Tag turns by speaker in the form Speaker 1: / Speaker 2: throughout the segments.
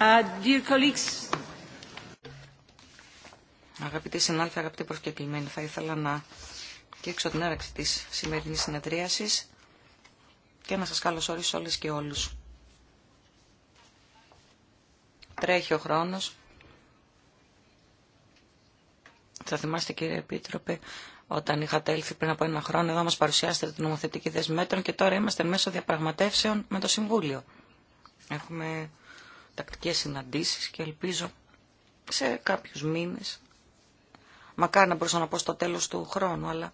Speaker 1: Uh, αγαπητοί συνάδελφοι, αγαπητοί προσκεκλημένοι, θα ήθελα να κήξω την έναρξη της σημερινής συνεδρίασης και να σας καλωσορίσω όλες και όλους. Τρέχει ο χρόνος. Θα θυμάστε κύριε Επίτροπε, όταν είχατε έλθει πριν από ένα χρόνο εδώ μας παρουσιάσετε την νομοθετική δεσμέτρων και τώρα είμαστε μέσω διαπραγματεύσεων με το Συμβούλιο. Έχουμε τακτικές συναντήσεις και ελπίζω σε κάποιους μήνες, μακάρι να μπορούσα να πω στο τέλος του χρόνου, αλλά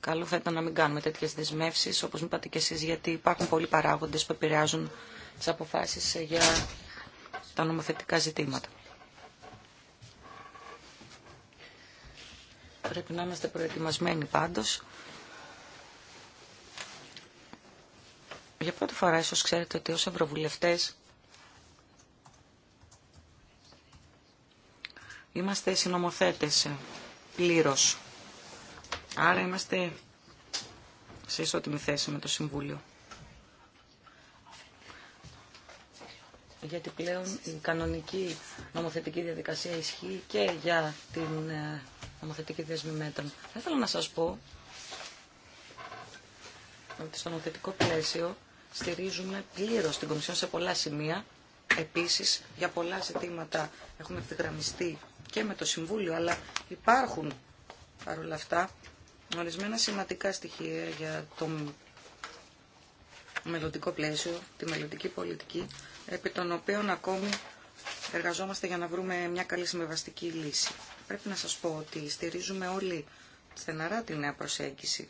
Speaker 1: καλό θα ήταν να μην κάνουμε τέτοιες δεσμεύσεις, όπως μου είπατε και εσείς, γιατί υπάρχουν πολλοί παράγοντες που επηρεάζουν τις αποφάσεις για τα νομοθετικά ζητήματα. Πρέπει να είμαστε προετοιμασμένοι πάντως Για πρώτη φορά ίσως ξέρετε ότι ως ευρωβουλευτές είμαστε συνομοθέτες πλήρως. Άρα είμαστε σε ισότιμη θέση με το Συμβούλιο. Γιατί πλέον η κανονική νομοθετική διαδικασία ισχύει και για την ε, νομοθετική δεσμή μέτρων. Θα ήθελα να σας πω ότι στο νομοθετικό πλαίσιο στηρίζουμε πλήρως την Κομισιόν σε πολλά σημεία. Επίσης, για πολλά ζητήματα έχουμε ευθυγραμμιστεί και με το Συμβούλιο, αλλά υπάρχουν παρόλα αυτά ορισμένα σημαντικά στοιχεία για το μελλοντικό πλαίσιο, τη μελλοντική πολιτική, επί των οποίων ακόμη εργαζόμαστε για να βρούμε μια καλή συμμεβαστική λύση. Πρέπει να σας πω ότι στηρίζουμε όλοι στεναρά τη νέα προσέγγιση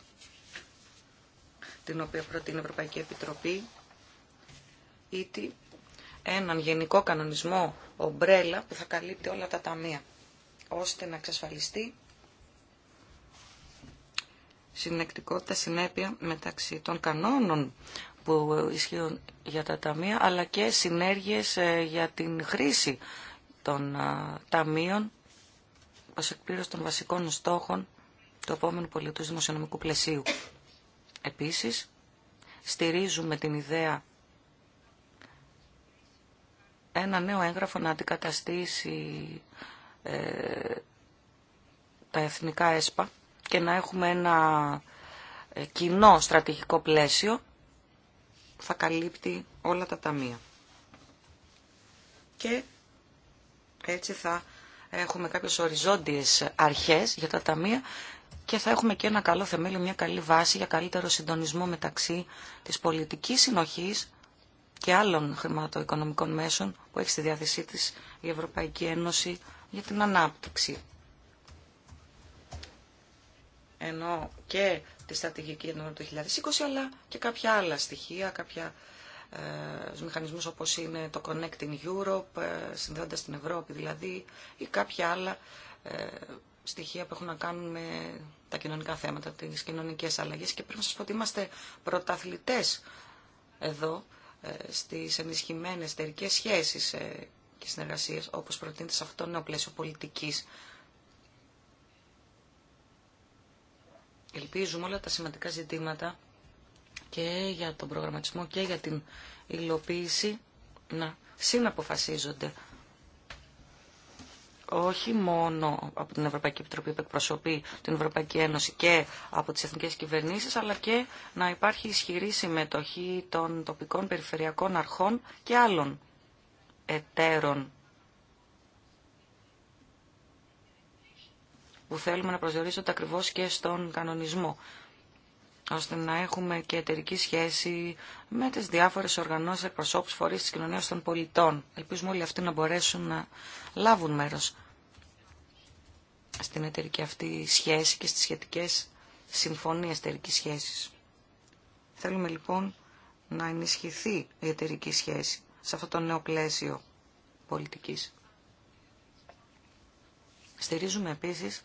Speaker 1: την οποία προτείνει η Ευρωπαϊκή Επιτροπή, ήτι έναν γενικό κανονισμό ομπρέλα που θα καλύπτει όλα τα ταμεία, ώστε να εξασφαλιστεί συνεκτικότητα, συνέπεια μεταξύ των κανόνων που ισχύουν για τα ταμεία, αλλά και συνέργειες ε, για την χρήση των ε, ταμείων ως εκπλήρωση των βασικών στόχων του επόμενου πολιτού δημοσιονομικού πλαισίου. Επίσης, στηρίζουμε την ιδέα ένα νέο έγγραφο να αντικαταστήσει ε, τα εθνικά ΕΣΠΑ και να έχουμε ένα ε, κοινό στρατηγικό πλαίσιο που θα καλύπτει όλα τα ταμεία. Και έτσι θα έχουμε κάποιες οριζόντιες αρχές για τα ταμεία και θα έχουμε και ένα καλό θεμέλιο, μια καλή βάση για καλύτερο συντονισμό μεταξύ της πολιτικής συνοχής και άλλων χρηματοοικονομικών μέσων που έχει στη διάθεσή της η Ευρωπαϊκή Ένωση για την ανάπτυξη. Ενώ και τη στρατηγική του 2020, αλλά και κάποια άλλα στοιχεία, κάποια ε, μηχανισμούς όπως είναι το Connecting Europe, ε, συνδέοντας την Ευρώπη δηλαδή, ή κάποια άλλα ε, στοιχεία που έχουν να κάνουν με τα κοινωνικά θέματα, τι κοινωνικέ αλλαγές και πρέπει να σας πω ότι είμαστε πρωταθλητές εδώ ε, στις ενισχυμένε εταιρικέ σχέσεις ε, και συνεργασίες όπως προτείνεται σε αυτό το νέο πλαίσιο πολιτική. Ελπίζουμε όλα τα σημαντικά ζητήματα και για τον προγραμματισμό και για την υλοποίηση να συναποφασίζονται όχι μόνο από την Ευρωπαϊκή Επιτροπή που εκπροσωπεί την Ευρωπαϊκή Ένωση και από τις εθνικές κυβερνήσεις, αλλά και να υπάρχει ισχυρή συμμετοχή των τοπικών περιφερειακών αρχών και άλλων εταίρων που θέλουμε να προσδιορίζονται ακριβώς και στον κανονισμό ώστε να έχουμε και εταιρική σχέση με τις διάφορες οργανώσεις εκπροσώπους φορείς της κοινωνίας των πολιτών. Ελπίζουμε όλοι αυτοί να μπορέσουν να λάβουν μέρος στην εταιρική αυτή σχέση και στις σχετικές συμφωνίες εταιρικής σχέσης. Θέλουμε λοιπόν να ενισχυθεί η εταιρική σχέση σε αυτό το νέο πλαίσιο πολιτικής. Στηρίζουμε επίσης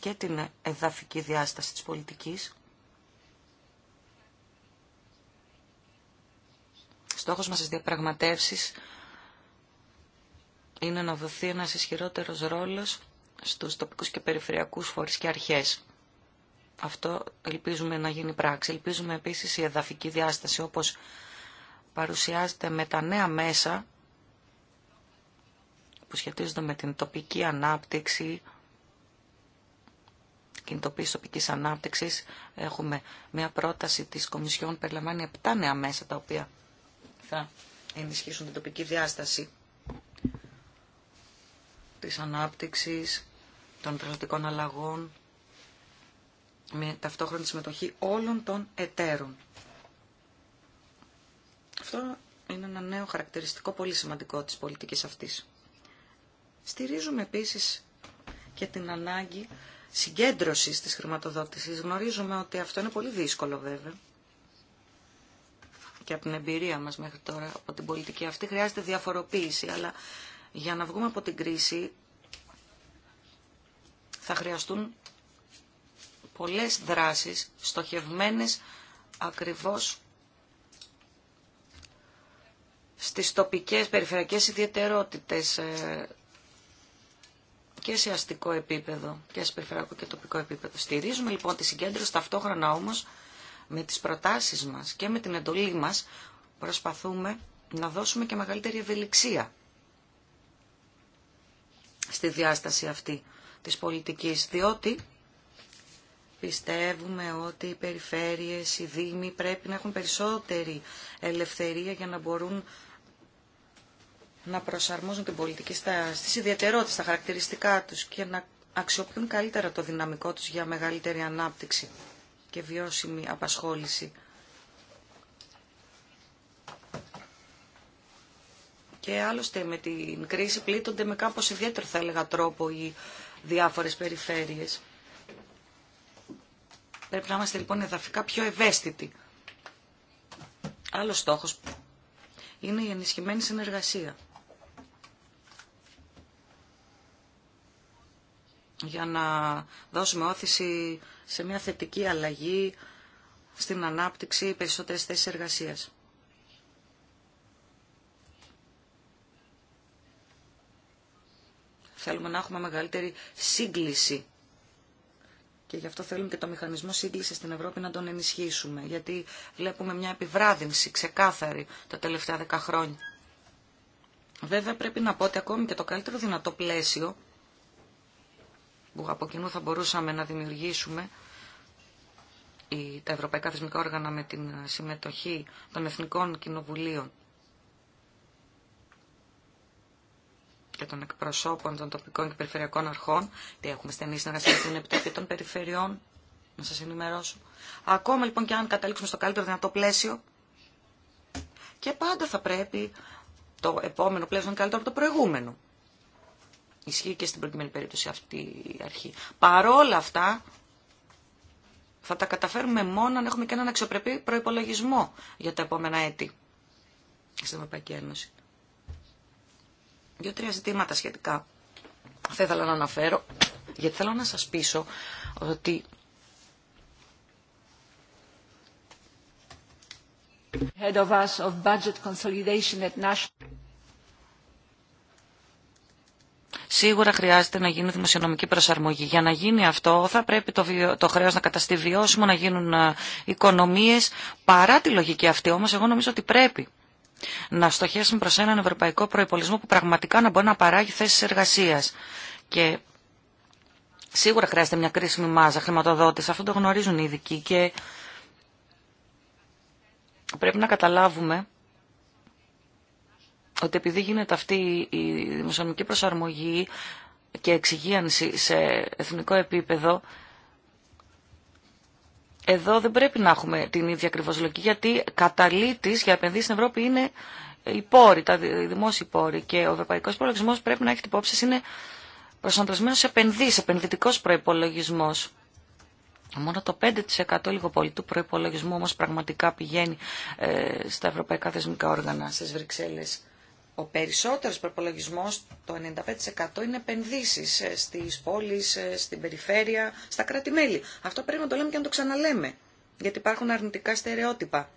Speaker 1: και την εδαφική διάσταση της πολιτικής. Στόχος μας στις διαπραγματεύσεις είναι να δοθεί ένας ισχυρότερος ρόλος στους τοπικούς και περιφερειακούς φορείς και αρχές. Αυτό ελπίζουμε να γίνει πράξη. Ελπίζουμε επίσης η εδαφική διάσταση όπως παρουσιάζεται με τα νέα μέσα που σχετίζονται με την τοπική ανάπτυξη, κινητοποίηση τοπική ανάπτυξη. Έχουμε μια πρόταση τη Κομισιόν, περιλαμβάνει 7 νέα μέσα τα οποία θα ενισχύσουν την τοπική διάσταση της ανάπτυξη, των τρελατικών αλλαγών, με ταυτόχρονη συμμετοχή όλων των εταίρων. Αυτό είναι ένα νέο χαρακτηριστικό πολύ σημαντικό της πολιτικής αυτής. Στηρίζουμε επίσης και την ανάγκη συγκέντρωση της χρηματοδότησης. Γνωρίζουμε ότι αυτό είναι πολύ δύσκολο βέβαια. Και από την εμπειρία μας μέχρι τώρα, από την πολιτική αυτή, χρειάζεται διαφοροποίηση. Αλλά για να βγούμε από την κρίση θα χρειαστούν πολλές δράσεις στοχευμένες ακριβώς στις τοπικές περιφερειακές ιδιαιτερότητες ε, και σε αστικό επίπεδο και σε περιφερειακό και τοπικό επίπεδο. Στηρίζουμε λοιπόν τη συγκέντρωση ταυτόχρονα όμως με τις προτάσεις μας και με την εντολή μας προσπαθούμε να δώσουμε και μεγαλύτερη ευελιξία στη διάσταση αυτή της πολιτικής, διότι πιστεύουμε ότι οι περιφέρειες, οι δήμοι πρέπει να έχουν περισσότερη ελευθερία για να μπορούν να προσαρμόζουν την πολιτική στα, στις ιδιαιτερότητες, στα χαρακτηριστικά τους και να αξιοποιούν καλύτερα το δυναμικό τους για μεγαλύτερη ανάπτυξη και βιώσιμη απασχόληση. Και άλλωστε με την κρίση πλήττονται με κάπως ιδιαίτερο θα έλεγα τρόπο οι διάφορες περιφέρειες. Πρέπει να είμαστε λοιπόν εδαφικά πιο ευαίσθητοι. Άλλος στόχος είναι η ενισχυμένη συνεργασία για να δώσουμε όθηση σε μια θετική αλλαγή στην ανάπτυξη περισσότερες θέσεις εργασίας. Θέλουμε να έχουμε μεγαλύτερη σύγκληση και γι' αυτό θέλουμε και το μηχανισμό σύγκλησης στην Ευρώπη να τον ενισχύσουμε, γιατί βλέπουμε μια επιβράδυνση ξεκάθαρη τα τελευταία δέκα χρόνια. Βέβαια πρέπει να πω ότι ακόμη και το καλύτερο δυνατό πλαίσιο που από κοινού θα μπορούσαμε να δημιουργήσουμε τα ευρωπαϊκά θεσμικά όργανα με την συμμετοχή των εθνικών κοινοβουλίων και των εκπροσώπων των τοπικών και περιφερειακών αρχών, τι έχουμε στενή συνεργασία με την Επιτροπή των Περιφερειών, να σας ενημερώσω. Ακόμα λοιπόν και αν καταλήξουμε στο καλύτερο δυνατό πλαίσιο, και πάντα θα πρέπει το επόμενο πλαίσιο να είναι καλύτερο από το προηγούμενο. Ισχύει και στην προκειμένη περίπτωση αυτή η αρχή. Παρόλα αυτά, θα τα καταφέρουμε μόνο αν έχουμε και έναν αξιοπρεπή προπολογισμό για τα επόμενα έτη στην Ευρωπαϊκή Ένωση. Δύο-τρία ζητήματα σχετικά θα ήθελα να αναφέρω, γιατί θέλω να σας πείσω ότι
Speaker 2: Head of us of budget consolidation at national...
Speaker 1: σίγουρα χρειάζεται να γίνει δημοσιονομική προσαρμογή. Για να γίνει αυτό θα πρέπει το, βιο... το χρέος να καταστεί βιώσιμο, να γίνουν ε, οικονομίες. Παρά τη λογική αυτή όμως εγώ νομίζω ότι πρέπει να στοχεύσουμε προς έναν ευρωπαϊκό προϋπολισμό που πραγματικά να μπορεί να παράγει θέσεις εργασίας. Και σίγουρα χρειάζεται μια κρίσιμη μάζα χρηματοδότηση, αυτό το γνωρίζουν οι ειδικοί και πρέπει να καταλάβουμε ότι επειδή γίνεται αυτή η δημοσιονομική προσαρμογή και εξυγίανση σε εθνικό επίπεδο, εδώ δεν πρέπει να έχουμε την ίδια ακριβώς λογική, γιατί καταλήτης για επενδύσεις στην Ευρώπη είναι οι πόροι, τα δημόσιοι πόροι και ο Ευρωπαϊκό προλογισμός πρέπει να έχει την υπόψη είναι προσανατολισμένος σε επενδύσεις, επενδυτικός προϋπολογισμός. Μόνο το 5% λίγο πολύ του προϋπολογισμού πραγματικά πηγαίνει ε, στα ευρωπαϊκά θεσμικά όργανα στις Βρυξέλλες. Ο περισσότερος προπολογισμός, το 95% είναι επενδύσεις ε, στις πόλεις, ε, στην περιφέρεια, στα κράτη-μέλη. Αυτό πρέπει να το λέμε και να το ξαναλέμε, γιατί υπάρχουν αρνητικά στερεότυπα.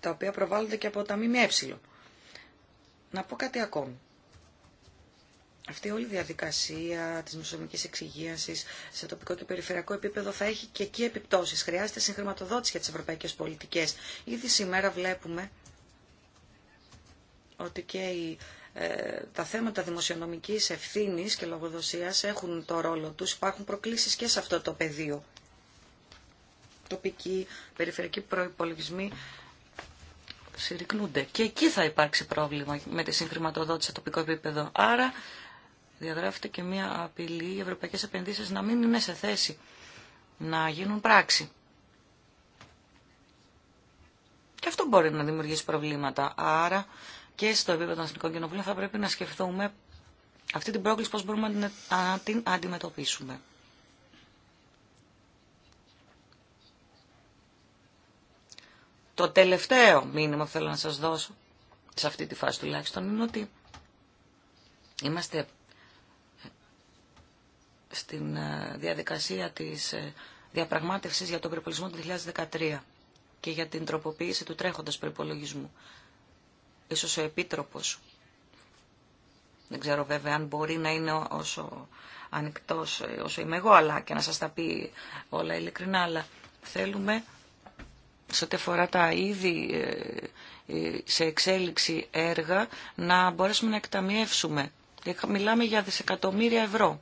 Speaker 1: τα οποία προβάλλονται και από τα ΜΜΕ. Να πω κάτι ακόμη. Αυτή όλη η διαδικασία της νοσομικής εξυγίασης σε τοπικό και περιφερειακό επίπεδο θα έχει και εκεί επιπτώσεις. Χρειάζεται συγχρηματοδότηση για τις ευρωπαϊκές πολιτικές. Ήδη σήμερα βλέπουμε ότι και ε, τα θέματα δημοσιονομικής ευθύνης και λογοδοσίας έχουν το ρόλο τους. Υπάρχουν προκλήσεις και σε αυτό το πεδίο. Τοπικοί, περιφερειακοί προϋπολογισμοί συρρυκνούνται. Και εκεί θα υπάρξει πρόβλημα με τη συγχρηματοδότηση σε τοπικό επίπεδο. Άρα διαγράφεται και μία απειλή οι ευρωπαϊκές επενδύσεις να μην είναι σε θέση να γίνουν πράξη. Και αυτό μπορεί να δημιουργήσει προβλήματα. Άρα και στο επίπεδο των Εθνικών Κοινοβουλίων θα πρέπει να σκεφτούμε αυτή την πρόκληση πώς μπορούμε να την αντιμετωπίσουμε. Το τελευταίο μήνυμα που θέλω να σας δώσω, σε αυτή τη φάση τουλάχιστον, είναι ότι είμαστε στην ε, διαδικασία της ε, διαπραγμάτευσης για τον περιπολισμό του 2013 και για την τροποποίηση του τρέχοντος προπολογισμού. Ίσως ο Επίτροπος, δεν ξέρω βέβαια αν μπορεί να είναι όσο ανοιχτός ε, όσο είμαι εγώ, αλλά και να σας τα πει όλα ειλικρινά, αλλά θέλουμε σε ό,τι αφορά τα ήδη σε εξέλιξη έργα να μπορέσουμε να εκταμιεύσουμε. Μιλάμε για δισεκατομμύρια ευρώ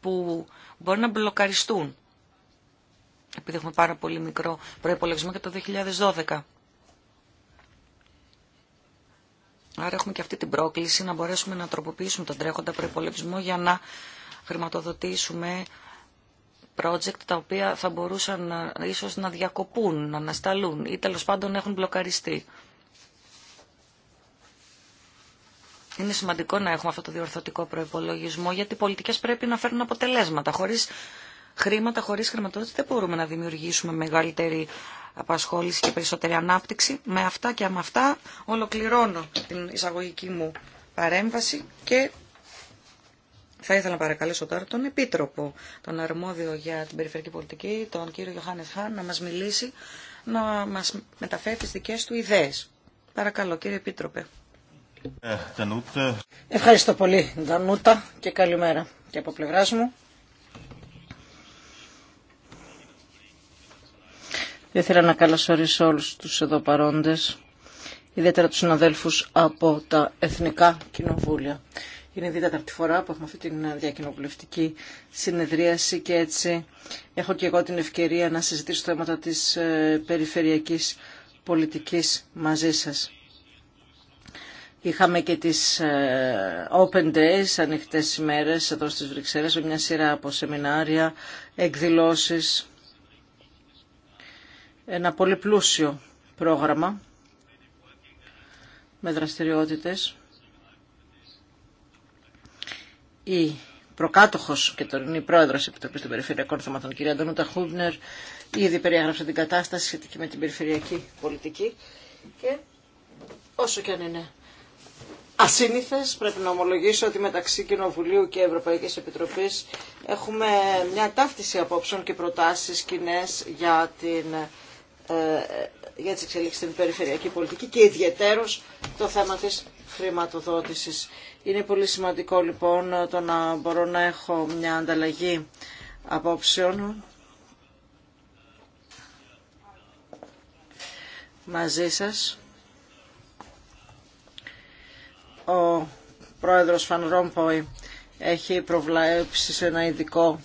Speaker 1: που μπορεί να μπλοκαριστούν. Επειδή έχουμε πάρα πολύ μικρό προϋπολογισμό και το 2012. Άρα έχουμε και αυτή την πρόκληση να μπορέσουμε να τροποποιήσουμε τον τρέχοντα προϋπολογισμό για να χρηματοδοτήσουμε project τα οποία θα μπορούσαν να, ίσως να διακοπούν, να ανασταλούν ή τέλος πάντων έχουν μπλοκαριστεί. Είναι σημαντικό να έχουμε αυτό το διορθωτικό προπολογισμό, γιατί οι πολιτικέ πρέπει να φέρουν αποτελέσματα. Χωρί χρήματα, χωρί χρηματοδότηση δεν μπορούμε να δημιουργήσουμε μεγαλύτερη απασχόληση και περισσότερη ανάπτυξη. Με αυτά και με αυτά ολοκληρώνω την εισαγωγική μου παρέμβαση και θα ήθελα να παρακαλέσω τώρα τον Επίτροπο, τον αρμόδιο για την περιφερειακή πολιτική, τον κύριο Γιωάννη Χάν, να μας μιλήσει, να μας μεταφέρει τις δικές του ιδέες. Παρακαλώ κύριε Επίτροπε.
Speaker 3: Ευχαριστώ πολύ, Ντανούτα, και καλημέρα και από πλευρά μου. Θα ήθελα να καλωσορίσω όλους τους εδώ παρόντες, ιδιαίτερα τους συναδέλφους από τα Εθνικά Κοινοβούλια. Είναι η τέταρτη φορά που έχουμε αυτή την διακοινοβουλευτική συνεδρίαση και έτσι έχω και εγώ την ευκαιρία να συζητήσω θέματα της ε, περιφερειακής πολιτικής μαζί σας. Είχαμε και τις ε, Open Days, ανοιχτές ημέρες εδώ στις Βρυξέλλες, με μια σειρά από σεμινάρια, εκδηλώσεις. Ένα πολύ πλούσιο πρόγραμμα με δραστηριότητες. Η προκάτοχος και τωρινή πρόεδρος Επιτροπής των Περιφερειακών Θεμάτων, κυρία Αντωνούτα Χούμπνερ, ήδη περιέγραψε την κατάσταση σχετική με την περιφερειακή πολιτική και όσο και αν είναι ασύνηθες. Πρέπει να ομολογήσω ότι μεταξύ Κοινοβουλίου και Ευρωπαϊκής Επιτροπής έχουμε μια ταύτιση απόψεων και προτάσεις κοινέ για, την, ε, για τις εξελίξεις στην περιφερειακή πολιτική και ιδιαίτερος το θέμα της χρηματοδότησης. Είναι πολύ σημαντικό λοιπόν το να μπορώ να έχω μια ανταλλαγή απόψεων μαζί σας ο πρόεδρος Φαν Ρόμποϊ έχει προβλέψει σε ένα ειδικό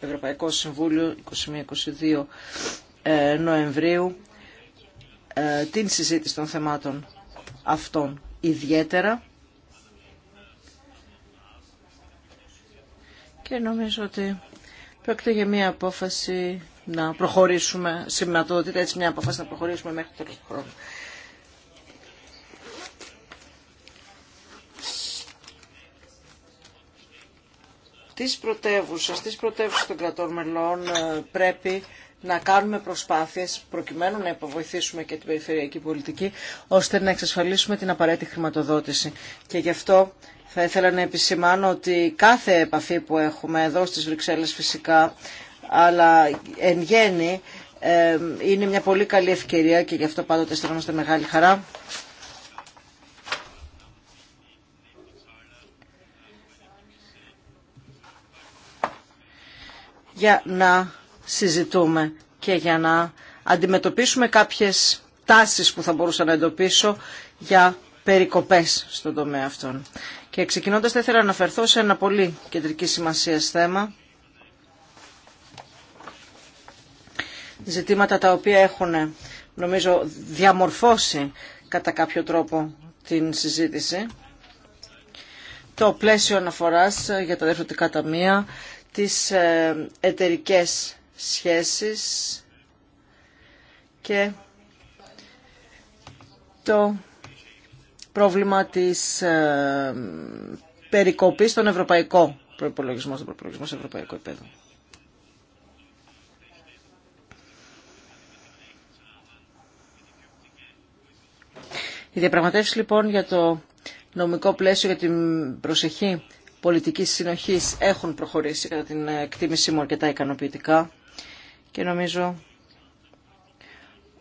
Speaker 3: Ευρωπαϊκό Συμβούλιο 21-22 ε, Νοεμβρίου ε, την συζήτηση των θεμάτων αυτών ιδιαίτερα και νομίζω ότι πρόκειται για μια απόφαση να προχωρήσουμε, σηματοδοτείται έτσι μια απόφαση να προχωρήσουμε μέχρι το χρόνο. της πρωτεύουσας, της πρωτεύουσας των κρατών μελών ε, πρέπει να κάνουμε προσπάθειες προκειμένου να υποβοηθήσουμε και την περιφερειακή πολιτική ώστε να εξασφαλίσουμε την απαραίτητη χρηματοδότηση. Και γι' αυτό θα ήθελα να επισημάνω ότι κάθε επαφή που έχουμε εδώ στις Βρυξέλλες φυσικά αλλά εν γέννη ε, είναι μια πολύ καλή ευκαιρία και γι' αυτό πάντοτε αισθανόμαστε μεγάλη χαρά για να συζητούμε και για να αντιμετωπίσουμε κάποιες τάσεις που θα μπορούσα να εντοπίσω για περικοπές στον τομέα αυτών. Και ξεκινώντας θα ήθελα να αναφερθώ σε ένα πολύ κεντρική σημασία θέμα. Ζητήματα τα οποία έχουν νομίζω διαμορφώσει κατά κάποιο τρόπο την συζήτηση. Το πλαίσιο αναφοράς για τα δεύτερη ταμεία, τις ε, εταιρικές σχέσεις και το πρόβλημα της ε, περικοπής στον ευρωπαϊκό προϋπολογισμό, στον προϋπολογισμό σε ευρωπαϊκό επίπεδο. Οι διαπραγματεύσει λοιπόν για το νομικό πλαίσιο για την προσεχή πολιτικής συνοχής έχουν προχωρήσει κατά την ε, εκτίμησή μου αρκετά ικανοποιητικά και νομίζω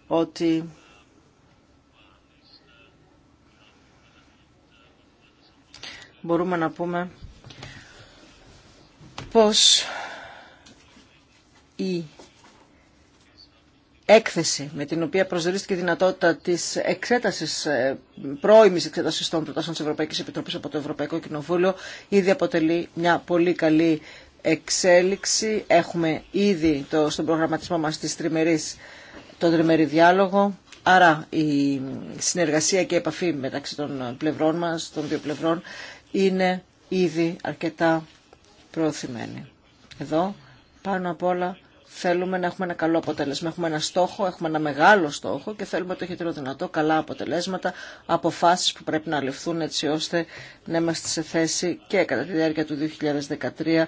Speaker 3: ότι μπορούμε να πούμε πως η έκθεση με την οποία προσδιορίστηκε η δυνατότητα της εξέταση ε, πρώιμη εξέταση των προτάσεων της Ευρωπαϊκή Επιτροπής από το Ευρωπαϊκό Κοινοβούλιο ήδη αποτελεί μια πολύ καλή εξέλιξη. Έχουμε ήδη το, στον προγραμματισμό μας της τον τριμερή διάλογο. Άρα η συνεργασία και η επαφή μεταξύ των πλευρών μας, των δύο πλευρών, είναι ήδη αρκετά προωθημένη. Εδώ πάνω απ' όλα Θέλουμε να έχουμε ένα καλό αποτέλεσμα. Έχουμε ένα στόχο, έχουμε ένα μεγάλο στόχο και θέλουμε το χειρότερο δυνατό καλά αποτελέσματα, αποφάσει που πρέπει να ληφθούν έτσι ώστε να είμαστε σε θέση και κατά τη διάρκεια του 2013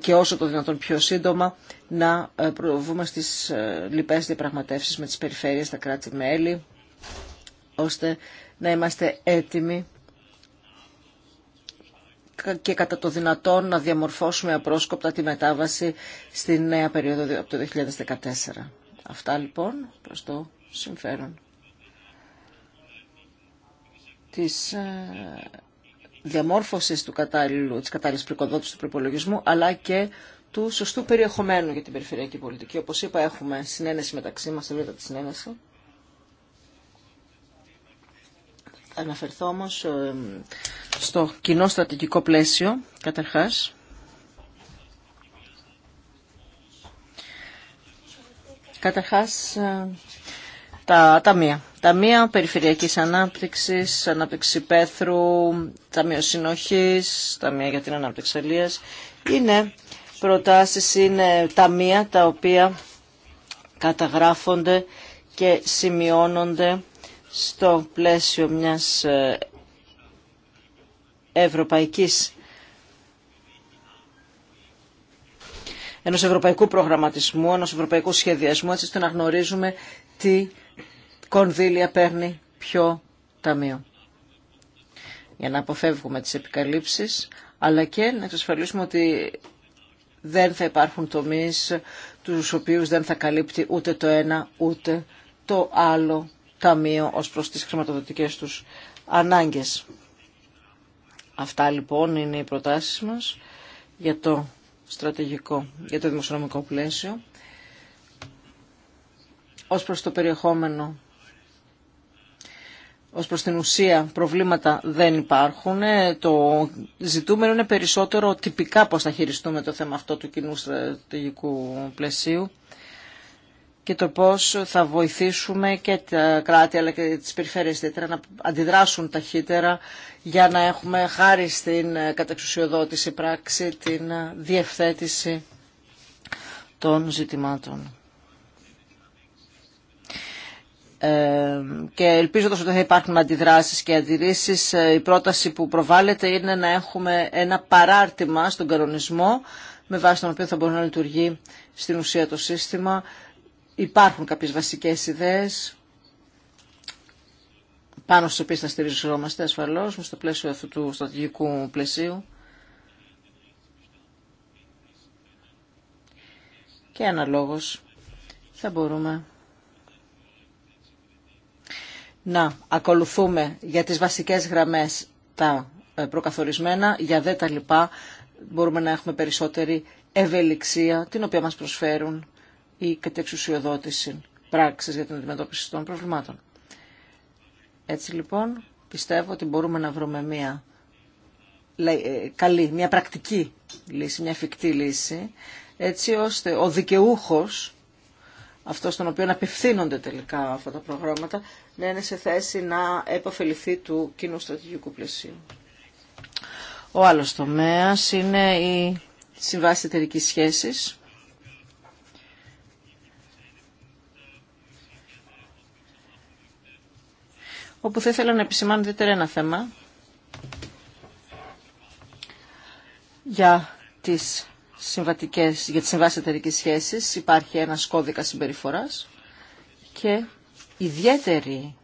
Speaker 3: και όσο το δυνατόν πιο σύντομα να ε, προβούμε στις ε, λοιπές διαπραγματεύσεις με τις περιφέρειες, τα κράτη-μέλη, ώστε να είμαστε έτοιμοι και κατά το δυνατόν να διαμορφώσουμε απρόσκοπτα τη μετάβαση στη νέα περίοδο από το 2014. Αυτά λοιπόν προς το συμφέρον της ε, διαμόρφωσης του κατάλληλου, της κατάλληλης πρικοδότησης του προπολογισμού, αλλά και του σωστού περιεχομένου για την περιφερειακή πολιτική. Όπως είπα, έχουμε συνένεση μεταξύ μας, σελίδα τη συνένεση. Θα αναφερθώ όμω ε, στο κοινό στρατηγικό πλαίσιο, καταρχάς, καταρχάς ε, τα ταμεία. Ταμεία Περιφερειακής Ανάπτυξης, Ανάπτυξη Πέθρου, Ταμείο Συνοχής, Ταμεία για την Ανάπτυξη Αλίας. Είναι προτάσεις, είναι ταμεία τα οποία καταγράφονται και σημειώνονται στο πλαίσιο μιας ε, ευρωπαϊκής ενός ευρωπαϊκού προγραμματισμού, ενός ευρωπαϊκού σχεδιασμού, έτσι ώστε να γνωρίζουμε τι κονδύλια παίρνει ποιο ταμείο. Για να αποφεύγουμε τις επικαλύψεις, αλλά και να εξασφαλίσουμε ότι δεν θα υπάρχουν τομείς τους οποίους δεν θα καλύπτει ούτε το ένα ούτε το άλλο ταμείο ως προς τις χρηματοδοτικές τους ανάγκες. Αυτά λοιπόν είναι οι προτάσεις μας για το στρατηγικό, για το δημοσιονομικό πλαίσιο. Ως προς το περιεχόμενο, ως προς την ουσία προβλήματα δεν υπάρχουν. Ε, το ζητούμενο είναι περισσότερο τυπικά πώς θα χειριστούμε το θέμα αυτό του κοινού στρατηγικού πλαισίου και το πώς θα βοηθήσουμε και τα κράτη αλλά και τις περιφέρειες ιδιαίτερα να αντιδράσουν ταχύτερα για να έχουμε χάρη στην καταξουσιοδότηση πράξη την διευθέτηση των ζητημάτων. Ε, και ελπίζω ότι θα υπάρχουν αντιδράσεις και αντιρρήσεις ε, η πρόταση που προβάλλεται είναι να έχουμε ένα παράρτημα στον κανονισμό με βάση τον οποίο θα μπορεί να λειτουργεί στην ουσία το σύστημα Υπάρχουν κάποιες βασικές ιδέες πάνω στις οποίες θα στηριζόμαστε ασφαλώς στο πλαίσιο αυτού του στρατηγικού πλαισίου και αναλόγως θα μπορούμε να ακολουθούμε για τις βασικές γραμμές τα ε, προκαθορισμένα, για δε τα λοιπά μπορούμε να έχουμε περισσότερη ευελιξία την οποία μας προσφέρουν ή κατεξουσιοδότηση πράξη για την αντιμετώπιση των προβλημάτων. Έτσι λοιπόν πιστεύω ότι μπορούμε να βρούμε μια ε, καλή, μια πρακτική λύση, μια εφικτή λύση, έτσι ώστε ο δικαιούχος, αυτός τον οποίο απευθύνονται τελικά αυτά τα προγράμματα, να είναι σε θέση να επωφεληθεί του κοινού στρατηγικού πλαισίου. Ο άλλος τομέας είναι η συμβάση εταιρική σχέσης όπου θα ήθελα να επισημάνω ιδιαίτερα ένα θέμα για τις συμβατικές, για τις συμβάσεις εταιρικής υπάρχει ένας κώδικας συμπεριφοράς και ιδιαίτερη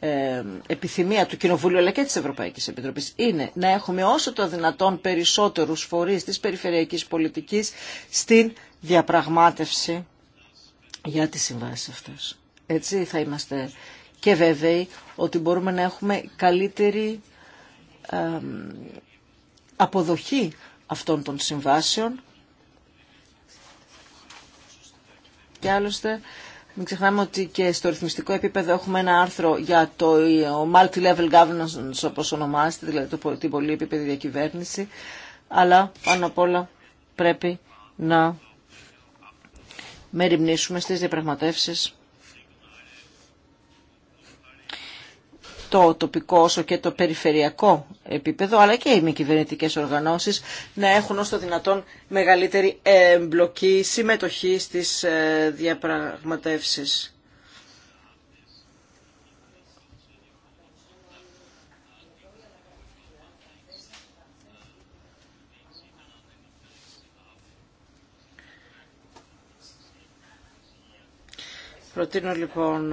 Speaker 3: ε, επιθυμία του Κοινοβουλίου αλλά και της Ευρωπαϊκής Επιτροπής είναι να έχουμε όσο το δυνατόν περισσότερους φορείς της περιφερειακής πολιτικής στην διαπραγμάτευση για τις συμβάσεις αυτές. Έτσι θα είμαστε και βέβαιοι ότι μπορούμε να έχουμε καλύτερη αποδοχή αυτών των συμβάσεων και άλλωστε μην ξεχνάμε ότι και στο ρυθμιστικό επίπεδο έχουμε ένα άρθρο για το multi-level governance όπως ονομάζεται, δηλαδή το, την πολυεπίπεδη διακυβέρνηση, αλλά πάνω απ' όλα πρέπει να μεριμνήσουμε στις διαπραγματεύσεις το τοπικό όσο και το περιφερειακό επίπεδο, αλλά και οι μη κυβερνητικέ οργανώσεις να έχουν όσο το δυνατόν μεγαλύτερη εμπλοκή, συμμετοχή στις ε, διαπραγματεύσεις. Προτείνω λοιπόν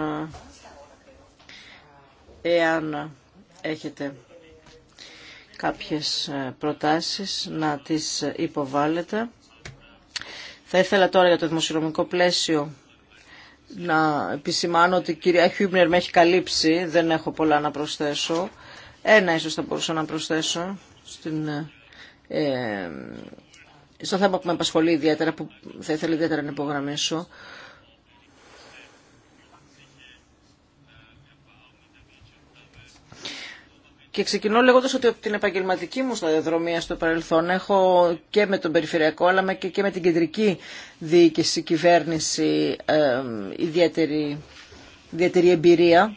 Speaker 3: εάν έχετε κάποιες ε, προτάσεις να τις υποβάλλετε. Θα ήθελα τώρα για το δημοσιονομικό πλαίσιο να επισημάνω ότι η κυρία Χιούμπνερ με έχει καλύψει, δεν έχω πολλά να προσθέσω. Ένα ίσως θα μπορούσα να προσθέσω στην, ε, ε, στο θέμα που με απασχολεί ιδιαίτερα, που θα ήθελα ιδιαίτερα να υπογραμμίσω. Και ξεκινώ λέγοντας ότι από την επαγγελματική μου σταδιοδρομία στο παρελθόν έχω και με τον περιφερειακό αλλά και με την κεντρική διοίκηση, κυβέρνηση, ιδιαίτερη, ιδιαίτερη εμπειρία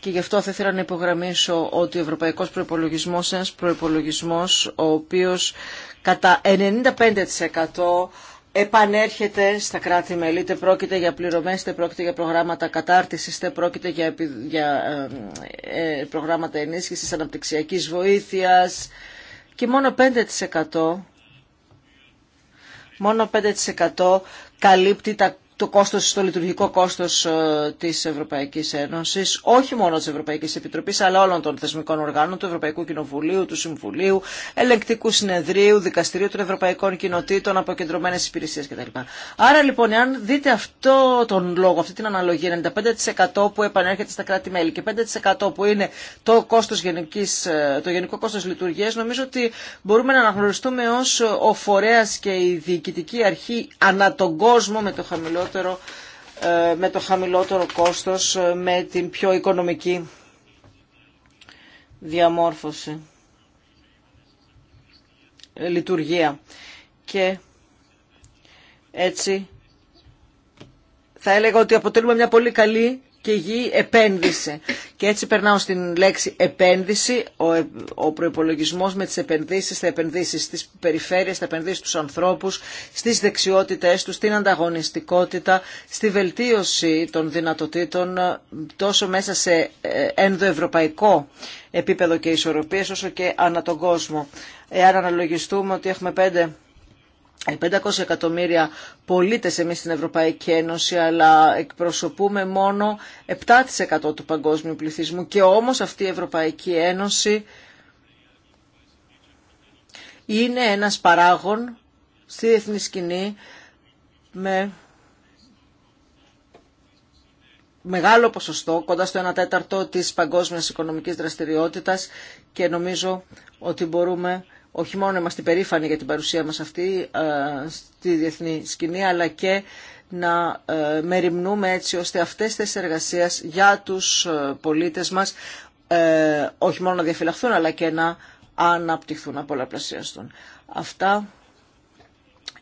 Speaker 3: και γι' αυτό θα ήθελα να υπογραμμίσω ότι ο ευρωπαϊκός προϋπολογισμός είναι ένας προϋπολογισμός ο οποίος κατά 95% επανέρχεται στα κράτη-μέλη, είτε πρόκειται για πληρωμές, είτε πρόκειται για προγράμματα κατάρτισης, είτε πρόκειται για, για ε, ε, προγράμματα ενίσχυσης αναπτυξιακής βοήθειας και μόνο 5% μόνο 5% καλύπτει τα το κόστος, το λειτουργικό κόστος ε, της Ευρωπαϊκής Ένωσης, όχι μόνο της Ευρωπαϊκής Επιτροπής, αλλά όλων των θεσμικών οργάνων, του Ευρωπαϊκού Κοινοβουλίου, του Συμβουλίου, Ελεκτικού Συνεδρίου, Δικαστηρίου των Ευρωπαϊκών Κοινοτήτων, Αποκεντρωμένες Υπηρεσίες κτλ. Άρα λοιπόν, αν δείτε αυτό τον λόγο, αυτή την αναλογία, 95% που επανέρχεται στα κράτη-μέλη και 5% που είναι το, κόστος γενικής, ε, το γενικό κόστος λειτουργίας, νομίζω ότι μπορούμε να αναγνωριστούμε ως ο φορέας και η διοικητική αρχή ανά τον κόσμο με το χαμηλό ε, με το χαμηλότερο κόστος, ε, με την πιο οικονομική διαμόρφωση, ε, λειτουργία. Και έτσι θα έλεγα ότι αποτελούμε μια πολύ καλή και γη επένδυσε. Και έτσι περνάω στην λέξη επένδυση, ο, ε, ο προϋπολογισμός με τις επενδύσεις, θα επενδύσει στι περιφέρειε, θα επενδύσει στους ανθρώπου, στις δεξιότητες του, στην ανταγωνιστικότητα, στη βελτίωση των δυνατοτήτων ε, τόσο μέσα σε ε, ενδοευρωπαϊκό επίπεδο και ισορροπίε όσο και ανά τον κόσμο. Εάν αναλογιστούμε ότι έχουμε πέντε 500 εκατομμύρια πολίτες εμείς στην Ευρωπαϊκή Ένωση, αλλά εκπροσωπούμε μόνο 7% του παγκόσμιου πληθυσμού και όμως αυτή η Ευρωπαϊκή Ένωση είναι ένας παράγων στη διεθνή σκηνή με μεγάλο ποσοστό, κοντά στο 1 τέταρτο της παγκόσμιας οικονομικής δραστηριότητας και νομίζω ότι μπορούμε όχι μόνο είμαστε περήφανοι για την παρουσία μας αυτή ε, στη διεθνή σκηνή, αλλά και να ε, μεριμνούμε έτσι ώστε αυτές τις εργασίες για τους ε, πολίτες μας όχι μόνο να διαφυλαχθούν, αλλά και να αναπτυχθούν, να πολλαπλασιαστούν. Αυτά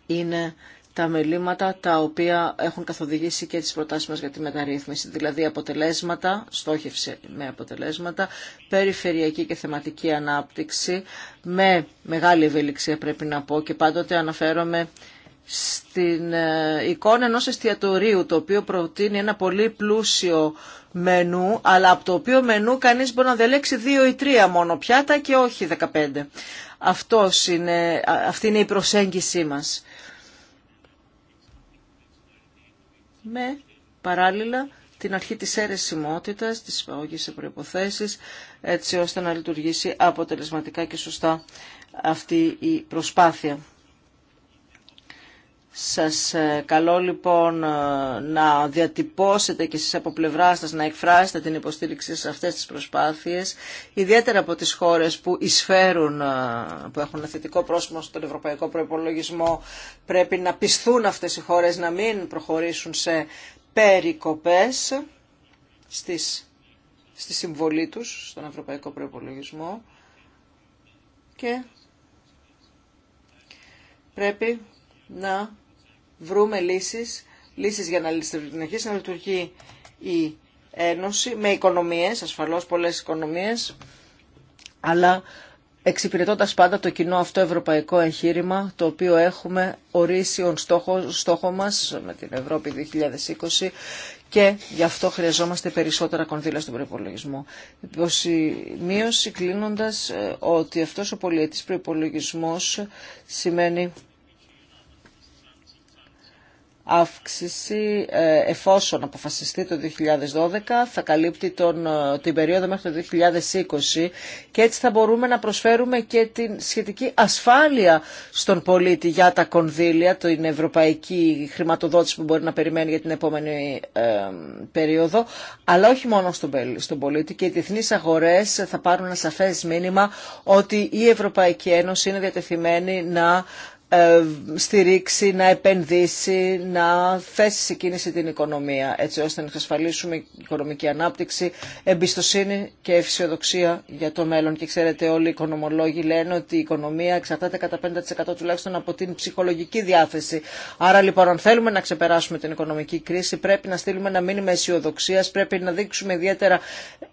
Speaker 3: είναι τα μελήματα τα οποία έχουν καθοδηγήσει και τις προτάσεις μας για τη μεταρρύθμιση, δηλαδή αποτελέσματα, στόχευση με αποτελέσματα, περιφερειακή και θεματική ανάπτυξη, με μεγάλη ευελιξία πρέπει να πω και πάντοτε αναφέρομαι στην ε, εικόνα ενός εστιατορίου το οποίο προτείνει ένα πολύ πλούσιο μενού αλλά από το οποίο μενού κανείς μπορεί να διαλέξει δύο ή τρία μόνο πιάτα και όχι 15. Αυτός είναι, αυτή είναι η προσέγγιση μας. με παράλληλα την αρχή της αίρεσιμότητας, της υπαγωγής σε προϋποθέσεις, έτσι ώστε να λειτουργήσει αποτελεσματικά και σωστά αυτή η προσπάθεια. Σας ε, καλώ λοιπόν ε, να διατυπώσετε και εσείς από πλευρά σας να εκφράσετε την υποστήριξη σε αυτές τις προσπάθειες, ιδιαίτερα από τις χώρες που εισφέρουν, ε, που έχουν θετικό πρόσημο στον ευρωπαϊκό προϋπολογισμό, πρέπει να πισθούν αυτές οι χώρες να μην προχωρήσουν σε περικοπές στις, στη συμβολή τους στον ευρωπαϊκό προϋπολογισμό και πρέπει να βρούμε λύσεις, λύσεις για να λειτουργήσει να λειτουργεί η Ένωση με οικονομίες, ασφαλώς πολλές οικονομίες, αλλά εξυπηρετώντας πάντα το κοινό αυτό ευρωπαϊκό εγχείρημα το οποίο έχουμε ορίσει ως στόχο, στόχο μας με την Ευρώπη 2020 και γι' αυτό χρειαζόμαστε περισσότερα κονδύλια στον προπολογισμό. μείωση κλείνοντας ε, ότι αυτός ο πολιετής προπολογισμό σημαίνει αύξηση ε, εφόσον αποφασιστεί το 2012 θα καλύπτει τον, ε, την περίοδο μέχρι το 2020 και έτσι θα μπορούμε να προσφέρουμε και την σχετική ασφάλεια στον πολίτη για τα κονδύλια, την ευρωπαϊκή χρηματοδότηση που μπορεί να περιμένει για την επόμενη ε, περίοδο αλλά όχι μόνο στον, πολίτη και οι διεθνείς αγορές θα πάρουν ένα σαφές μήνυμα ότι η Ευρωπαϊκή Ένωση είναι διατεθειμένη να ε, στηρίξει, να επενδύσει, να θέσει σε κίνηση την οικονομία, έτσι ώστε να εξασφαλίσουμε οικονομική ανάπτυξη, εμπιστοσύνη και ευσιοδοξία για το μέλλον. Και ξέρετε όλοι οι οικονομολόγοι λένε ότι η οικονομία εξαρτάται κατά 50% τουλάχιστον από την ψυχολογική διάθεση. Άρα λοιπόν αν θέλουμε να ξεπεράσουμε την οικονομική κρίση πρέπει να στείλουμε ένα μήνυμα αισιοδοξία, πρέπει να δείξουμε ιδιαίτερα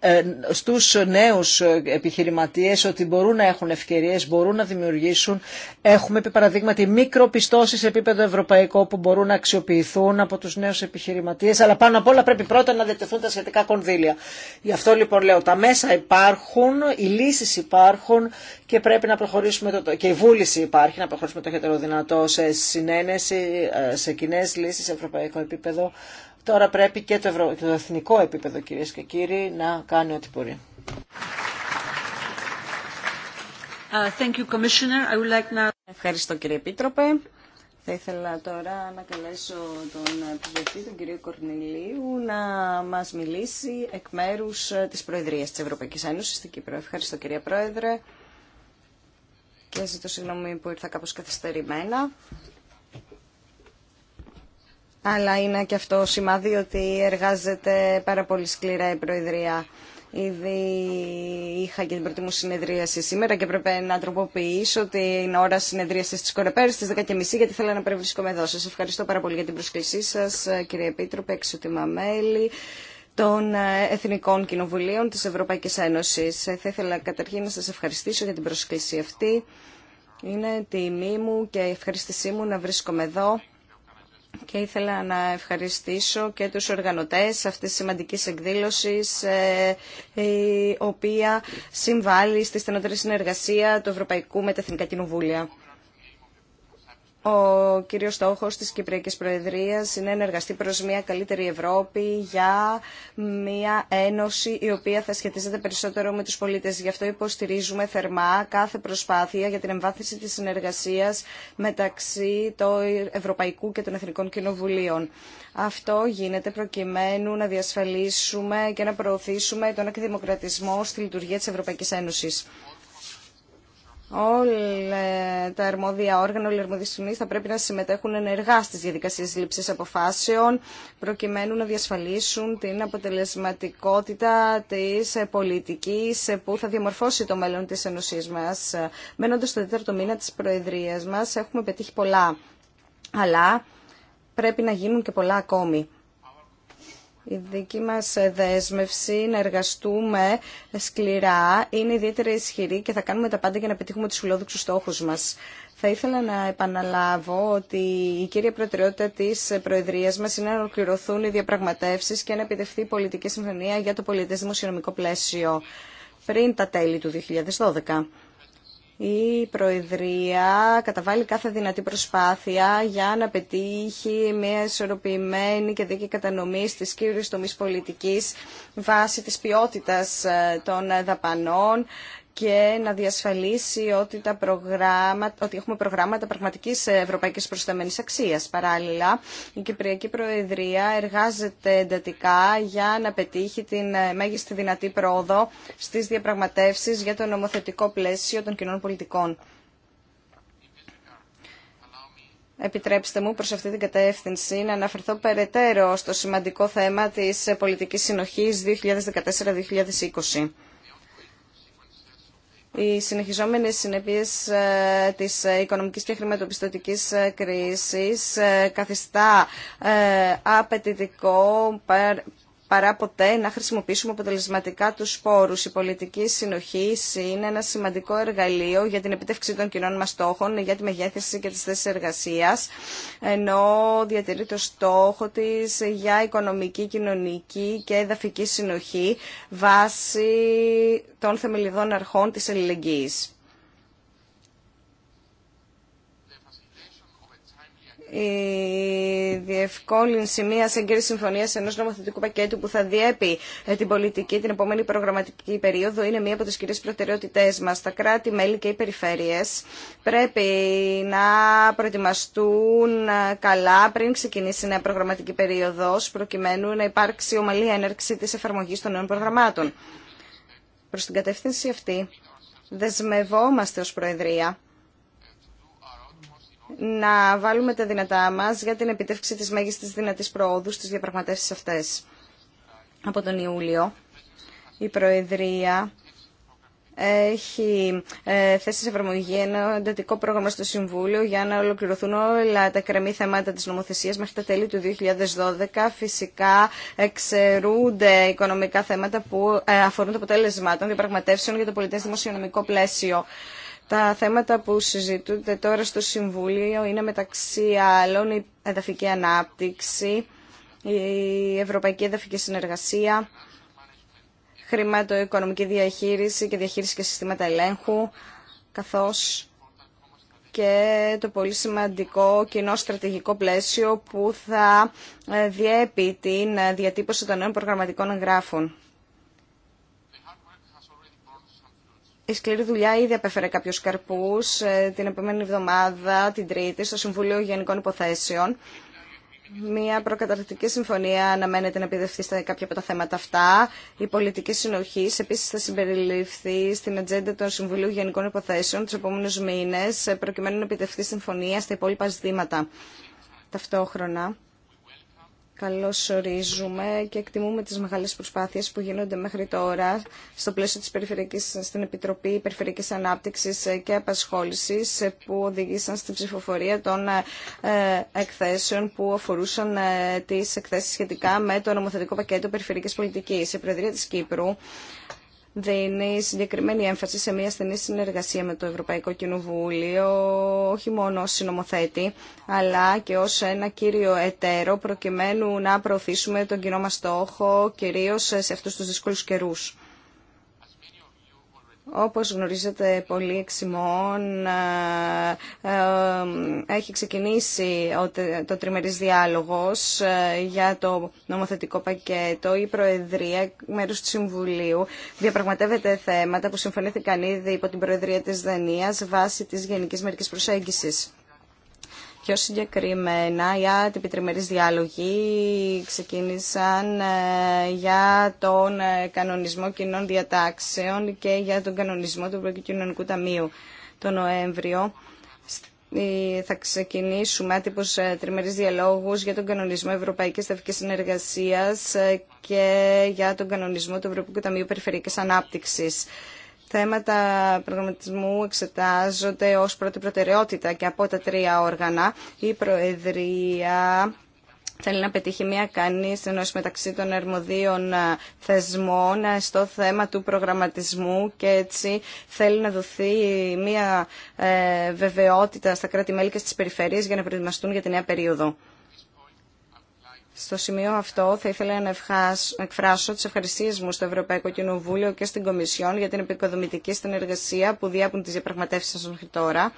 Speaker 3: ε, στου νέου επιχειρηματίε ότι μπορούν να έχουν ευκαιρίε, μπορούν να δημιουργήσουν. Έχουμε επί πράγματι μικροπιστώσει σε επίπεδο ευρωπαϊκό που μπορούν να αξιοποιηθούν από του νέου επιχειρηματίε. Αλλά πάνω απ' όλα πρέπει πρώτα να διατεθούν τα σχετικά κονδύλια. Γι' αυτό λοιπόν λέω τα μέσα υπάρχουν, οι λύσει υπάρχουν και πρέπει να προχωρήσουμε το, και η βούληση υπάρχει να προχωρήσουμε το δυνατό σε συνένεση, ε, σε κοινέ λύσει σε ευρωπαϊκό επίπεδο. Τώρα πρέπει και το, ευρω... το εθνικό επίπεδο κυρίε και κύριοι να κάνει ό,τι μπορεί.
Speaker 2: Uh, Ευχαριστώ κύριε Επίτροπε. Θα ήθελα
Speaker 4: τώρα να καλέσω τον Επιβουλευτή, τον κύριο Κορνηλίου, να μας μιλήσει εκ μέρους ε, της Προεδρίας της Ευρωπαϊκής Ένωσης στην Κύπρο. Ευχαριστώ κύριε Πρόεδρε και ζητώ συγγνώμη που ήρθα κάπως καθυστερημένα. Αλλά είναι και αυτό σημάδι ότι εργάζεται πάρα πολύ σκληρά η Προεδρία. Ήδη είχα και την πρώτη μου συνεδρίαση σήμερα και έπρεπε να τροποποιήσω την ώρα συνεδρίαση τη Κορεπέρη στι 10.30 γιατί θέλω να περιβρίσκομαι εδώ. Σα ευχαριστώ πάρα πολύ για την προσκλησή σα, κύριε Επίτροπε, εξωτήμα μέλη των Εθνικών Κοινοβουλίων της Ευρωπαϊκής Ένωσης. Θα ήθελα καταρχήν να σας ευχαριστήσω για την προσκλήση αυτή. Είναι τιμή μου και ευχαριστησή μου να βρίσκομαι εδώ και ήθελα να ευχαριστήσω και τους οργανωτές αυτής της σημαντικής εκδήλωσης ε, η οποία συμβάλλει στη στενότερη συνεργασία του Ευρωπαϊκού με Κοινοβούλια. Ο κύριος Στόχο της Κυπριακής Προεδρία είναι να εργαστεί προς μια καλύτερη Ευρώπη για μια ένωση η οποία θα σχετίζεται περισσότερο με τους πολίτες. Γι' αυτό υποστηρίζουμε θερμά κάθε προσπάθεια για την εμβάθυνση της συνεργασίας μεταξύ του Ευρωπαϊκού και των Εθνικών Κοινοβουλίων. Αυτό γίνεται προκειμένου να διασφαλίσουμε και να προωθήσουμε τον εκδημοκρατισμό στη λειτουργία τη Ευρωπαϊκή Ένωση. Όλα τα αρμόδια όργανα, όλοι οι αρμόδιοι θα πρέπει να συμμετέχουν ενεργά στι διαδικασίε λήψη αποφάσεων, προκειμένου να διασφαλίσουν την αποτελεσματικότητα τη πολιτική που θα διαμορφώσει το μέλλον τη Ενωσή μα. Μένοντα στο τέταρτο μήνα τη Προεδρία μα, έχουμε πετύχει πολλά. Αλλά πρέπει να γίνουν και πολλά ακόμη. Η δική μας δέσμευση να εργαστούμε σκληρά είναι ιδιαίτερα ισχυρή και θα κάνουμε τα πάντα για να πετύχουμε τους φιλόδοξους στόχους μας. Θα ήθελα να επαναλάβω ότι η κύρια προτεραιότητα τη Προεδρία μα είναι να ολοκληρωθούν οι διαπραγματεύσει και να επιτευχθεί η πολιτική συμφωνία για το πολιτέ δημοσιονομικό πλαίσιο πριν τα τέλη του 2012 η Προεδρία καταβάλει κάθε δυνατή προσπάθεια για να πετύχει μια ισορροπημένη και δίκαιη κατανομή στις κύριες τομείς πολιτικής βάσει της ποιότητας ε, των δαπανών και να διασφαλίσει ότι, τα προγράμματα, ότι έχουμε προγράμματα πραγματικής ευρωπαϊκής προσταμένης αξίας. Παράλληλα, η Κυπριακή Προεδρία εργάζεται εντατικά για να πετύχει την μέγιστη δυνατή πρόοδο στις διαπραγματεύσεις για το νομοθετικό πλαίσιο των κοινών πολιτικών. Επιτρέψτε μου προς αυτή την κατεύθυνση να αναφερθώ περαιτέρω στο σημαντικό θέμα της πολιτικής συνοχής 2014-2020 οι συνεχιζόμενες συνέπειες ε, της ε, οικονομικής και χρηματοπιστωτικής ε, κρίσης καθιστά απαιτητικό παρά ποτέ να χρησιμοποιήσουμε αποτελεσματικά του σπόρους. Η πολιτική συνοχή είναι ένα σημαντικό εργαλείο για την επιτεύξη των κοινών μα στόχων, για τη μεγέθυνση και τι θέσει εργασία, ενώ διατηρεί το στόχο της για οικονομική, κοινωνική και εδαφική συνοχή βάσει των θεμελιδών αρχών της ελληνική η διευκόλυνση μια εγκύρη συμφωνία ενό νομοθετικού πακέτου που θα διέπει ε, την πολιτική την επόμενη προγραμματική περίοδο είναι μία από τι κυρίε προτεραιότητέ μα. Τα κράτη-μέλη και οι περιφέρειε πρέπει να προετοιμαστούν ε, καλά πριν ξεκινήσει η νέα προγραμματική περίοδο, προκειμένου να υπάρξει ομαλή έναρξη τη εφαρμογή των νέων προγραμμάτων. Προ την κατεύθυνση αυτή, δεσμευόμαστε ω Προεδρία να βάλουμε τα δυνατά μας για την επιτεύξη της μέγιστης δυνατής προόδου στις διαπραγματεύσεις αυτές. Από τον Ιούλιο, η Προεδρία έχει ε, θέσει σε εφαρμογή ένα εντατικό πρόγραμμα στο Συμβούλιο για να ολοκληρωθούν όλα τα κρεμή θέματα της νομοθεσίας μέχρι τα τέλη του 2012. Φυσικά εξαιρούνται οικονομικά θέματα που ε, αφορούν το αποτέλεσμα των διαπραγματεύσεων για το πολιτές δημοσιονομικό πλαίσιο. Τα θέματα που συζητούνται τώρα στο Συμβούλιο είναι μεταξύ άλλων η εδαφική ανάπτυξη, η ευρωπαϊκή εδαφική συνεργασία, χρηματοοικονομική διαχείριση και διαχείριση και συστήματα ελέγχου, καθώς και το πολύ σημαντικό κοινό στρατηγικό πλαίσιο που θα ε, διέπει την διατύπωση των νέων προγραμματικών εγγράφων. η σκληρή δουλειά ήδη απέφερε κάποιους καρπούς ε, την επόμενη εβδομάδα, την Τρίτη, στο Συμβουλίο Γενικών Υποθέσεων. Μια προκαταρκτική συμφωνία αναμένεται να επιδευτεί στα κάποια από τα θέματα αυτά. Η πολιτική συνοχή επίση θα συμπεριληφθεί στην ατζέντα των Συμβουλίου Γενικών Υποθέσεων του επόμενου μήνε, ε, προκειμένου να επιτευχθεί συμφωνία στα υπόλοιπα ζητήματα. Ταυτόχρονα, Καλώς ορίζουμε και εκτιμούμε τις μεγάλες προσπάθειες που γίνονται μέχρι τώρα στο πλαίσιο της Περιφερειακής, στην Επιτροπή Περιφερειακής Ανάπτυξης και Απασχόλησης που οδηγήσαν στην ψηφοφορία των ε, εκθέσεων που αφορούσαν ε, τις εκθέσεις σχετικά με το νομοθετικό πακέτο Περιφερειακής Πολιτικής. Η Προεδρία της Κύπρου δίνει συγκεκριμένη έμφαση σε μια στενή συνεργασία με το Ευρωπαϊκό Κοινοβούλιο, όχι μόνο ως συνομοθέτη, αλλά και ως ένα κύριο εταίρο, προκειμένου να προωθήσουμε τον κοινό μας στόχο, κυρίως σε αυτούς τους δύσκολους καιρούς. Όπως γνωρίζετε πολύ εξημών, ε, ε, ε, έχει ξεκινήσει το τριμερής διάλογος για το νομοθετικό πακέτο. Η Προεδρία, μέρους του Συμβουλίου, διαπραγματεύεται θέματα που συμφωνήθηκαν ήδη υπό την Προεδρία της Δανίας βάσει της Γενικής Μερικής Προσέγγισης. Πιο συγκεκριμένα, για την τριμερής διάλογοι ξεκίνησαν ε, για τον ε, κανονισμό κοινών διατάξεων και για τον κανονισμό του Ευρωκοινωνικού Ταμείου το Νοέμβριο. Ε, θα ξεκινήσουμε τύπους τριμερείς διαλόγους για τον κανονισμό Ευρωπαϊκής Ταυτικής Συνεργασίας και για τον κανονισμό του Ευρωπαϊκού Ταμείου Περιφερειακής Ανάπτυξης θέματα προγραμματισμού εξετάζονται ως πρώτη προτεραιότητα και από τα τρία όργανα. Η Προεδρία θέλει να πετύχει μια κανή συνεννόηση μεταξύ των αρμοδίων ε, θεσμών ε, στο θέμα του προγραμματισμού και έτσι θέλει να δοθεί μια ε, βεβαιότητα στα κράτη-μέλη και στις περιφέρειες για να προετοιμαστούν για τη νέα περίοδο. Στο σημείο αυτό θα ήθελα να εκφράσω τις ευχαριστίες μου στο Ευρωπαϊκό Κοινοβούλιο και στην Κομισιόν για την επικοδομητική συνεργασία που διάπουν τις διαπραγματεύσεις σας μέχρι τώρα.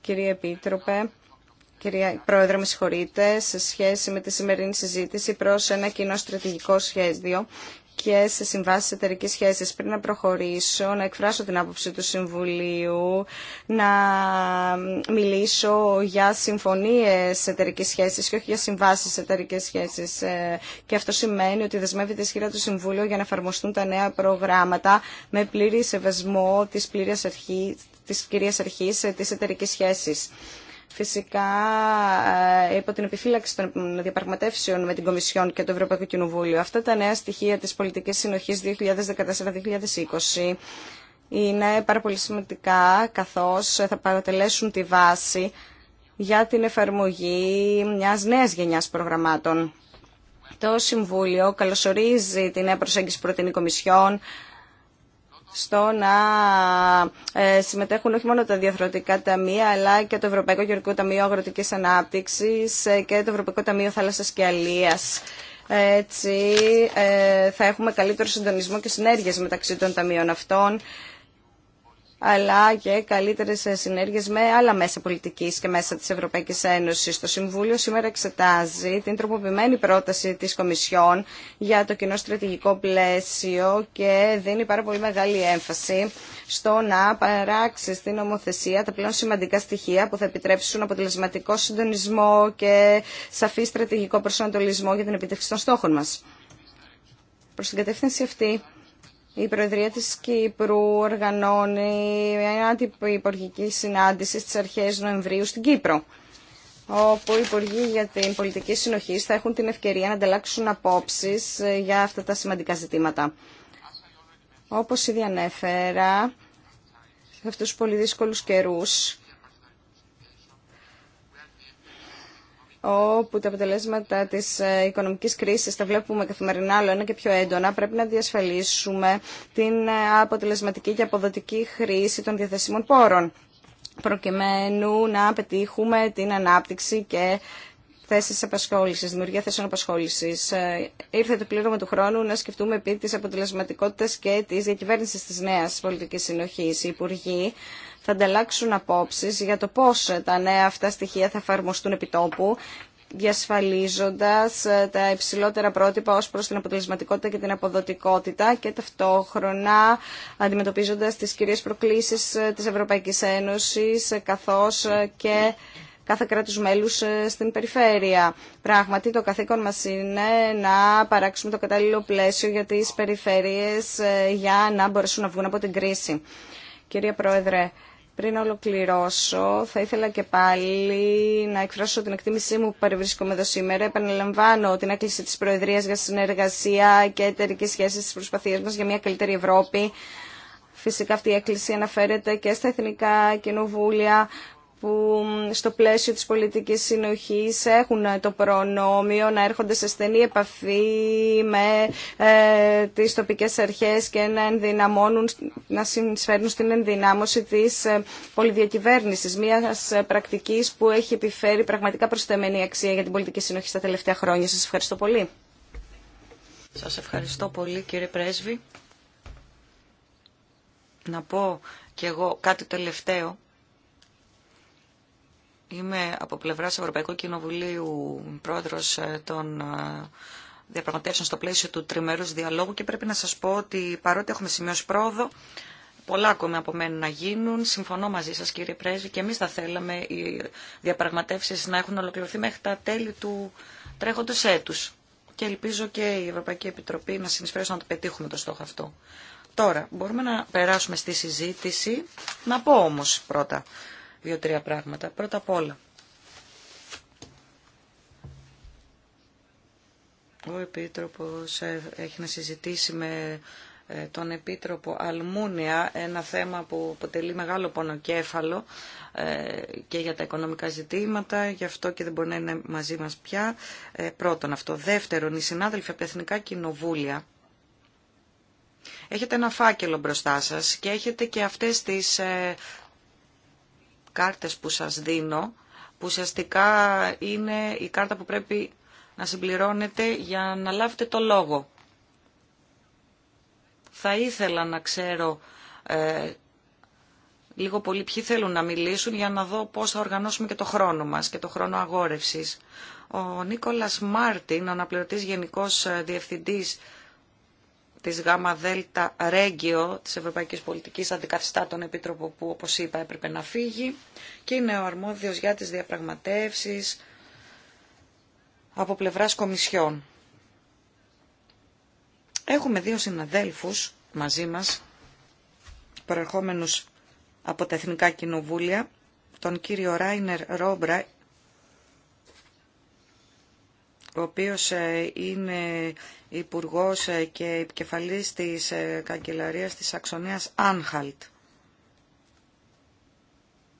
Speaker 4: Κύριε Επίτροπε, κυρία Πρόεδρε, με συγχωρείτε, σε σχέση με τη σημερινή συζήτηση προς ένα κοινό στρατηγικό σχέδιο και σε συμβάσει εταιρική σχέση. Πριν να προχωρήσω, να εκφράσω την άποψη του Συμβουλίου, να μιλήσω για συμφωνίε εταιρική σχέση και όχι για συμβάσει εταιρική σχέση. Ε, και αυτό σημαίνει ότι δεσμεύεται ισχυρά το Συμβούλιο για να εφαρμοστούν τα νέα προγράμματα με πλήρη σεβασμό τη κυρία αρχή ε, τη εταιρική σχέση. Φυσικά, ε, υπό την επιφύλαξη των διαπραγματεύσεων με την Κομισιόν και το Ευρωπαϊκό Κοινοβούλιο, αυτά τα νέα στοιχεία της πολιτικής συνοχής 2014-2020 είναι πάρα πολύ σημαντικά, καθώς θα παρατελέσουν τη βάση για την εφαρμογή μιας νέας γενιάς προγραμμάτων. Το Συμβούλιο καλωσορίζει την νέα προσέγγιση προτείνει Κομισιόν στο να ε, συμμετέχουν όχι μόνο τα διαθροτικά ταμεία αλλά και το Ευρωπαϊκό Γεωργικό Ταμείο Αγροτικής Ανάπτυξης ε, και το Ευρωπαϊκό Ταμείο Θάλασσας και Αλίας. Έτσι ε, θα έχουμε καλύτερο συντονισμό και συνέργειες μεταξύ των ταμείων αυτών αλλά και καλύτερε συνέργειε με άλλα μέσα πολιτική και μέσα τη Ευρωπαϊκή Ένωση. Το Συμβούλιο σήμερα εξετάζει την τροποποιημένη πρόταση τη Κομισιόν για το κοινό στρατηγικό πλαίσιο και δίνει πάρα πολύ μεγάλη έμφαση στο να παράξει στην νομοθεσία τα πλέον σημαντικά στοιχεία που θα επιτρέψουν αποτελεσματικό συντονισμό και σαφή στρατηγικό προσανατολισμό για την επιτεύξη των στόχων μα. Προ την κατεύθυνση αυτή, η Προεδρία της Κύπρου οργανώνει μια τύπο συνάντηση στις αρχές Νοεμβρίου στην Κύπρο όπου οι υπουργοί για την πολιτική συνοχή θα έχουν την ευκαιρία να ανταλλάξουν απόψεις ε, για αυτά τα σημαντικά ζητήματα. Όπως ήδη ανέφερα, σε αυτούς τους πολύ δύσκολους καιρούς όπου τα αποτελέσματα της ε, οικονομικής κρίσης τα βλέπουμε καθημερινά άλλο ένα και πιο έντονα, πρέπει να διασφαλίσουμε την ε, αποτελεσματική και αποδοτική χρήση των διαθεσιμών πόρων προκειμένου να πετύχουμε την ανάπτυξη και θέσει απασχόληση, δημιουργία θέσεων απασχόληση. Ε, ήρθε το πλήρωμα του χρόνου να σκεφτούμε επί τη αποτελεσματικότητα και τη διακυβέρνηση τη νέα πολιτική συνοχή. Οι υπουργοί θα ανταλλάξουν απόψει για το πώ τα νέα αυτά στοιχεία θα εφαρμοστούν επί τόπου διασφαλίζοντας ε, τα υψηλότερα πρότυπα ω προ την αποτελεσματικότητα και την αποδοτικότητα και ταυτόχρονα αντιμετωπίζοντα τι κυρίε προκλήσει ε, τη Ευρωπαϊκή Ένωση ε, καθώ και κάθε κράτου μέλου στην περιφέρεια. Πράγματι, το καθήκον μα είναι να παράξουμε το κατάλληλο πλαίσιο για τι περιφερειε για να μπορέσουν να βγουν από την κρίση. Κυρία Πρόεδρε, πριν ολοκληρώσω, θα ήθελα και πάλι να εκφράσω την εκτίμησή μου που παρευρίσκομαι εδώ σήμερα. Επαναλαμβάνω την έκκληση της Προεδρίας για συνεργασία και εταιρική σχέση στις προσπαθίες μας για μια καλύτερη Ευρώπη. Φυσικά αυτή η έκκληση αναφέρεται και στα εθνικά κοινοβούλια που στο πλαίσιο της πολιτικής συνοχής έχουν το προνόμιο να έρχονται σε στενή επαφή με ε, τις τοπικές αρχές και να ενδυναμώνουν, να συνεισφέρουν στην ενδυνάμωση της ε, πολυδιακυβέρνησης, μιας ε, πρακτικής που έχει επιφέρει πραγματικά προσθεμένη αξία
Speaker 1: για την πολιτική συνοχή στα τελευταία χρόνια. Σας ευχαριστώ πολύ. Σας ευχαριστώ πολύ κύριε Πρέσβη. Να πω και εγώ κάτι τελευταίο Είμαι από πλευράς Ευρωπαϊκού Κοινοβουλίου πρόεδρος ε, των ε, διαπραγματεύσεων στο πλαίσιο του τριμερούς διαλόγου και πρέπει να σας πω ότι παρότι έχουμε σημειώσει πρόοδο, πολλά ακόμη από να γίνουν. Συμφωνώ μαζί σας κύριε Πρέσβη και εμείς θα θέλαμε οι διαπραγματεύσεις να έχουν ολοκληρωθεί μέχρι τα τέλη του τρέχοντος έτους. Και ελπίζω και η Ευρωπαϊκή Επιτροπή να συνεισφέρει να το πετύχουμε το στόχο αυτό. Τώρα, μπορούμε να περάσουμε στη συζήτηση. Να πω όμως πρώτα δύο-τρία πράγματα. Πρώτα απ' όλα, ο Επίτροπος ε, έχει να συζητήσει με ε, τον Επίτροπο Αλμούνια, ένα θέμα που αποτελεί μεγάλο πονοκέφαλο ε, και για τα οικονομικά ζητήματα, γι' αυτό και δεν μπορεί να είναι μαζί μας πια. Πρώτον αυτό. Δεύτερον, οι συνάδελφοι από τα Εθνικά Κοινοβούλια έχετε ένα φάκελο μπροστά σας και έχετε και αυτές τις κάρτες που σας δίνω, που ουσιαστικά είναι η κάρτα που πρέπει να συμπληρώνετε για να λάβετε το λόγο. Θα ήθελα να ξέρω ε, λίγο πολύ ποιοι θέλουν να μιλήσουν για να δω πώς θα οργανώσουμε και το χρόνο μας και το χρόνο αγόρευσης. Ο Νίκολας Μάρτιν, ο αναπληρωτής Γενικός ε, Διευθυντής της ΓΑΜΑ ΔΕΛΤΑ ΡΕΓΙΟ της Ευρωπαϊκής Πολιτικής αντικαθιστά τον Επίτροπο που όπως είπα έπρεπε να φύγει και είναι ο αρμόδιος για τις διαπραγματεύσεις από πλευράς κομισιών. Έχουμε δύο συναδέλφους μαζί μας προερχόμενους από τα Εθνικά Κοινοβούλια, τον κύριο Ράινερ Ρόμπρα ο οποίος ε, είναι υπουργός ε, και επικεφαλής της ε, καγκελαρίας της Αξονίας Άνχαλτ.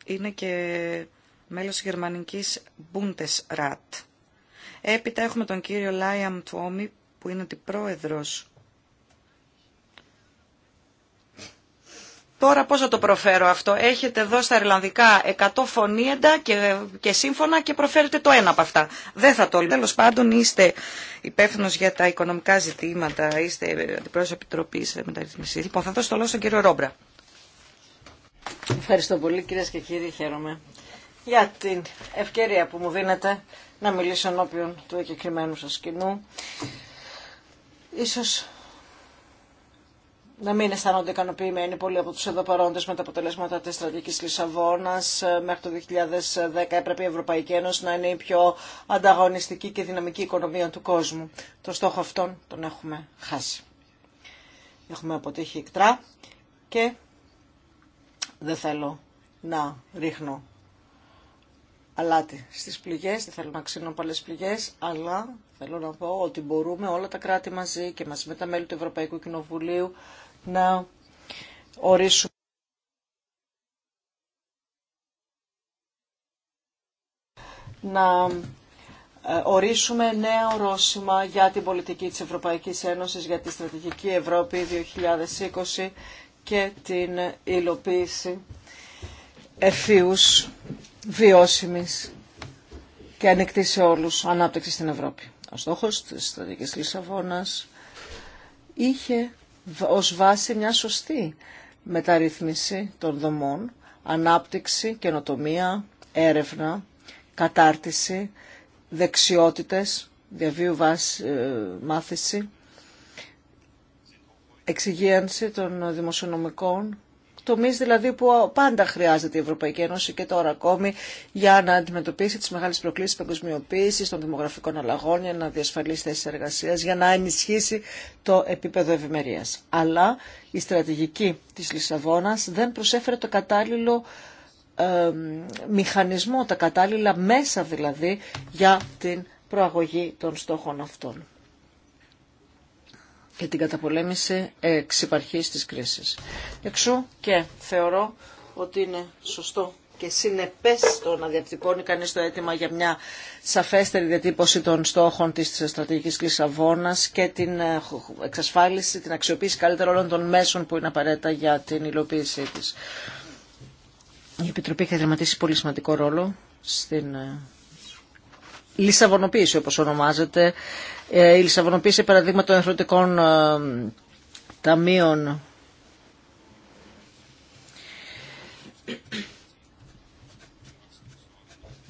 Speaker 1: Είναι και μέλος της γερμανικής Bundesrat. Έπειτα έχουμε τον κύριο Λάιαμ Τουόμι, που είναι ότι πρόεδρος Τώρα πώς θα το προφέρω αυτό. Έχετε εδώ στα Ιρλανδικά 100 φωνήεντα και, και σύμφωνα και προφέρετε το ένα από αυτά. Δεν θα το λέω. Τέλος πάντων είστε υπεύθυνο για τα οικονομικά ζητήματα, είστε αντιπρόεδρος Επιτροπής Μεταρρυθμισής. Λοιπόν, θα δώσω το λόγο στον κύριο Ρόμπρα.
Speaker 3: Ευχαριστώ πολύ κυρίε και κύριοι, χαίρομαι για την ευκαιρία που μου δίνετε να μιλήσω ενώπιον του εκεκριμένου σας κοινού. Ίσως να μην αισθάνονται ικανοποιημένοι πολλοί από τους εδώ παρόντες με τα αποτελέσματα της στρατηγικής Λισαβόνας. Ε, μέχρι το 2010 έπρεπε η Ευρωπαϊκή Ένωση να είναι η πιο ανταγωνιστική και δυναμική οικονομία του κόσμου. Το στόχο αυτόν τον έχουμε χάσει. Έχουμε αποτύχει εκτρά και δεν θέλω να ρίχνω αλάτι στις πληγές, δεν θέλω να ξύνω πολλέ πληγές, αλλά θέλω να πω ότι μπορούμε όλα τα κράτη μαζί και μαζί με τα μέλη του Ευρωπαϊκού Κοινοβουλίου να ορίσουμε να ε, ορίσουμε νέα ορόσημα για την πολιτική της Ευρωπαϊκής Ένωσης για τη Στρατηγική Ευρώπη 2020 και την υλοποίηση ευφύους, βιώσιμης και ανοιχτή σε όλους ανάπτυξη στην Ευρώπη. Ο στόχος της στρατηγικής Λισαβόνας είχε ως βάση μια σωστή μεταρρύθμιση των δομών, ανάπτυξη, καινοτομία, έρευνα, κατάρτιση, δεξιότητες, διαβίου βάση, ε, μάθηση, εξυγίανση των δημοσιονομικών τομείς δηλαδή που πάντα χρειάζεται η Ευρωπαϊκή Ένωση και τώρα ακόμη για να αντιμετωπίσει τις μεγάλες προκλήσεις της παγκοσμιοποίησης, των δημογραφικών αλλαγών, για να διασφαλίσει θέσεις εργασίας, για να ενισχύσει το επίπεδο ευημερία. Αλλά η στρατηγική της Λισαβόνας δεν προσέφερε το κατάλληλο μηχανισμό, τα κατάλληλα μέσα δηλαδή για την προαγωγή των στόχων αυτών και την καταπολέμηση εξυπαρχής της κρίσης. Εξού και θεωρώ ότι είναι σωστό και συνεπές το να διατυπώνει κανείς το αίτημα για μια σαφέστερη διατύπωση των στόχων της στρατηγικής Λισαβόνας και την ε, εξασφάλιση, την αξιοποίηση καλύτερα όλων των μέσων που είναι απαραίτητα για την υλοποίησή της. Η Επιτροπή έχει δραματίσει πολύ σημαντικό ρόλο στην ε, λισαβονοποίηση όπως ονομάζεται, ε, η λισαβονοποίηση παραδείγμα των εθνωτικών ε, ταμείων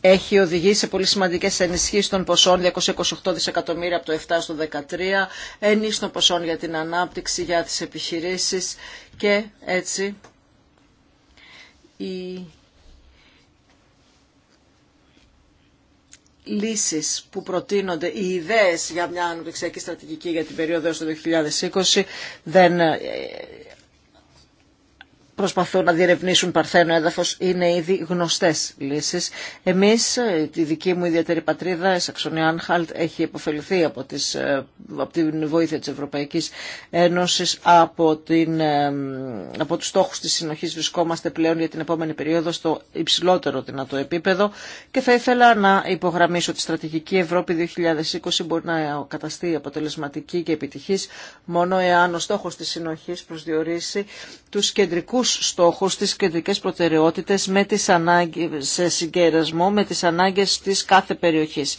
Speaker 3: έχει οδηγήσει σε πολύ σημαντικές ενισχύσεις των ποσών 228 δισεκατομμύρια από το 7 στο 13, ενίσχυση των ποσών για την ανάπτυξη, για τις επιχειρήσεις και έτσι η λύσεις που προτείνονται, οι ιδέες για μια ανεπτυξιακή στρατηγική για την περίοδο έως το 2020 δεν ε, προσπαθούν να διερευνήσουν παρθένο έδαφος είναι ήδη γνωστές λύσεις. Εμείς, ε, τη δική μου ιδιαίτερη πατρίδα, η Σαξονία Άνχαλτ, έχει υποφεληθεί από, τις, ε, από την βοήθεια της Ευρωπαϊκής Ένωσης, από, την, ε, από τους στόχους της συνοχής βρισκόμαστε πλέον για την επόμενη περίοδο στο υψηλότερο δυνατό επίπεδο και θα ήθελα να υπογραμμίσω ότι η στρατηγική Ευρώπη 2020 μπορεί να καταστεί αποτελεσματική και επιτυχής μόνο εάν ο στόχος της συνοχής προσδιορίσει τους κεντρικούς Στοχό στόχους, της κεντρικές προτεραιότητες με τις ανάγκες, σε συγκερασμό με τις ανάγκες της κάθε περιοχής.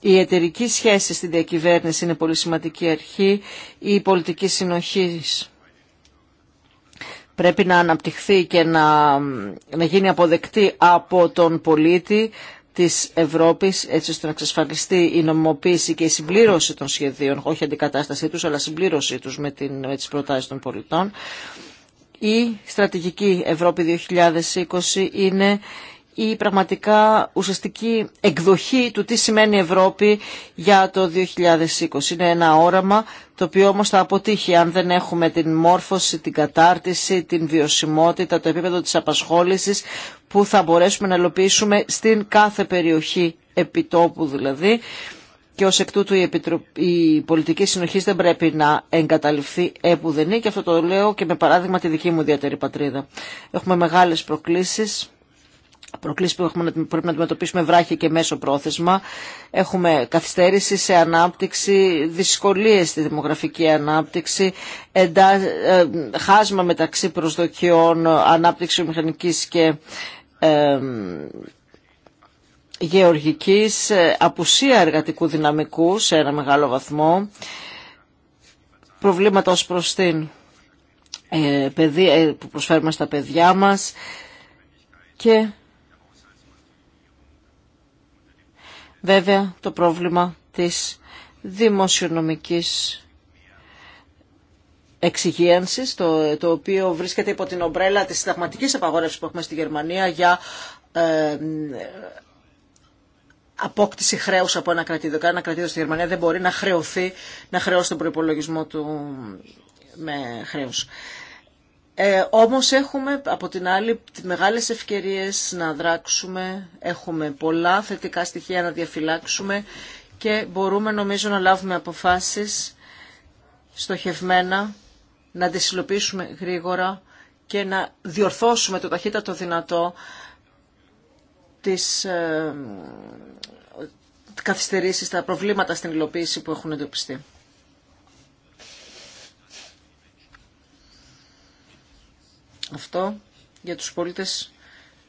Speaker 3: Η εταιρική σχέση στην διακυβέρνηση είναι πολύ σημαντική αρχή, η πολιτική συνοχή πρέπει να αναπτυχθεί και να, να γίνει αποδεκτή από τον πολίτη της Ευρώπης έτσι ώστε να εξασφαλιστεί η νομιμοποίηση και η συμπλήρωση των σχεδίων, όχι αντικατάστασή τους αλλά συμπλήρωσή τους με, την, με τις προτάσεις των πολιτών η στρατηγική Ευρώπη 2020 είναι η πραγματικά ουσιαστική εκδοχή του τι σημαίνει Ευρώπη για το 2020. Είναι ένα όραμα το οποίο όμως θα αποτύχει αν δεν έχουμε την μόρφωση, την κατάρτιση, την βιωσιμότητα, το επίπεδο της απασχόλησης που θα μπορέσουμε να ελοπίσουμε στην κάθε περιοχή επιτόπου δηλαδή και ως εκ τούτου η, πολιτική συνοχή δεν πρέπει να εγκαταλειφθεί επουδενή και αυτό το λέω και με παράδειγμα τη δική μου ιδιαίτερη πατρίδα. Έχουμε μεγάλες προκλήσεις προκλήσεις που έχουμε, πρέπει να αντιμετωπίσουμε βράχη και μέσο πρόθεσμα. Έχουμε καθυστέρηση σε ανάπτυξη, δυσκολίες στη δημογραφική ανάπτυξη, εντά, ε, χάσμα μεταξύ προσδοκιών ανάπτυξη μηχανικής και ε, γεωργικής, ε, απουσία εργατικού δυναμικού σε ένα μεγάλο βαθμό, προβλήματα ως προς την ε, ε, που προσφέρουμε στα παιδιά μας και βέβαια το πρόβλημα της δημοσιονομικής εξυγίανσης, το, το οποίο βρίσκεται υπό την ομπρέλα της συνταγματικής απαγόρευσης που έχουμε στη Γερμανία για απόκτηση χρέους από ένα κρατήδιο. Κανένα κρατήδιο στη Γερμανία δεν μπορεί να χρεωθεί, να χρεώσει τον προπολογισμό του με χρέους. Ε, όμως έχουμε από την άλλη μεγάλες ευκαιρίες να δράξουμε, έχουμε πολλά θετικά στοιχεία να διαφυλάξουμε και μπορούμε νομίζω να λάβουμε αποφάσεις στοχευμένα, να τις γρήγορα και να διορθώσουμε το ταχύτατο δυνατό τις ε, καθυστερήσεις, τα προβλήματα στην υλοποίηση που έχουν εντοπιστεί. Αυτό για τους πολίτες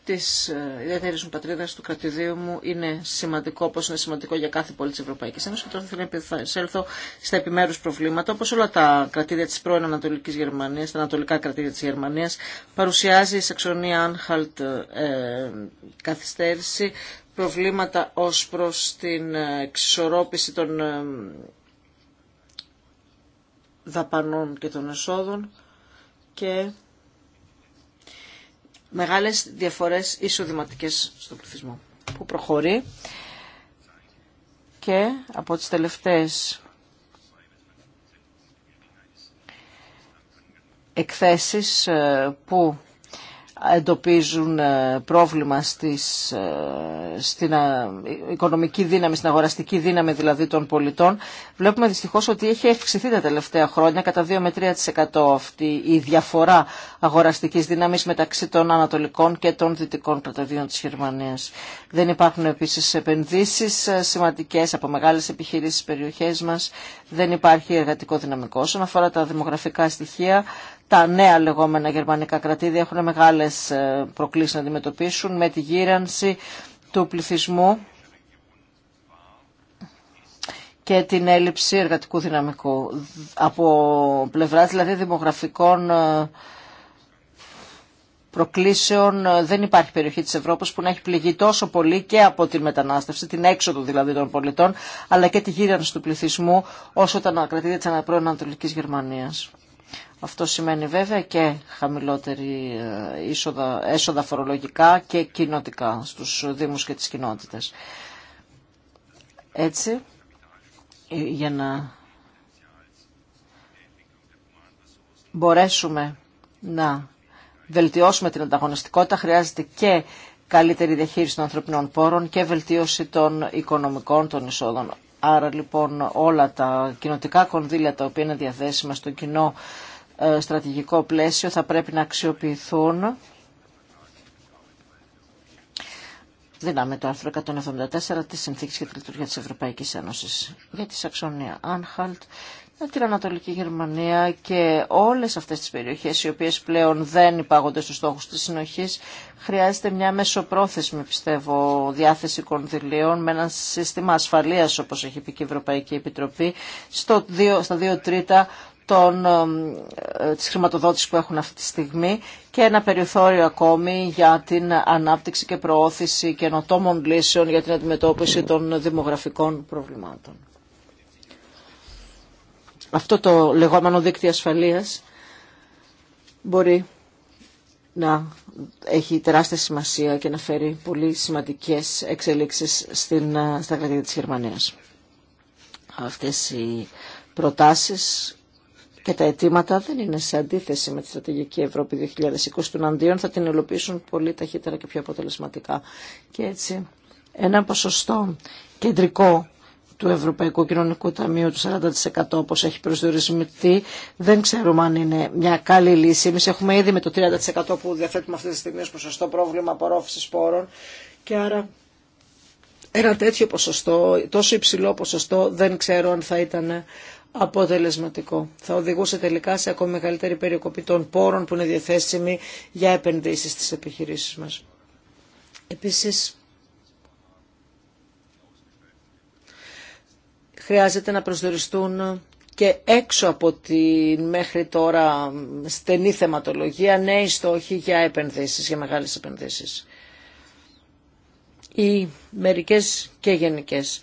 Speaker 3: της ε, ιδιαίτερης μου πατρίδας του κρατηδίου μου είναι σημαντικό, όπως είναι σημαντικό για κάθε πόλη τη Ευρωπαϊκής Ένωσης. Και τώρα θέλω να επισέλθω στα επιμέρους προβλήματα, όπως όλα τα κρατήδια της πρώην Ανατολικής Γερμανίας, τα ανατολικά κρατήδια της Γερμανίας, παρουσιάζει η Σαξονία Άνχαλτ ε, καθυστέρηση, προβλήματα ως προς την ε, εξισορρόπηση των ε, δαπανών και των εσόδων και μεγάλες διαφορές ισοδηματικές στον πληθυσμό που προχωρεί και από τις τελευταίες εκθέσεις ε, που εντοπίζουν ε, πρόβλημα ε, στην οικονομική δύναμη, στην αγοραστική δύναμη δηλαδή των πολιτών. Βλέπουμε δυστυχώς ότι έχει αυξηθεί τα τελευταία χρόνια κατά 2 με 3% αυτή η διαφορά αγοραστικής δύναμης μεταξύ των ανατολικών και των δυτικών κρατοδίων της Γερμανίας. Δεν υπάρχουν επίσης επενδύσεις ε, σημαντικές από μεγάλες επιχειρήσεις στις περιοχές μας. Δεν υπάρχει εργατικό δυναμικό. Όσον αφορά τα δημογραφικά στοιχεία, τα νέα λεγόμενα γερμανικά κρατήδια έχουν μεγάλες ε, προκλήσεις να αντιμετωπίσουν με τη γύρανση του πληθυσμού και την έλλειψη εργατικού δυναμικού από πλευράς δηλαδή δημογραφικών ε, προκλήσεων δεν υπάρχει περιοχή της Ευρώπης που να έχει πληγεί τόσο πολύ και από την μετανάστευση, την έξοδο δηλαδή των πολιτών, αλλά και τη γύρανση του πληθυσμού όσο τα κρατήδια της Ανατολικής Γερμανίας. Αυτό σημαίνει βέβαια και χαμηλότερη ε, είσοδα, έσοδα φορολογικά και κοινοτικά στους Δήμους και τις κοινότητες. Έτσι, ε, για να μπορέσουμε να βελτιώσουμε την ανταγωνιστικότητα χρειάζεται και καλύτερη διαχείριση των ανθρωπινών πόρων και βελτίωση των οικονομικών των εισόδων. Άρα λοιπόν όλα τα κοινοτικά κονδύλια τα οποία είναι διαθέσιμα στο κοινό ε, στρατηγικό πλαίσιο θα πρέπει να αξιοποιηθούν Δυνάμε το άρθρο 174 της Συνθήκης για τη Λειτουργία της Ευρωπαϊκής Ένωσης για τη Σαξονία Άνχαλτ, την Ανατολική Γερμανία και όλες αυτές τις περιοχές οι οποίες πλέον δεν υπάγονται στους στόχους της συνοχής χρειάζεται μια μεσοπρόθεσμη πιστεύω διάθεση κονδυλίων με ένα σύστημα ασφαλείας όπως έχει πει και η Ευρωπαϊκή Επιτροπή στο στα δύο τρίτα των, ε, της που έχουν αυτή τη στιγμή και ένα περιθώριο ακόμη για την ανάπτυξη και προώθηση καινοτόμων λύσεων για την αντιμετώπιση των δημογραφικών προβλημάτων. Αυτό το λεγόμενο δίκτυο ασφαλείας μπορεί να έχει τεράστια σημασία και να φέρει πολύ σημαντικές εξελίξεις στην, ε, στα κρατήρια της Γερμανίας. Αυτές οι προτάσεις και τα αιτήματα δεν είναι σε αντίθεση με τη στρατηγική Ευρώπη 2020 των αντίων. θα την υλοποιήσουν πολύ ταχύτερα και πιο αποτελεσματικά. Και έτσι ένα ποσοστό κεντρικό του Ευρωπαϊκού Κοινωνικού Ταμείου του 40% όπως έχει προσδιορισμηθεί, Δεν ξέρουμε αν είναι μια καλή λύση. Εμείς έχουμε ήδη με το 30% που διαθέτουμε αυτή τη στιγμή ως ποσοστό πρόβλημα απορρόφησης πόρων και άρα ένα τέτοιο ποσοστό, τόσο υψηλό ποσοστό δεν ξέρω αν θα ήταν αποτελεσματικό. Θα οδηγούσε τελικά σε ακόμη μεγαλύτερη περικοπή των πόρων που είναι διαθέσιμοι για επενδύσεις στις επιχειρήσεις μας. Επίσης, χρειάζεται να προσδιοριστούν και έξω από τη μέχρι τώρα στενή θεματολογία νέοι στόχοι για επενδύσεις, για μεγάλες επενδύσεις. Ή μερικές και γενικές.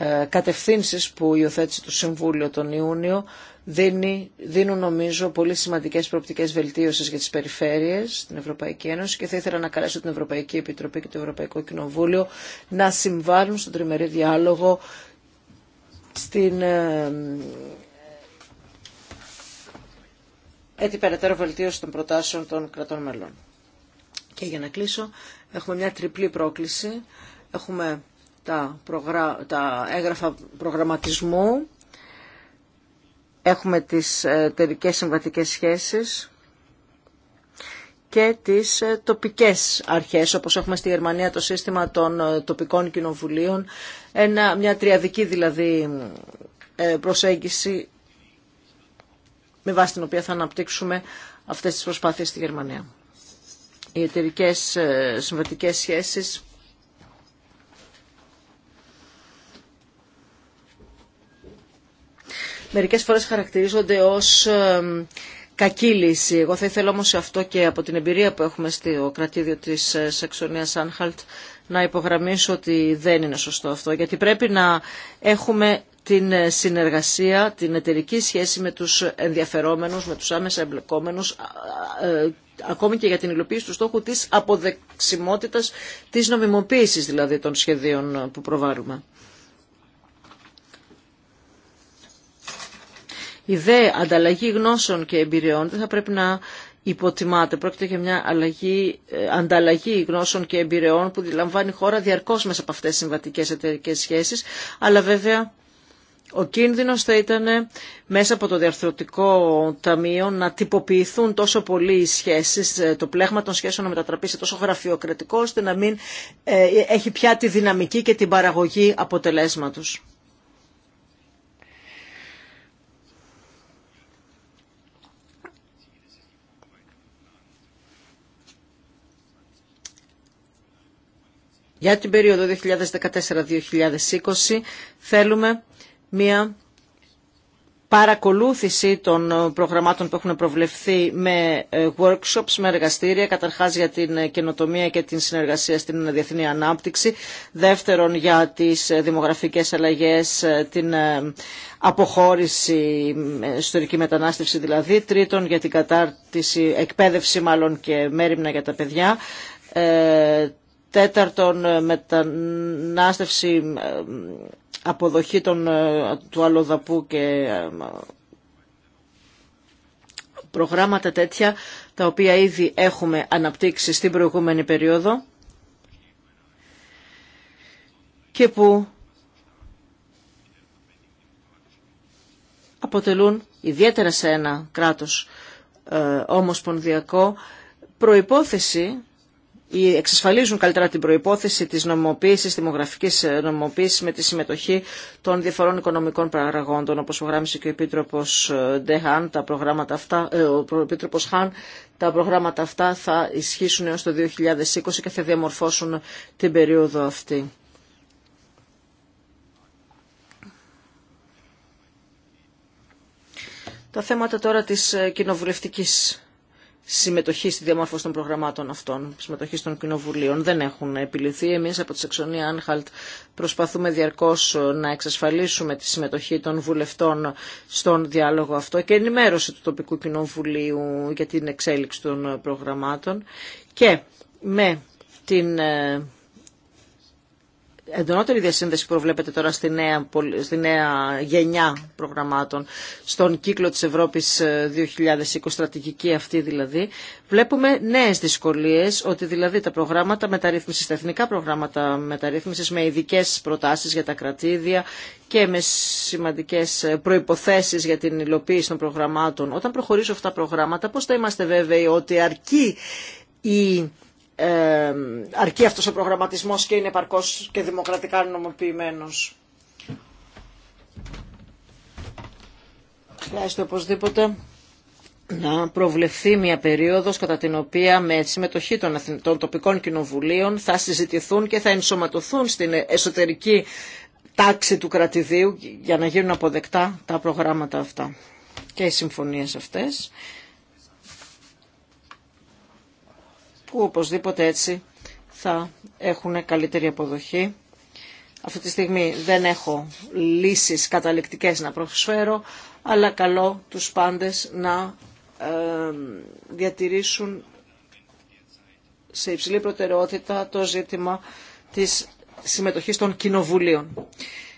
Speaker 3: Ε, κατευθύνσεις που υιοθέτησε το Συμβούλιο τον Ιούνιο δίνει, δίνουν νομίζω πολύ σημαντικές προοπτικές βελτίωσης για τις περιφέρειες στην Ευρωπαϊκή Ένωση και θα ήθελα να καλέσω την Ευρωπαϊκή Επιτροπή και το Ευρωπαϊκό Κοινοβούλιο να συμβάλλουν στον τριμερή διάλογο στην ε, ε, έτσι περαιτέρω βελτίωση των προτάσεων των κρατών μελών. Και για να κλείσω, έχουμε μια τριπλή πρόκληση. Έχουμε τα, προγρά... έγγραφα προγραμματισμού, έχουμε τις ε, εταιρικέ συμβατικές σχέσεις και τις ε, τοπικές αρχές, όπως έχουμε στη Γερμανία το σύστημα των ε, τοπικών κοινοβουλίων, ένα, μια τριαδική δηλαδή προσέγγιση με βάση την οποία θα αναπτύξουμε αυτές τις προσπάθειες στη Γερμανία. Οι εταιρικέ συμβατικές σχέσεις μερικές φορές χαρακτηρίζονται ως κακή λύση. Εγώ θα ήθελα όμως σε αυτό και από την εμπειρία που έχουμε στο κρατήδιο της ε, Σαξονίας Άνχαλτ να υπογραμμίσω ότι δεν είναι σωστό αυτό, γιατί πρέπει να έχουμε την ε, συνεργασία, την εταιρική σχέση με τους ενδιαφερόμενους, με τους άμεσα εμπλεκόμενους, ε, ακόμη και για την υλοποίηση του στόχου της αποδεξιμότητας της νομιμοποίησης δηλαδή των σχεδίων που προβάλλουμε. Η δε ανταλλαγή γνώσεων και εμπειριών δεν θα πρέπει να υποτιμάται. Πρόκειται για μια ε, ανταλλαγή γνώσεων και εμπειριών που λαμβάνει η χώρα διαρκώς μέσα από αυτές τις συμβατικές εταιρικέ σχέσεις, αλλά βέβαια ο κίνδυνος θα ήταν ε, μέσα από το διαρθρωτικό ταμείο να τυποποιηθούν τόσο πολύ οι σχέσεις, ε, το πλέγμα των σχέσεων να μετατραπεί σε τόσο γραφειοκρατικό, ώστε να μην έχει πια τη δυναμική και την παραγωγή αποτελέσματος. για την περίοδο 2014-2020 θέλουμε μία παρακολούθηση των προγραμμάτων που έχουν προβλεφθεί με ε, workshops, με εργαστήρια, καταρχάς για την ε, καινοτομία και την συνεργασία στην διεθνή ανάπτυξη, δεύτερον για τις ε, δημογραφικές αλλαγές, την αποχώρηση, ιστορική μετανάστευση δηλαδή, τρίτον για την κατάρτιση, εκπαίδευση μάλλον και μέρημνα για τα παιδιά, Τέταρτον, ε, μετανάστευση, ε, αποδοχή των, ε, του αλλοδαπού και προγράμματα τέτοια, τα οποία ήδη έχουμε αναπτύξει στην προηγούμενη περίοδο και που αποτελούν ιδιαίτερα σε ένα κράτος ε, ομοσπονδιακό προϋπόθεση ή εξασφαλίζουν καλύτερα την προϋπόθεση της νομοποίησης, δημογραφικής ε, νομοποίησης με τη συμμετοχή των διαφορών οικονομικών παραγόντων, όπως προγράμμισε και ο Επίτροπος ε, Ντεχάν, τα προγράμματα αυτά, ε, ο Επίτροπος Χάν, τα προγράμματα αυτά θα ισχύσουν έως το 2020 και θα διαμορφώσουν την περίοδο αυτή. Τα θέματα τώρα της κοινοβουλευτικής συμμετοχή στη διαμόρφωση των προγραμμάτων αυτών, συμμετοχή των κοινοβουλίων. Δεν έχουν επιληθεί. Εμεί από τη Σεξονία Άνχαλτ προσπαθούμε διαρκώ ε, να εξασφαλίσουμε τη συμμετοχή των βουλευτών στον διάλογο αυτό και ενημέρωση του τοπικού κοινοβουλίου για την εξέλιξη των ε, προγραμμάτων. Και με την ε, εντονότερη διασύνδεση που προβλέπεται τώρα στη νέα, στη νέα γενιά προγραμμάτων, στον κύκλο της Ευρώπης 2020, ε, στρατηγική αυτή δηλαδή, βλέπουμε νέες δυσκολίες, ότι δηλαδή τα προγράμματα μεταρρύθμισης, τα εθνικά προγράμματα μεταρρύθμισης με ειδικέ προτάσεις για τα κρατήδια και με σημαντικές ε, προϋποθέσεις για την υλοποίηση των προγραμμάτων. Όταν προχωρήσω αυτά τα προγράμματα, πώς θα είμαστε βέβαιοι ότι αρκεί η αρκεί αυτός ο προγραμματισμός και είναι παρκός και δημοκρατικά νομοποιημένος. Χρειάζεται οπωσδήποτε να προβλεφθεί μια περίοδος κατά την οποία με συμμετοχή των, των τοπικών κοινοβουλίων θα συζητηθούν και θα ενσωματωθούν στην εσωτερική τάξη του κρατηδίου για να γίνουν αποδεκτά τα προγράμματα αυτά και οι συμφωνίες αυτές. που οπωσδήποτε έτσι θα έχουν καλύτερη αποδοχή. Αυτή τη στιγμή δεν έχω λύσεις καταληκτικές να προσφέρω, αλλά καλό τους πάντες να ε, διατηρήσουν σε υψηλή προτεραιότητα το ζήτημα της συμμετοχής των κοινοβουλίων.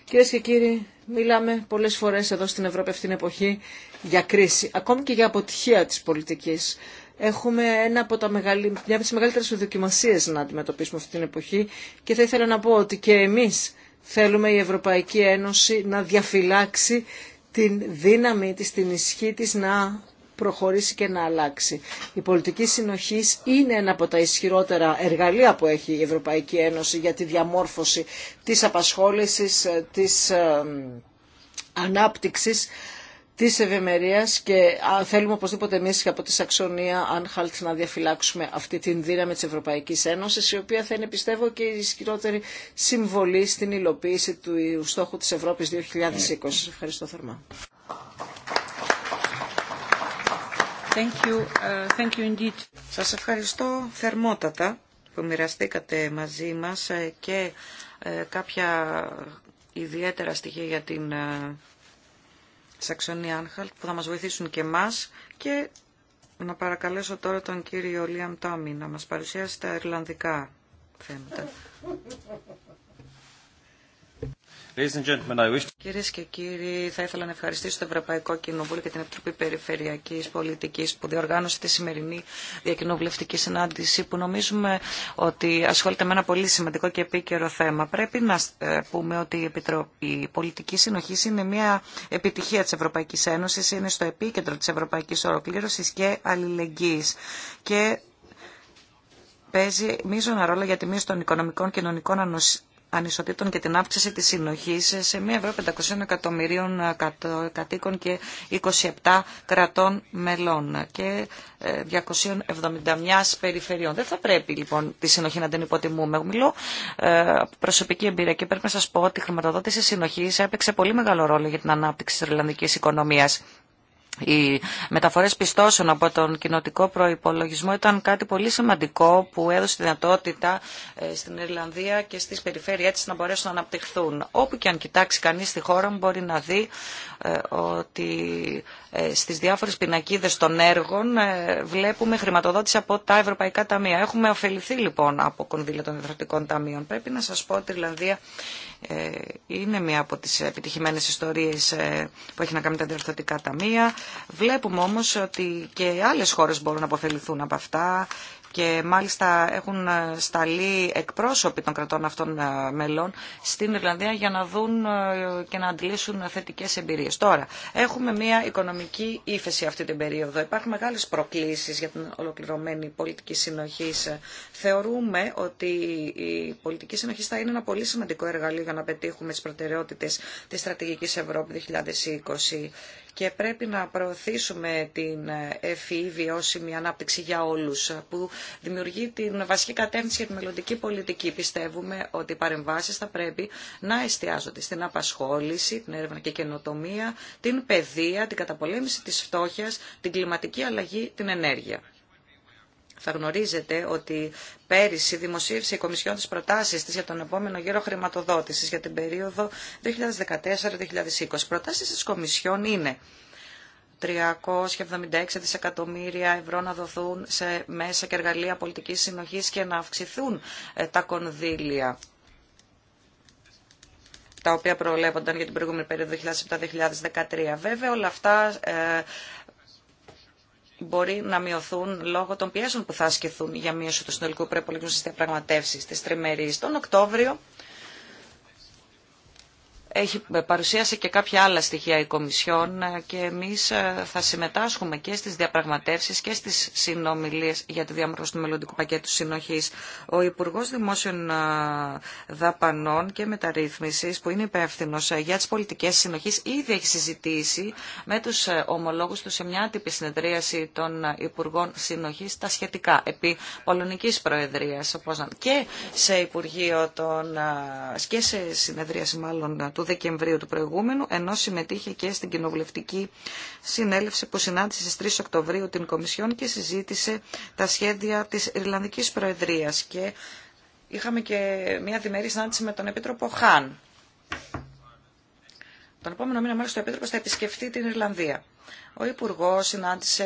Speaker 3: Κυρίε και κύριοι, μιλάμε πολλές φορές εδώ στην Ευρώπη αυτήν την εποχή για κρίση, ακόμη και για αποτυχία της πολιτικής έχουμε ένα από τα μια από τις μεγαλύτερες δοκιμασίες να αντιμετωπίσουμε αυτή την εποχή και θα ήθελα να πω ότι και εμείς θέλουμε η Ευρωπαϊκή Ένωση να διαφυλάξει την δύναμη της, την ισχύ της να προχωρήσει και να αλλάξει. Η πολιτική συνοχή είναι ένα από τα ισχυρότερα εργαλεία που έχει η Ευρωπαϊκή Ένωση για τη διαμόρφωση της απασχόλησης, ε, της ε, ανάπτυξης Τη ευημερία και θέλουμε οπωσδήποτε εμεί και από τη Σαξονία Ανχάλτ να διαφυλάξουμε αυτή την δύναμη της Ευρωπαϊκής Ένωσης η οποία θα είναι πιστεύω και η ισχυρότερη συμβολή στην υλοποίηση του στόχου της Ευρώπης 2020. Σα ευχαριστώ θερμά.
Speaker 1: Thank you. Uh, thank you indeed. Σας ευχαριστώ θερμότατα που μοιραστήκατε μαζί μας ε, και ε, κάποια ιδιαίτερα στοιχεία για την ε, Σαξονία Άνχαλτ που θα μας βοηθήσουν και μας και να παρακαλέσω τώρα τον κύριο Λίαμ Τάμι να μας παρουσιάσει τα Ιρλανδικά θέματα. Κυρίε και κύριοι, θα ήθελα να ευχαριστήσω το Ευρωπαϊκό Κοινοβούλιο και την Επιτροπή Περιφερειακή Πολιτική που διοργάνωσε τη σημερινή διακοινοβουλευτική συνάντηση που νομίζουμε ότι ασχολείται με ένα πολύ σημαντικό και επίκαιρο θέμα. Πρέπει να ε, πούμε ότι η πολιτική συνοχή είναι μια επιτυχία τη Ευρωπαϊκή Ένωση, είναι στο επίκεντρο τη ευρωπαϊκή ολοκλήρωση και αλληλεγγύη. Και παίζει μείζωνα ρόλο για τη των οικονομικών, κοινωνικών ανισοτήτων και την αύξηση της συνοχής σε μια Ευρώπη 500 εκατομμυρίων κατοίκων και 27 κρατών μελών και 271 ε, περιφερειών. Δεν θα πρέπει λοιπόν τη συνοχή να την υποτιμούμε. Μιλώ ε, από προσωπική εμπειρία και πρέπει να σας πω ότι η χρηματοδότηση συνοχής έπαιξε πολύ μεγάλο ρόλο για την ανάπτυξη της Ιρλανδικής οικονομίας. Οι μεταφορές πιστώσεων από τον κοινοτικό προϋπολογισμό ήταν κάτι πολύ σημαντικό που έδωσε τη δυνατότητα ε, στην Ιρλανδία και στις περιφέρειές της να μπορέσουν να αναπτυχθούν. Όπου και αν κοιτάξει κανείς στη χώρα μου μπορεί να δει ε, ότι ε, στις διάφορες πινακίδες των έργων ε, βλέπουμε χρηματοδότηση από τα ευρωπαϊκά ταμεία. Έχουμε ωφεληθεί λοιπόν από κονδύλια των διευθυντικών ταμείων. Πρέπει να σας πω ότι η ε, είναι μία από τις επιτυχημένες ιστορίες που έχει να κάνει τα διευθυντικά ταμεία. Βλέπουμε όμως ότι και άλλες χώρες μπορούν να αποφεληθούν από αυτά και μάλιστα έχουν σταλεί εκπρόσωποι των κρατών αυτών ε, μελών στην Ιρλανδία για να δουν ε, και να αντλήσουν θετικές εμπειρίες. Τώρα, έχουμε μια οικονομική ύφεση αυτή την περίοδο. Υπάρχουν μεγάλες προκλήσεις για την ολοκληρωμένη πολιτική συνοχή. Θεωρούμε ότι η πολιτική συνοχή θα είναι ένα πολύ σημαντικό εργαλείο για να πετύχουμε τις προτεραιότητες της στρατηγικής Ευρώπη 2020 και πρέπει να προωθήσουμε την ευφυή βιώσιμη ανάπτυξη για όλους που δημιουργεί την βασική κατεύθυνση για τη μελλοντική πολιτική. Πιστεύουμε ότι οι παρεμβάσεις θα πρέπει να εστιάζονται στην απασχόληση, την έρευνα και καινοτομία, την παιδεία, την καταπολέμηση της φτώχειας, την κλιματική αλλαγή, την ενέργεια. Θα γνωρίζετε ότι πέρυσι δημοσίευσε η Κομισιόν τις προτάσεις της για τον επόμενο γύρο χρηματοδότησης για την περίοδο 2014-2020. Προτάσεις της Κομισιόν είναι 376 δισεκατομμύρια ευρώ να δοθούν σε μέσα και εργαλεία πολιτικής συνοχής και να αυξηθούν ε, τα κονδύλια τα οποία προβλέπονταν για την προηγούμενη περίοδο 2007-2013. Βέβαια όλα αυτά ε, μπορεί να μειωθούν λόγω των πιέσεων που θα ασκηθούν για μείωση του συνολικού προπολογισμού στι διαπραγματεύσει τη τριμερή. Τον Οκτώβριο παρουσίασε και κάποια άλλα στοιχεία η Κομισιόν ε, και εμείς ε, θα συμμετάσχουμε και στις διαπραγματεύσεις και στις συνομιλίες για τη διαμόρφωση του μελλοντικού πακέτου συνοχής. Ο Υπουργός Δημόσιων ε, Δαπανών και Μεταρρύθμισης που είναι υπεύθυνο για τις πολιτικές συνοχής ήδη έχει συζητήσει με τους ομολόγους του σε μια άτυπη συνεδρίαση των Υπουργών Συνοχής τα σχετικά επί Πολωνικής Προεδρίας και σε Υπουργείο των, και σε συνεδρίαση μάλλον του του Δεκεμβρίου του προηγούμενου, ενώ συμμετείχε και στην κοινοβουλευτική συνέλευση που συνάντησε στι 3 Οκτωβρίου την Κομισιόν και συζήτησε τα σχέδια της Ιρλανδική Προεδρίας. Και είχαμε και μια διμερή συνάντηση με τον Επίτροπο Χάν τον επόμενο μήνα μάλιστα το Επίτροπο θα επισκεφτεί την Ιρλανδία. Ο Υπουργό συνάντησε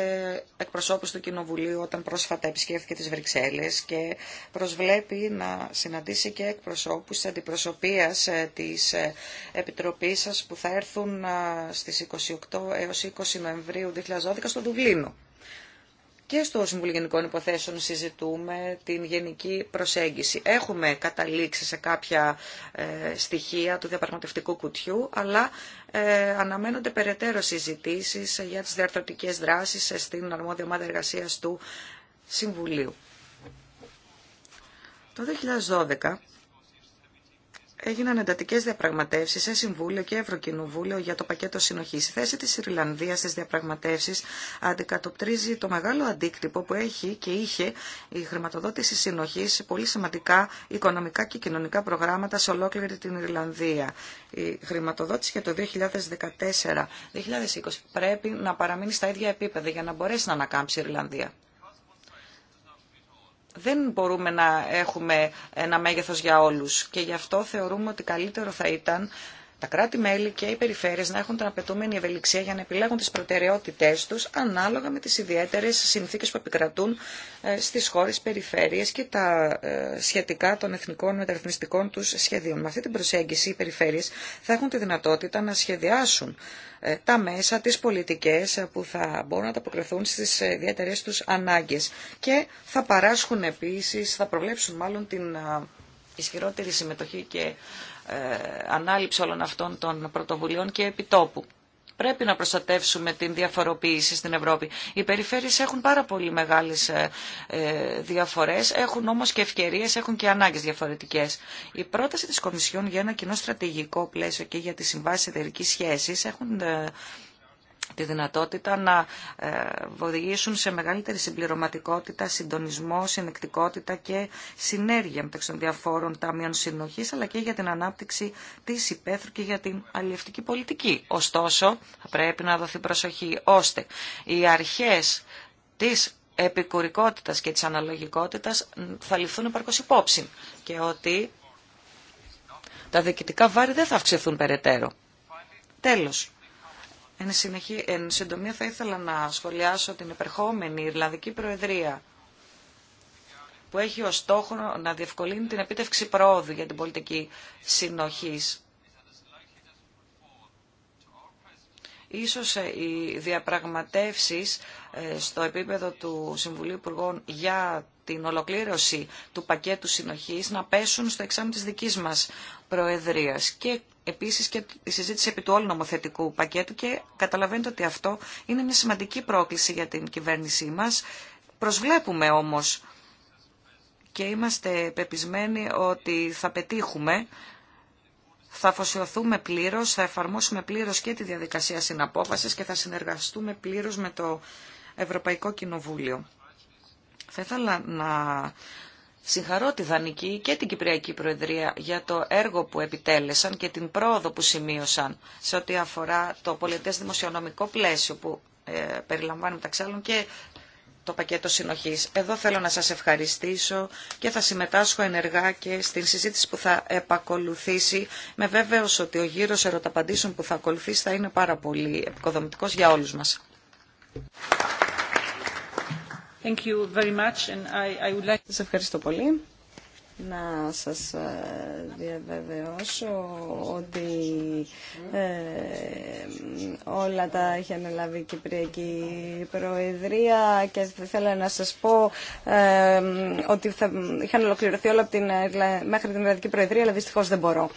Speaker 1: εκπροσώπους του Κοινοβουλίου όταν πρόσφατα επισκέφθηκε τις Βρυξέλλες και προσβλέπει να συναντήσει και εκπροσώπους της αντιπροσωπείας ε, της ε, Επιτροπής σας που θα έρθουν ε, στις 28 έως 20 Νοεμβρίου 2012 στο Δουβλίνο και στο Συμβούλιο Γενικών Υποθέσεων συζητούμε την γενική προσέγγιση. Έχουμε καταλήξει σε κάποια ε, στοιχεία του διαπραγματευτικού κουτιού, αλλά ε, αναμένονται περαιτέρω συζητήσει για τι διαρθρωτικέ δράσεις στην αρμόδια ομάδα εργασία του Συμβουλίου. Το 2012 έγιναν εντατικέ διαπραγματεύσει σε Συμβούλιο και Ευρωκοινοβούλιο για το πακέτο συνοχή. Η θέση τη Ιρλανδία στι διαπραγματεύσει αντικατοπτρίζει το μεγάλο αντίκτυπο που έχει και είχε η χρηματοδότηση συνοχή σε πολύ σημαντικά οικονομικά και κοινωνικά προγράμματα σε ολόκληρη την Ιρλανδία. Η χρηματοδότηση για το 2014-2020 πρέπει να παραμείνει στα ίδια επίπεδα για να μπορέσει να ανακάμψει η Ιρλανδία δεν μπορούμε να έχουμε ένα μέγεθος για όλους και γι' αυτό θεωρούμε ότι καλύτερο θα ήταν τα κράτη-μέλη και οι περιφέρειες να έχουν την απαιτούμενη ευελιξία για να επιλέγουν τις προτεραιότητές τους ανάλογα με τις ιδιαίτερες συνθήκες που επικρατούν ε, στις χώρες περιφέρειες και τα ε, σχετικά των εθνικών μεταρρυθμιστικών τους σχεδίων. Με αυτή την προσέγγιση οι περιφέρειες θα έχουν τη δυνατότητα να σχεδιάσουν ε, τα μέσα, τις πολιτικές που θα μπορούν να τα αποκριθούν στις ιδιαίτερε τους ανάγκες και θα παράσχουν επίσης, θα προβλέψουν μάλλον την ισχυρότερη συμμετοχή και ε, ανάληψη όλων αυτών των πρωτοβουλειών και επιτόπου. Πρέπει να προστατεύσουμε την διαφοροποίηση στην Ευρώπη. Οι περιφέρειες έχουν πάρα πολύ μεγάλες ε, ε, διαφορές, έχουν όμως και ευκαιρίες, έχουν και ανάγκες διαφορετικές. Η πρόταση της Κομισιόν για ένα κοινό στρατηγικό πλαίσιο και για τις συμβάσεις εταιρικής σχέσης έχουν τη δυνατότητα να ε, οδηγήσουν σε μεγαλύτερη συμπληρωματικότητα, συντονισμό, συνεκτικότητα και συνέργεια μεταξύ των διαφόρων ταμείων συνοχή, αλλά και για την ανάπτυξη της υπαίθρου και για την αλληλευτική πολιτική. Ωστόσο, θα πρέπει να δοθεί προσοχή ώστε οι αρχές της επικουρικότητας και της αναλογικότητα θα ληφθούν επαρκώ υπόψη και ότι τα διοικητικά βάρη δεν θα αυξηθούν περαιτέρω. Τέλος, Εν, εν συντομία θα ήθελα να σχολιάσω την επερχόμενη Ιρλανδική Προεδρία που έχει ως στόχο να διευκολύνει την επίτευξη πρόοδου για την πολιτική συνοχής. Ίσως ε, οι διαπραγματεύσεις ε, στο επίπεδο του Συμβουλίου Υπουργών για την ολοκλήρωση του πακέτου συνοχής να πέσουν στο εξάμεινο της δικής μας Προεδρίας. Και επίσης και η συζήτηση επί του όλου νομοθετικού πακέτου και καταλαβαίνετε ότι αυτό είναι μια σημαντική πρόκληση για την κυβέρνησή μας. Προσβλέπουμε όμως και είμαστε πεπισμένοι ότι θα πετύχουμε, θα αφοσιωθούμε πλήρως, θα εφαρμόσουμε πλήρως και τη διαδικασία συναπόφασης και θα συνεργαστούμε πλήρως με το Ευρωπαϊκό Κοινοβούλιο. Θα ήθελα να συγχαρώ τη Δανική και την Κυπριακή Προεδρία για το έργο που επιτέλεσαν και την πρόοδο που σημείωσαν σε ό,τι αφορά το πολιτές δημοσιονομικό πλαίσιο που ε, περιλαμβάνει μεταξύ άλλων και το πακέτο συνοχής. Εδώ θέλω να σας ευχαριστήσω και θα συμμετάσχω ενεργά και στην συζήτηση που θα επακολουθήσει. Με βέβαιος ότι ο γύρος ερωταπαντήσεων που θα ακολουθήσει θα είναι πάρα πολύ επικοδομητικός για όλους μας.
Speaker 2: Σας ευχαριστώ πολύ.
Speaker 4: Να σας ε, διαβεβαιώσω ότι ε, όλα τα έχει αναλάβει η Κυπριακή Προεδρία και θέλω να σας πω ε, ότι θα, είχαν ολοκληρωθεί όλα από την, μέχρι την Ελλαδική Προεδρία, αλλά δυστυχώς δεν μπορώ.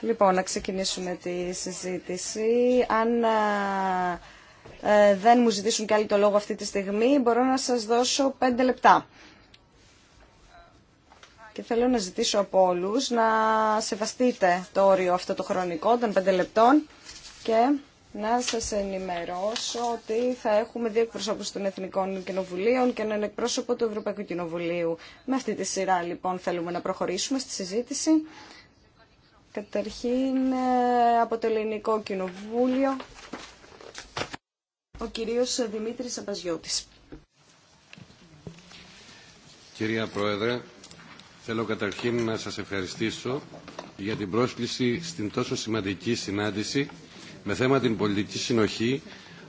Speaker 4: Λοιπόν, να ξεκινήσουμε τη συζήτηση. Αν ε, δεν μου ζητήσουν κι άλλοι το λόγο αυτή τη στιγμή, μπορώ να σας δώσω πέντε λεπτά. Και θέλω να ζητήσω από όλου να σεβαστείτε το όριο αυτό το χρονικό των πέντε λεπτών και να σας ενημερώσω ότι θα έχουμε δύο εκπροσώπους των Εθνικών Κοινοβουλίων και έναν εκπρόσωπο του Ευρωπαϊκού Κοινοβουλίου. Με αυτή τη σειρά λοιπόν θέλουμε να προχωρήσουμε στη συζήτηση. Καταρχήν ε, από το Ελληνικό Κοινοβούλιο ο κυρίος Δημήτρης Αμπαζιώτης.
Speaker 5: Κυρία Πρόεδρε, θέλω καταρχήν να σας ευχαριστήσω για την πρόσκληση στην τόσο σημαντική συνάντηση με θέμα την πολιτική συνοχή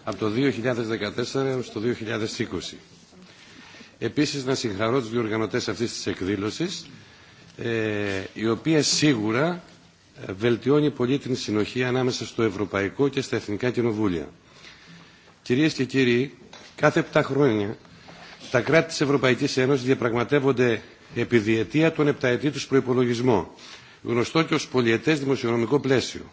Speaker 5: από το 2014 το 2020. Επίσης να συγχαρώ τους διοργανωτές αυτής της εκδήλωσης ε, η οποία σίγουρα ε, βελτιώνει πολύ την συνοχή ανάμεσα στο Ευρωπαϊκό και στα Εθνικά Κοινοβούλια. Κυρίες και κύριοι, κάθε 7 χρόνια τα κράτη της Ευρωπαϊκής Ένωσης διαπραγματεύονται επί διετία τον επταετή του προϋπολογισμό, γνωστό και ως πολιετές δημοσιονομικό πλαίσιο.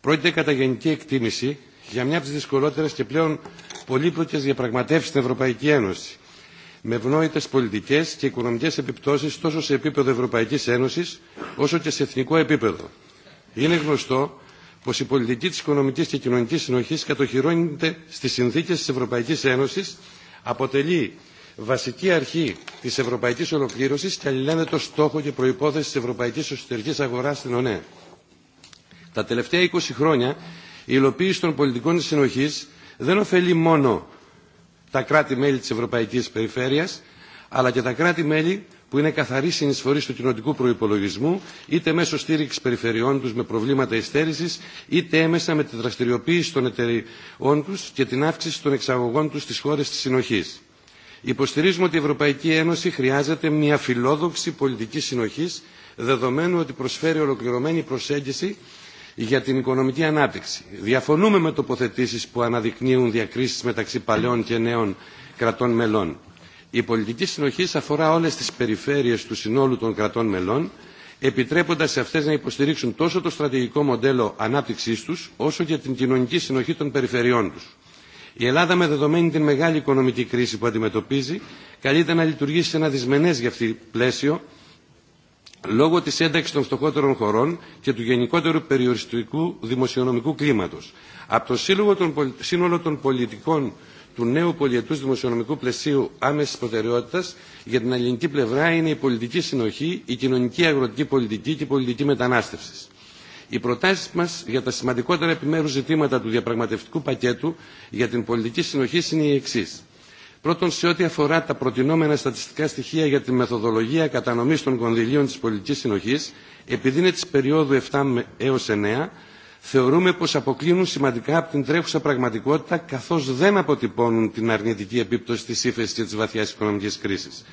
Speaker 5: Πρόκειται κατά γενική εκτίμηση για μια από τις δυσκολότερες και πλέον πολύπλοκες διαπραγματεύσεις στην Ευρωπαϊκή Ένωση, με ευνόητες πολιτικές και οικονομικές επιπτώσεις τόσο σε επίπεδο Ευρωπαϊκής Ένωσης όσο και σε εθνικό επίπεδο. Είναι γνωστό πω η πολιτική τη οικονομική και κοινωνική συνοχή κατοχυρώνεται στι συνθήκε τη Ευρωπαϊκή Ένωση, αποτελεί βασική αρχή τη ευρωπαϊκή ολοκλήρωση και το στόχο και προπόθεση τη ευρωπαϊκή εσωτερική αγορά στην ΟΝΕ. Τα τελευταία 20 χρόνια η υλοποίηση των πολιτικών της συνοχής δεν ωφελεί μόνο τα κράτη-μέλη της Ευρωπαϊκής Περιφέρειας, αλλά και τα κράτη-μέλη που είναι καθαρή συνεισφορή του κοινοτικού προπολογισμού, είτε μέσω στήριξη περιφερειών του με προβλήματα υστέρηση, είτε έμεσα με τη δραστηριοποίηση των εταιριών του και την αύξηση των εξαγωγών του στι χώρε τη συνοχή. Υποστηρίζουμε ότι η Ευρωπαϊκή Ένωση χρειάζεται μια φιλόδοξη πολιτική συνοχή, δεδομένου ότι προσφέρει ολοκληρωμένη προσέγγιση για την οικονομική ανάπτυξη. Διαφωνούμε με τοποθετήσει που αναδεικνύουν διακρίσει μεταξύ παλαιών και νέων κρατών μελών η πολιτική συνοχή αφορά όλε τι περιφέρειες του συνόλου των κρατών μελών, επιτρέποντα σε αυτέ να υποστηρίξουν τόσο το στρατηγικό μοντέλο ανάπτυξή του, όσο και την κοινωνική συνοχή των περιφερειών του. Η Ελλάδα, με δεδομένη την μεγάλη οικονομική κρίση που αντιμετωπίζει, καλείται να λειτουργήσει σε ένα δυσμενέ για αυτή πλαίσιο, λόγω τη ένταξη των φτωχότερων χωρών και του γενικότερου περιοριστικού δημοσιονομικού κλίματο. Από το σύνολο των πολιτικών του νέου πολιετούς δημοσιονομικού πλαισίου άμεσης προτεραιότητας για την ελληνική πλευρά είναι η πολιτική συνοχή, η κοινωνική αγροτική πολιτική και η πολιτική μετανάστευση. Οι προτάσει μα για τα σημαντικότερα επιμέρου ζητήματα του διαπραγματευτικού πακέτου για την πολιτική συνοχή είναι οι εξή. Πρώτον, σε ό,τι αφορά τα προτινόμενα στατιστικά στοιχεία για τη μεθοδολογία κατανομή των κονδυλίων τη πολιτική συνοχή, επειδή είναι τη περίοδου 7 έω 9, θεωρούμε πως αποκλίνουν σημαντικά από την τρέχουσα πραγματικότητα καθώς δεν αποτυπώνουν την αρνητική επίπτωση της ύφεσης και της βαθιάς οικονομικής κρίσης.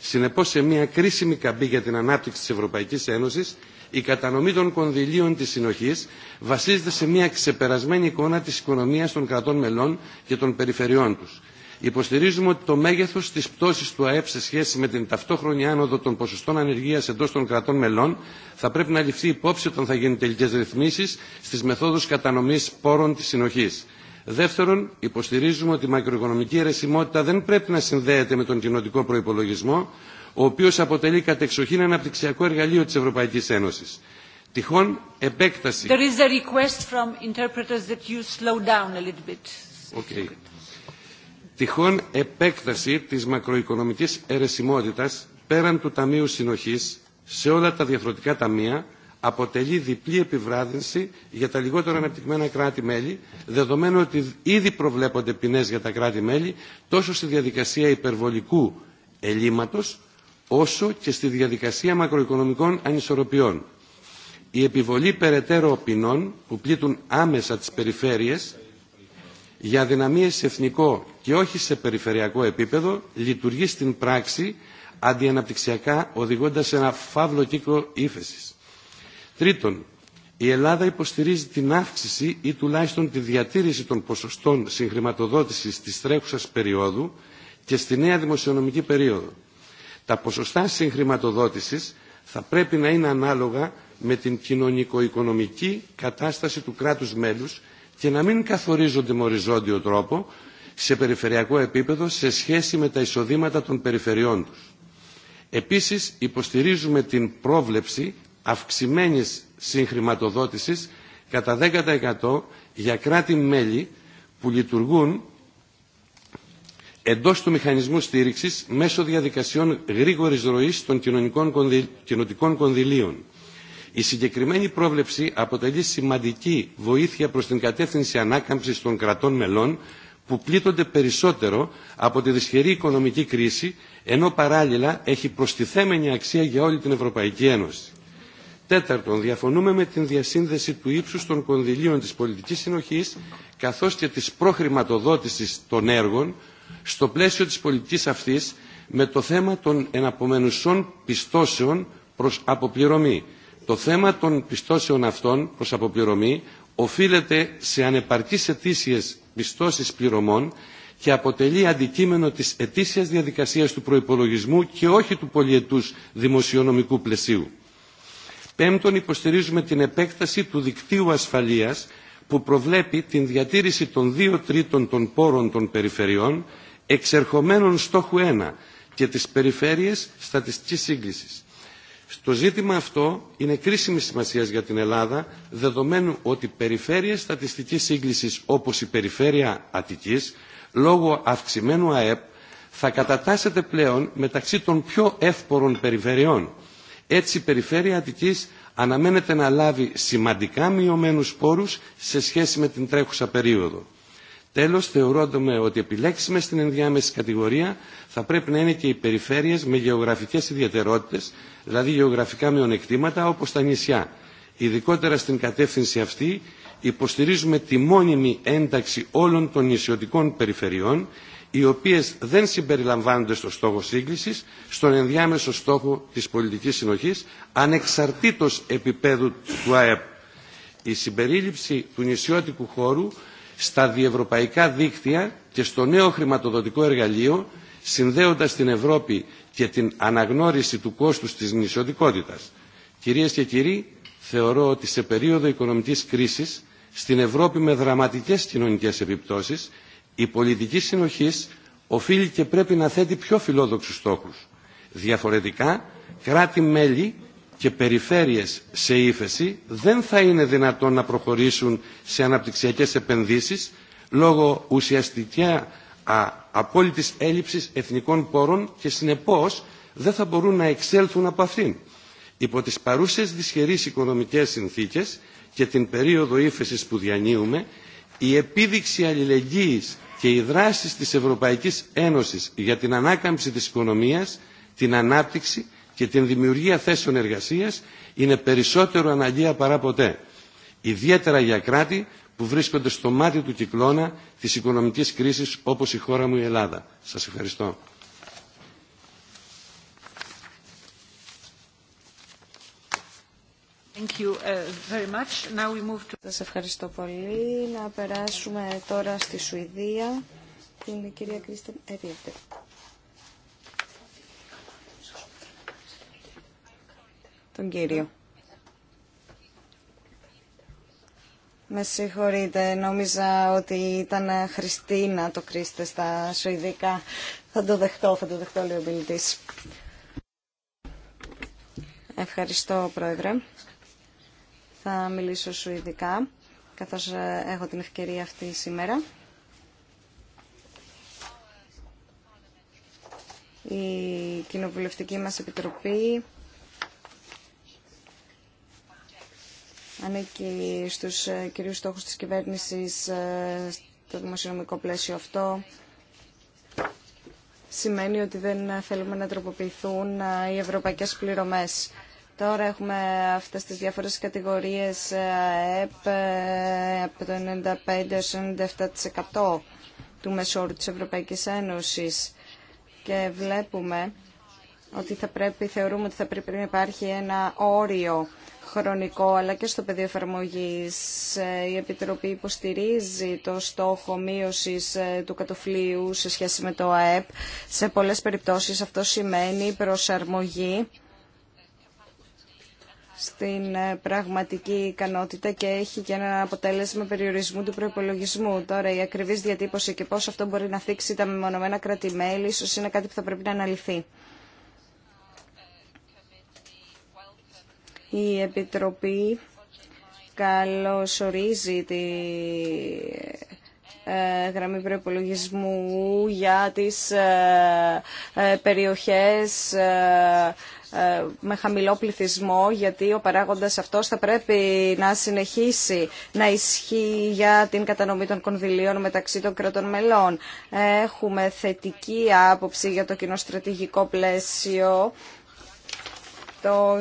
Speaker 5: Συνεπώς σε μια κρίσιμη καμπή για την ανάπτυξη της Ευρωπαϊκής Ένωσης η κατανομή των κονδυλίων της συνοχής βασίζεται σε μια ξεπερασμένη εικόνα της οικονομίας των κρατών μελών και των περιφερειών τους υποστηρίζουμε ότι το μέγεθο τη πτώση του ΑΕΠ σε σχέση με την ταυτόχρονη άνοδο των ποσοστών ανεργία εντό των κρατών μελών θα πρέπει να ληφθεί υπόψη όταν θα γίνουν τελικέ ρυθμίσει στι μεθόδου κατανομή πόρων τη συνοχή. Δεύτερον, υποστηρίζουμε ότι η μακροοικονομική αιρεσιμότητα δεν πρέπει να συνδέεται με τον κοινοτικό προπολογισμό, ο οποίο αποτελεί κατεξοχήν αναπτυξιακό εργαλείο τη Ευρωπαϊκή Ένωση. Τυχόν επέκταση. There is a
Speaker 2: request from interpreters that you slow down a little bit.
Speaker 5: Okay τυχόν επέκταση της μακροοικονομικής αιρεσιμότητας πέραν του Ταμείου Συνοχής σε όλα τα διαφορετικά ταμεία αποτελεί διπλή επιβράδυνση για τα λιγότερο αναπτυγμένα κράτη-μέλη, δεδομένου ότι ήδη προβλέπονται ποινές για τα κράτη-μέλη τόσο στη διαδικασία υπερβολικού ελλείμματος, όσο και στη διαδικασία μακροοικονομικών ανισορροπιών. Η επιβολή περαιτέρω ποινών που πλήττουν άμεσα τις περιφέρειες για δυναμίες σε εθνικό και όχι σε περιφερειακό επίπεδο λειτουργεί στην πράξη αντιαναπτυξιακά οδηγώντας σε ένα φαύλο κύκλο ύφεση. Τρίτον, η Ελλάδα υποστηρίζει την αύξηση ή τουλάχιστον τη διατήρηση των ποσοστών συγχρηματοδότησης της τρέχουσας περίοδου και στη νέα δημοσιονομική περίοδο. Τα ποσοστά συγχρηματοδότησης θα πρέπει να είναι ανάλογα με την κοινωνικο-οικονομική κατάσταση του κράτους μέλους και να μην καθορίζονται με οριζόντιο τρόπο σε περιφερειακό επίπεδο σε σχέση με τα εισοδήματα των περιφερειών τους. Επίσης, υποστηρίζουμε την πρόβλεψη αυξημένης συγχρηματοδότησης κατά 10% για κράτη-μέλη που λειτουργούν εντός του μηχανισμού στήριξης μέσω διαδικασιών γρήγορης ροής των κοινοτικών κονδυλίων η συγκεκριμένη πρόβλεψη αποτελεί σημαντική βοήθεια προς την κατεύθυνση ανάκαμψης των κρατών μελών που πλήττονται περισσότερο από τη δυσχερή οικονομική κρίση ενώ παράλληλα έχει προστιθέμενη αξία για όλη την Ευρωπαϊκή Ένωση. Τέταρτον, διαφωνούμε με την διασύνδεση του ύψους των κονδυλίων της πολιτικής συνοχής καθώς και της προχρηματοδότησης των έργων στο πλαίσιο της πολιτικής αυτής με το θέμα των εναπομενουσών πιστώσεων προς αποπληρωμή το θέμα των πιστώσεων αυτών προς αποπληρωμή οφείλεται σε ανεπαρκείς ετήσιες πιστώσεις πληρωμών και αποτελεί αντικείμενο της ετήσιας διαδικασίας του προϋπολογισμού και όχι του πολιετούς δημοσιονομικού πλαισίου. Πέμπτον, υποστηρίζουμε την επέκταση του δικτύου ασφαλείας που προβλέπει την διατήρηση των δύο τρίτων των πόρων των περιφερειών εξερχομένων στόχου 1 και τις περιφέρειες στατιστικής σύγκλησης. Στο ζήτημα αυτό είναι κρίσιμη σημασία για την Ελλάδα, δεδομένου ότι περιφέρειε στατιστική σύγκληση όπω η περιφέρεια Αττικής, λόγω αυξημένου ΑΕΠ, θα κατατάσσεται πλέον μεταξύ των πιο εύπορων περιφερειών. Έτσι η περιφέρεια Αττικής αναμένεται να λάβει σημαντικά μειωμένου πόρους σε σχέση με την τρέχουσα περίοδο. Τέλος, θεωρώνταμε ότι επιλέξιμε στην ενδιάμεση κατηγορία θα πρέπει να είναι και οι περιφέρειες με γεωγραφικέ ιδιαίτερότητε δηλαδή γεωγραφικά μειονεκτήματα όπως τα νησιά. Ειδικότερα στην κατεύθυνση αυτή υποστηρίζουμε τη μόνιμη ένταξη όλων των νησιωτικών περιφερειών οι οποίες δεν συμπεριλαμβάνονται στο στόχο σύγκλησης, στον ενδιάμεσο στόχο της πολιτικής συνοχής, ανεξαρτήτως επίπεδου του ΑΕΠ. Η συμπερίληψη του νησιώτικου χώρου στα διευρωπαϊκά δίκτυα και στο νέο χρηματοδοτικό εργαλείο, συνδέοντας την Ευρώπη και την αναγνώριση του κόστους της νησιωτικότητας. Κυρίες και κύριοι, θεωρώ ότι σε περίοδο οικονομικής κρίσης, στην Ευρώπη με δραματικές κοινωνικές επιπτώσεις, η πολιτική συνοχής οφείλει και πρέπει να θέτει πιο φιλόδοξους στόχους. Διαφορετικά, κράτη-μέλη και περιφέρειες σε ύφεση δεν θα είναι δυνατόν να προχωρήσουν σε αναπτυξιακές επενδύσεις λόγω ουσιαστικά α, απόλυτης έλλειψης εθνικών πόρων και συνεπώς δεν θα μπορούν να εξέλθουν από αυτήν. Υπό τις παρούσες δυσχερείς οικονομικές συνθήκες και την περίοδο ύφεση που διανύουμε, η επίδειξη αλληλεγγύης και οι δράσεις της Ευρωπαϊκής Ένωσης για την ανάκαμψη της οικονομίας, την ανάπτυξη και την δημιουργία θέσεων εργασίας είναι περισσότερο αναγκαία παρά ποτέ. Ιδιαίτερα για κράτη που βρίσκονται στο μάτι του κυκλώνα της οικονομικής κρίσης όπως η χώρα μου η Ελλάδα. Σας ευχαριστώ.
Speaker 4: Thank uh, Σας ευχαριστώ πολύ. Να περάσουμε τώρα στη Σουηδία. Την κυρία Κρίστεν Ερίευτε. Τον κύριο. Με συγχωρείτε, νόμιζα ότι ήταν Χριστίνα το κρίστε στα Σουηδικά. Θα το δεχτώ, θα το δεχτώ, λέει ο μιλητής. Ευχαριστώ, Πρόεδρε. Θα μιλήσω Σουηδικά, καθώς ε, έχω την ευκαιρία αυτή σήμερα. Η Κοινοβουλευτική μας Επιτροπή ανήκει στους ε, κυρίους στόχους της κυβέρνησης ε, στο δημοσιονομικό πλαίσιο αυτό. Σημαίνει ότι δεν θέλουμε να τροποποιηθούν ε, οι ευρωπαϊκές πληρωμές. Τώρα έχουμε αυτές τις διάφορες κατηγορίες ΑΕΠ από το 95-97% του μεσόρου της Ευρωπαϊκής Ένωσης και βλέπουμε ότι θα πρέπει, θεωρούμε ότι θα πρέπει να υπάρχει ένα όριο χρονικό αλλά και στο πεδίο εφαρμογή. Ε, η Επιτροπή υποστηρίζει το στόχο μείωση ε, του κατοφλίου σε σχέση με το ΑΕΠ. Σε πολλέ περιπτώσει αυτό σημαίνει προσαρμογή στην ε, πραγματική ικανότητα και έχει και ένα αποτέλεσμα περιορισμού του προπολογισμού. Τώρα, η ακριβή διατύπωση και πώ αυτό μπορεί να θίξει τα μεμονωμένα κράτη-μέλη, ίσω είναι κάτι που θα πρέπει να αναλυθεί. Η Επιτροπή καλωσορίζει τη ε, γραμμή προπολογισμού για τις ε, ε, περιοχές με χαμηλό πληθυσμό γιατί ο παράγοντας αυτός θα πρέπει να συνεχίσει να ισχύει για την κατανομή των κονδυλίων μεταξύ των κρατών μελών. Έχουμε θετική άποψη για το κοινοστρατηγικό πλαίσιο το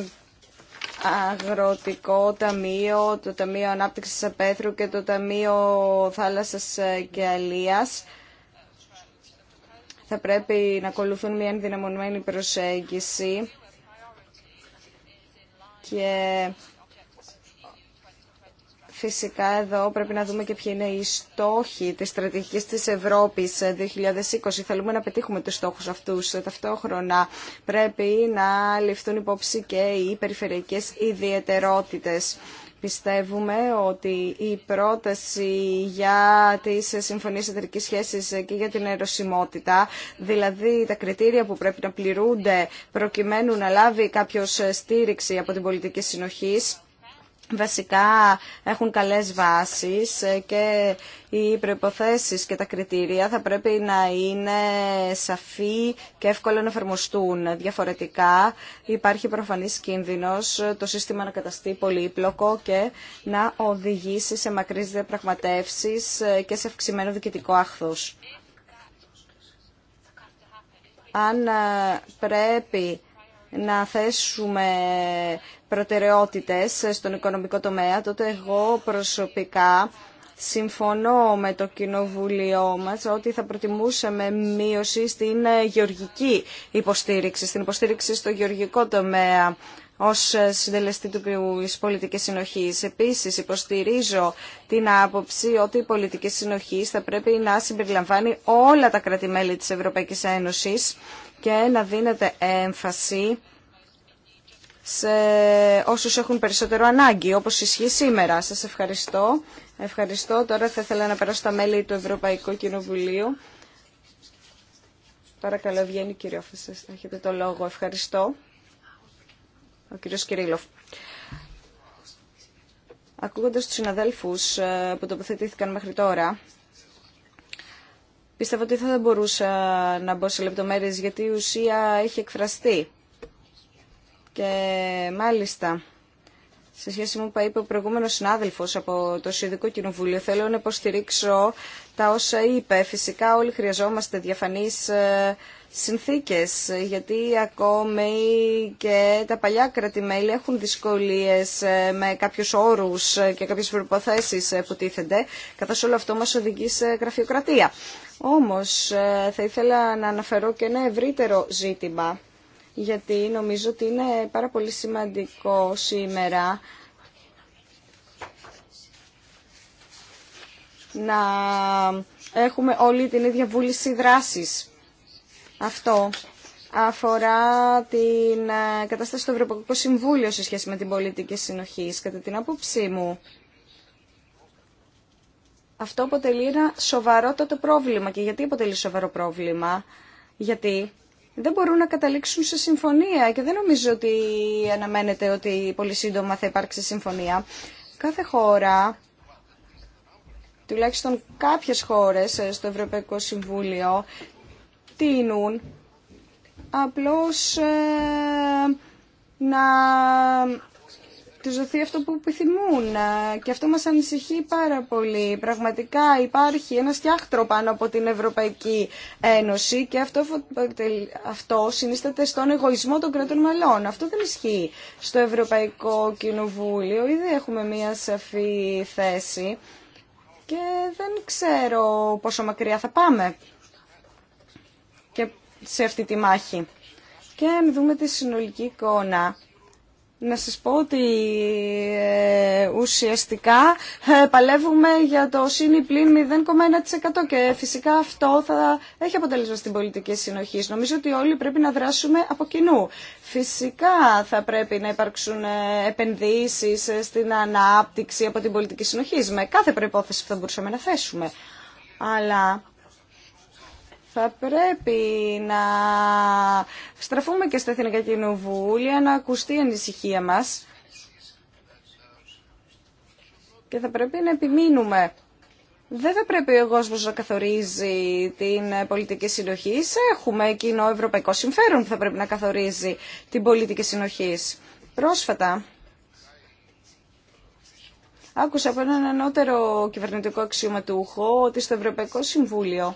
Speaker 4: Αγροτικό Ταμείο, το Ταμείο Ανάπτυξης Απέθρου και το Ταμείο Θάλασσας και Αλίας θα πρέπει να ακολουθούν μια ενδυναμωμένη προσέγγιση και Φυσικά εδώ πρέπει να δούμε και ποιοι είναι οι στόχοι της στρατηγικής της Ευρώπης 2020. Θέλουμε να πετύχουμε τους στόχους αυτούς. Ταυτόχρονα πρέπει να ληφθούν υπόψη και οι περιφερειακές ιδιαιτερότητες. Πιστεύουμε ότι η πρόταση για τις συμφωνίες εταιρικής σχέσης και για την ερωσιμότητα, δηλαδή τα κριτήρια που πρέπει να πληρούνται προκειμένου να λάβει κάποιος στήριξη από την πολιτική συνοχής, βασικά έχουν καλές βάσεις ε, και οι προϋποθέσεις και τα κριτήρια θα πρέπει να είναι σαφή και εύκολα να εφαρμοστούν. Διαφορετικά υπάρχει προφανής κίνδυνος ε, το σύστημα να καταστεί πολύπλοκο και να οδηγήσει σε μακρύς διαπραγματεύσεις ε, και σε αυξημένο διοικητικό άχθος. Αν πρέπει να θέσουμε προτεραιότητες στον οικονομικό τομέα, τότε εγώ προσωπικά συμφωνώ με το κοινοβούλιο μας ότι θα προτιμούσαμε μείωση στην ε, γεωργική υποστήριξη, στην υποστήριξη στο γεωργικό τομέα ως ε, συντελεστή του πολιτικής συνοχής. Επίσης, υποστηρίζω την άποψη ότι η πολιτική συνοχή θα πρέπει να συμπεριλαμβάνει όλα τα κράτη-μέλη της Ευρωπαϊκής Ένωσης και να δίνεται έμφαση σε όσους έχουν περισσότερο ανάγκη, όπως ισχύει σήμερα. Σας ευχαριστώ. Ευχαριστώ. Τώρα θα ήθελα να περάσω στα μέλη του Ευρωπαϊκού Κοινοβουλίου. Παρακαλώ, βγαίνει κυρία Φασίς. Έχετε το λόγο. Ευχαριστώ. Ο κύριος Κυρίλοφ. Ακούγοντας τους συναδέλφους ε, που τοποθετήθηκαν μέχρι τώρα, πίστευα ότι θα δεν μπορούσα να μπω σε λεπτομέρειες γιατί η ουσία έχει εκφραστεί. Και μάλιστα, σε σχέση με που είπε ο προηγούμενος συνάδελφος από το Συνδικό Κοινοβούλιο, θέλω να υποστηρίξω τα όσα είπε. Φυσικά όλοι χρειαζόμαστε διαφανείς ε, συνθήκες, γιατί ακόμη και τα παλιά κρατημέλη έχουν δυσκολίες ε, με κάποιους όρους ε, και κάποιες προϋποθέσεις που τίθενται, καθώς όλο αυτό μας οδηγεί σε γραφειοκρατία. Όμως θα ήθελα να αναφέρω και ένα ευρύτερο ζήτημα γιατί νομίζω ότι είναι πάρα πολύ σημαντικό σήμερα να έχουμε όλη την ίδια βούληση δράσης. Αυτό αφορά την ε, κατάσταση του Ευρωπαϊκού Συμβούλιο σε σχέση με την πολιτική συνοχή. Κατά την άποψή μου, αυτό αποτελεί ένα σοβαρότατο πρόβλημα. Και γιατί αποτελεί σοβαρό πρόβλημα. Γιατί δεν μπορούν να καταλήξουν σε συμφωνία και δεν νομίζω ότι αναμένεται ότι πολύ σύντομα θα υπάρξει συμφωνία. Κάθε χώρα, τουλάχιστον κάποιες χώρες ε, στο Ευρωπαϊκό Συμβούλιο, τίνουν απλώς ε, να εκριζωθεί αυτό που επιθυμούν ε, και αυτό μας ανησυχεί πάρα πολύ. Πραγματικά υπάρχει ένα σκιάχτρο πάνω από την Ευρωπαϊκή Ένωση και αυτό, αυτό συνίσταται στον εγωισμό των κρατών μελών. Αυτό δεν ισχύει στο Ευρωπαϊκό Κοινοβούλιο. Ήδη έχουμε μία σαφή θέση και δεν ξέρω πόσο μακριά θα πάμε και σε αυτή τη μάχη. Και αν δούμε τη συνολική εικόνα, να σας πω ότι ε, ουσιαστικά ε, παλεύουμε για το σύνη πλήν 0,1% και φυσικά αυτό θα έχει αποτέλεσμα στην πολιτική συνοχή. Νομίζω ότι όλοι πρέπει να δράσουμε από κοινού. Φυσικά θα πρέπει να υπάρξουν ε, επενδύσεις στην ανάπτυξη από την πολιτική συνοχή με κάθε προϋπόθεση που θα μπορούσαμε να θέσουμε. Αλλά θα πρέπει να στραφούμε και στα Εθνικά Κοινοβούλια να ακουστεί η ανησυχία μας και θα πρέπει να επιμείνουμε. Δεν θα πρέπει ο κόσμος να καθορίζει την πολιτική συνοχή. Έχουμε κοινό ευρωπαϊκό συμφέρον που θα πρέπει να καθορίζει την πολιτική συνοχή. Πρόσφατα, άκουσα από έναν ανώτερο κυβερνητικό αξιωματούχο ότι στο Ευρωπαϊκό Συμβούλιο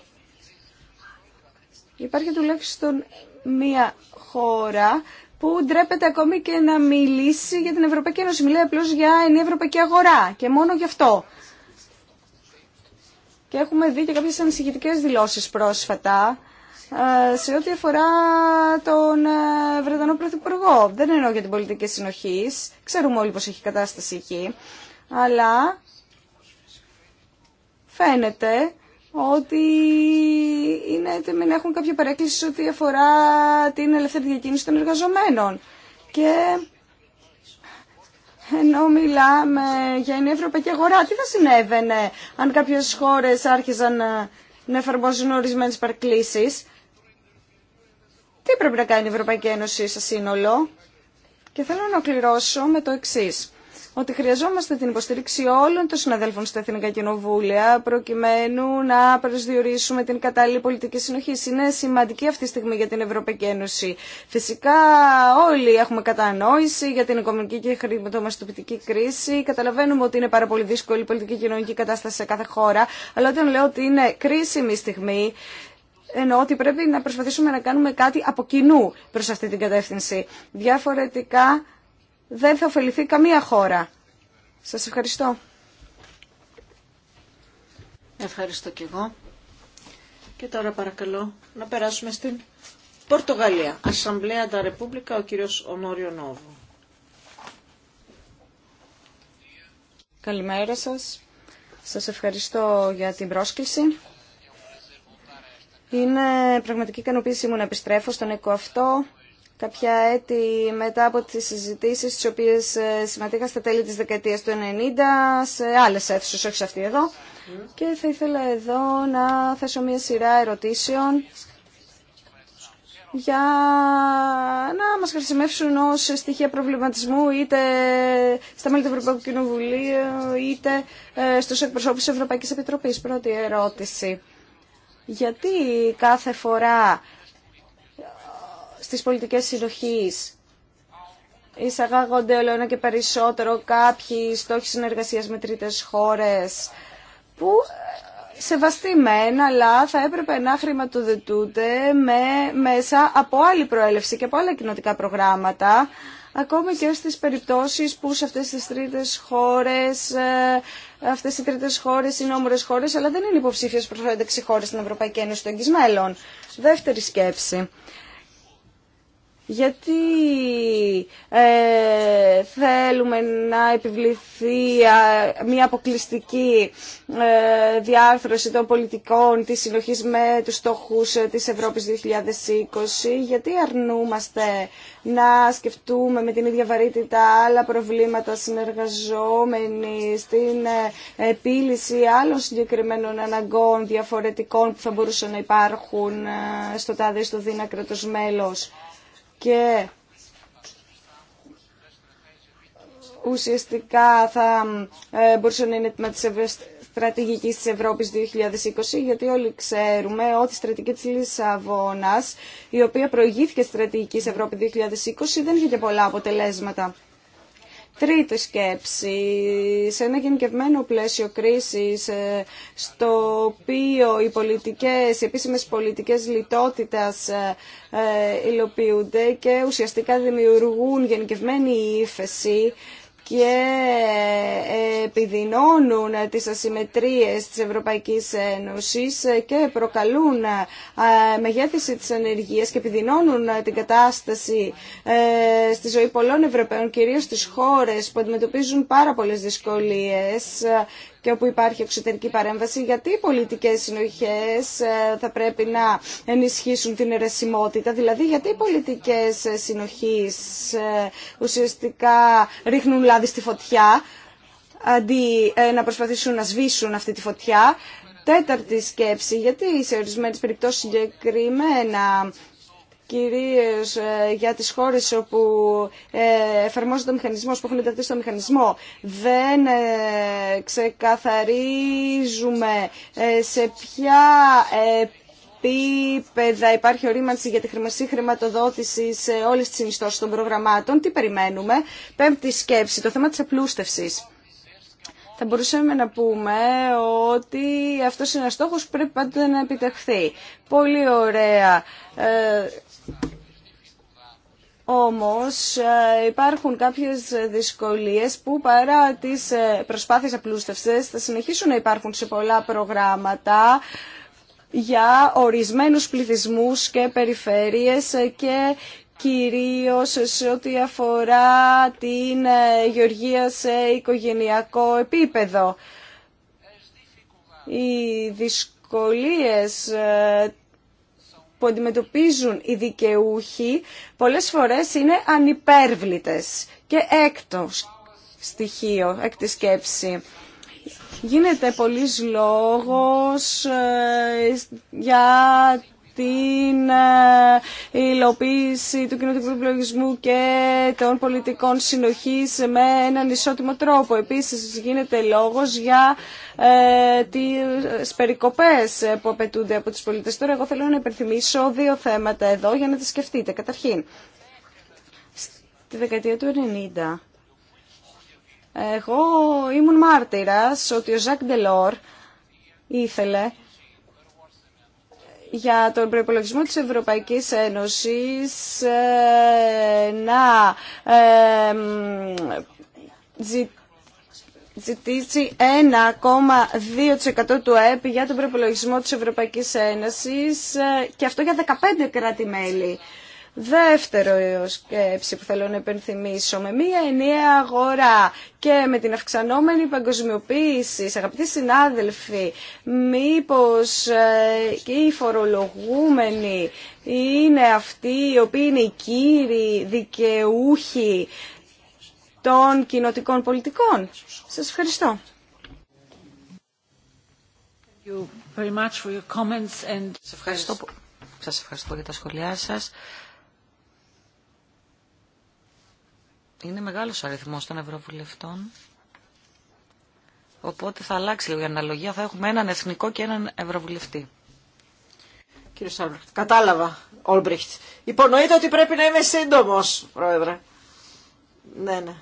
Speaker 4: Υπάρχει τουλάχιστον μία χώρα που ντρέπεται ακόμη και να μιλήσει για την Ευρωπαϊκή Ένωση. Μιλάει απλώς για την ευρωπαϊκή αγορά και μόνο γι' αυτό. Και έχουμε δει και κάποιες ανησυχητικές δηλώσεις πρόσφατα ε, σε ό,τι αφορά τον ε, Βρετανό Πρωθυπουργό. Δεν εννοώ για την πολιτική συνοχή. Ξέρουμε όλοι πως έχει κατάσταση εκεί. Αλλά φαίνεται ότι είναι έτοιμοι να έχουν κάποια παρέκκληση ό,τι αφορά την ελεύθερη διακίνηση των εργαζομένων. Και ενώ μιλάμε για την ευρωπαϊκή αγορά, τι θα συνέβαινε αν κάποιες χώρες άρχιζαν να, να εφαρμόζουν ορισμένες παρκλήσεις, Τι πρέπει να κάνει η Ευρωπαϊκή Ένωση σε σύνολο. Και θέλω να κληρώσω με το εξής ότι χρειαζόμαστε την υποστήριξη όλων των συναδέλφων στα Εθνικά Κοινοβούλια προκειμένου να προσδιορίσουμε την κατάλληλη πολιτική συνοχή. Είναι σημαντική αυτή τη στιγμή για την Ευρωπαϊκή Ένωση. Φυσικά όλοι έχουμε κατανόηση για την οικονομική και χρηματομαστοποιητική κρίση. Καταλαβαίνουμε ότι είναι πάρα πολύ δύσκολη η πολιτική και κοινωνική κατάσταση σε κάθε χώρα. Αλλά όταν λέω ότι είναι κρίσιμη στιγμή, εννοώ ότι πρέπει να προσπαθήσουμε να κάνουμε κάτι από κοινού προς αυτή την κατεύθυνση. Διαφορετικά δεν θα ωφεληθεί καμία χώρα. Σας ευχαριστώ.
Speaker 3: Ευχαριστώ και εγώ. Και τώρα παρακαλώ να περάσουμε στην Πορτογαλία. Ασσαμπλέα τα Ρεπούμπλικα, ο κύριος Ονόριο Νόβου.
Speaker 4: Καλημέρα σας. Σας ευχαριστώ για την πρόσκληση. Είναι πραγματική ικανοποίησή μου να επιστρέφω στον οίκο αυτό κάποια έτη μετά από τις συζητήσεις τις οποίες ε, συμμετείχα στα τέλη της δεκαετίας του 90 σε άλλες αίθουσες, όχι σε αυτή εδώ. Και θα ήθελα εδώ να θέσω μια σειρά ερωτήσεων για να μας χρησιμεύσουν ως στοιχεία προβληματισμού είτε στα μέλη του Ευρωπαϊκού Κοινοβουλίου είτε ε, στους εκπροσώπους της Ευρωπαϊκής Επιτροπής. Πρώτη ερώτηση. Γιατί κάθε φορά στις πολιτικές συνοχής. Εισαγάγονται όλο ένα και περισσότερο κάποιοι στόχοι συνεργασίας με τρίτες χώρες που ε, σεβαστημένα, αλλά θα έπρεπε να χρηματοδετούνται με, μέσα από άλλη προέλευση και από άλλα κοινοτικά προγράμματα, ακόμη και στις περιπτώσεις που σε αυτές τις τρίτες χώρες, ε, αυτές οι τρίτες χώρες είναι όμορες χώρες, αλλά δεν είναι υποψήφιες προς 16 χώρες στην Ευρωπαϊκή Ένωση των Δεύτερη σκέψη γιατί ε, θέλουμε να επιβληθεί μια αποκλειστική ε, διάρθρωση των πολιτικών της συνοχής με τους στόχους ε, της Ευρώπης 2020, γιατί αρνούμαστε να σκεφτούμε με την ίδια βαρύτητα άλλα προβλήματα συνεργαζόμενοι στην ε, επίλυση άλλων συγκεκριμένων αναγκών διαφορετικών που θα μπορούσαν να υπάρχουν στο τάδε στο δίνα μέλος και ουσιαστικά θα ε, μπορούσε να είναι έτοιμα της στρατηγικής της Ευρώπης 2020, γιατί όλοι ξέρουμε ότι η στρατηγική της Λισαβόνας, η οποία προηγήθηκε στρατηγικής Ευρώπη 2020, δεν είχε και πολλά αποτελέσματα. Τρίτη σκέψη, σε ένα γενικευμένο πλαίσιο κρίσης, ε, στο οποίο οι πολιτικές, επίσημες πολιτικές λιτότητας ε, ε, υλοποιούνται και ουσιαστικά δημιουργούν γενικευμένη ύφεση, και ε, επιδεινώνουν τις ασυμμετρίες της Ευρωπαϊκής Ένωσης και προκαλούν ε, μεγέθυνση της ανεργίας και επιδεινώνουν την κατάσταση ε, στη ζωή πολλών Ευρωπαίων, κυρίως στις χώρες που αντιμετωπίζουν πάρα πολλές δυσκολίες και όπου υπάρχει εξωτερική παρέμβαση, γιατί οι πολιτικές συνοχές ε, θα πρέπει να ενισχύσουν την ερεσιμότητα, δηλαδή γιατί οι πολιτικές συνοχής ε, ουσιαστικά ρίχνουν λάδι στη φωτιά, αντί ε, να προσπαθήσουν να σβήσουν αυτή τη φωτιά. Τέταρτη σκέψη, γιατί σε ορισμένε περιπτώσει συγκεκριμένα κυρίως ε, για τις χώρες όπου ε, εφαρμόζεται ο μηχανισμός, που έχουν ενταχθεί στο μηχανισμό. Δεν ε, ξεκαθαρίζουμε σε ποια επίπεδα υπάρχει ορίμανση για τη χρημασία χρηματοδότηση σε όλες τις συνιστώσεις των προγραμμάτων. Τι περιμένουμε. Πέμπτη σκέψη, το θέμα της απλούστευσης θα μπορούσαμε να πούμε ότι αυτός είναι ένας στόχος που πρέπει πάντα να επιτευχθεί. Πολύ ωραία. Ε, όμως ε, υπάρχουν κάποιες δυσκολίες που παρά τις ε, προσπάθειες απλούστευσης θα συνεχίσουν να υπάρχουν σε πολλά προγράμματα για ορισμένους πληθυσμούς και περιφέρειες και κυρίως σε ό,τι αφορά την ε, γεωργία σε οικογενειακό επίπεδο. Οι δυσκολίες ε, που αντιμετωπίζουν οι δικαιούχοι πολλές φορές είναι ανυπέρβλητες και έκτο στοιχείο, έκτη σκέψη. Γίνεται πολλής λόγος ε, για την ε, υλοποίηση του κοινωτικού επιλογισμού και των πολιτικών συνοχής με έναν ισότιμο τρόπο. Επίσης γίνεται λόγος για ε, τις περικοπές που απαιτούνται από τις πολίτες. Τώρα εγώ θέλω να υπενθυμίσω δύο θέματα εδώ για να τα σκεφτείτε. Καταρχήν, στη δεκαετία του 90... Εγώ ήμουν μάρτυρας ότι ο Ζακ Ντελόρ ήθελε για τον προϋπολογισμό της Ευρωπαϊκής Ένωσης ε, να ε, ζητήσει 1,2% του ΕΠ για τον προπολογισμό της Ευρωπαϊκής Ένωσης ε, και αυτό για 15 κράτη-μέλη. Δεύτερο σκέψη που θέλω να υπενθυμίσω, με μία ενιαία αγορά και με την αυξανόμενη παγκοσμιοποίηση, αγαπητοί συνάδελφοι, μήπως ε, και οι φορολογούμενοι είναι αυτοί οι οποίοι είναι οι κύριοι δικαιούχοι των κοινοτικών πολιτικών. Σας ευχαριστώ.
Speaker 2: Σας ευχαριστώ,
Speaker 1: σας ευχαριστώ για τα σχολιά σας. Είναι μεγάλος ο αριθμός των ευρωβουλευτών. Οπότε θα αλλάξει λίγο η αναλογία. Θα έχουμε έναν εθνικό και έναν ευρωβουλευτή. Κύριε Σάμπρεχτ, κατάλαβα, Όλμπριχτ. Υπονοείται ότι πρέπει να είμαι σύντομο, Πρόεδρε.
Speaker 3: Ναι, ναι.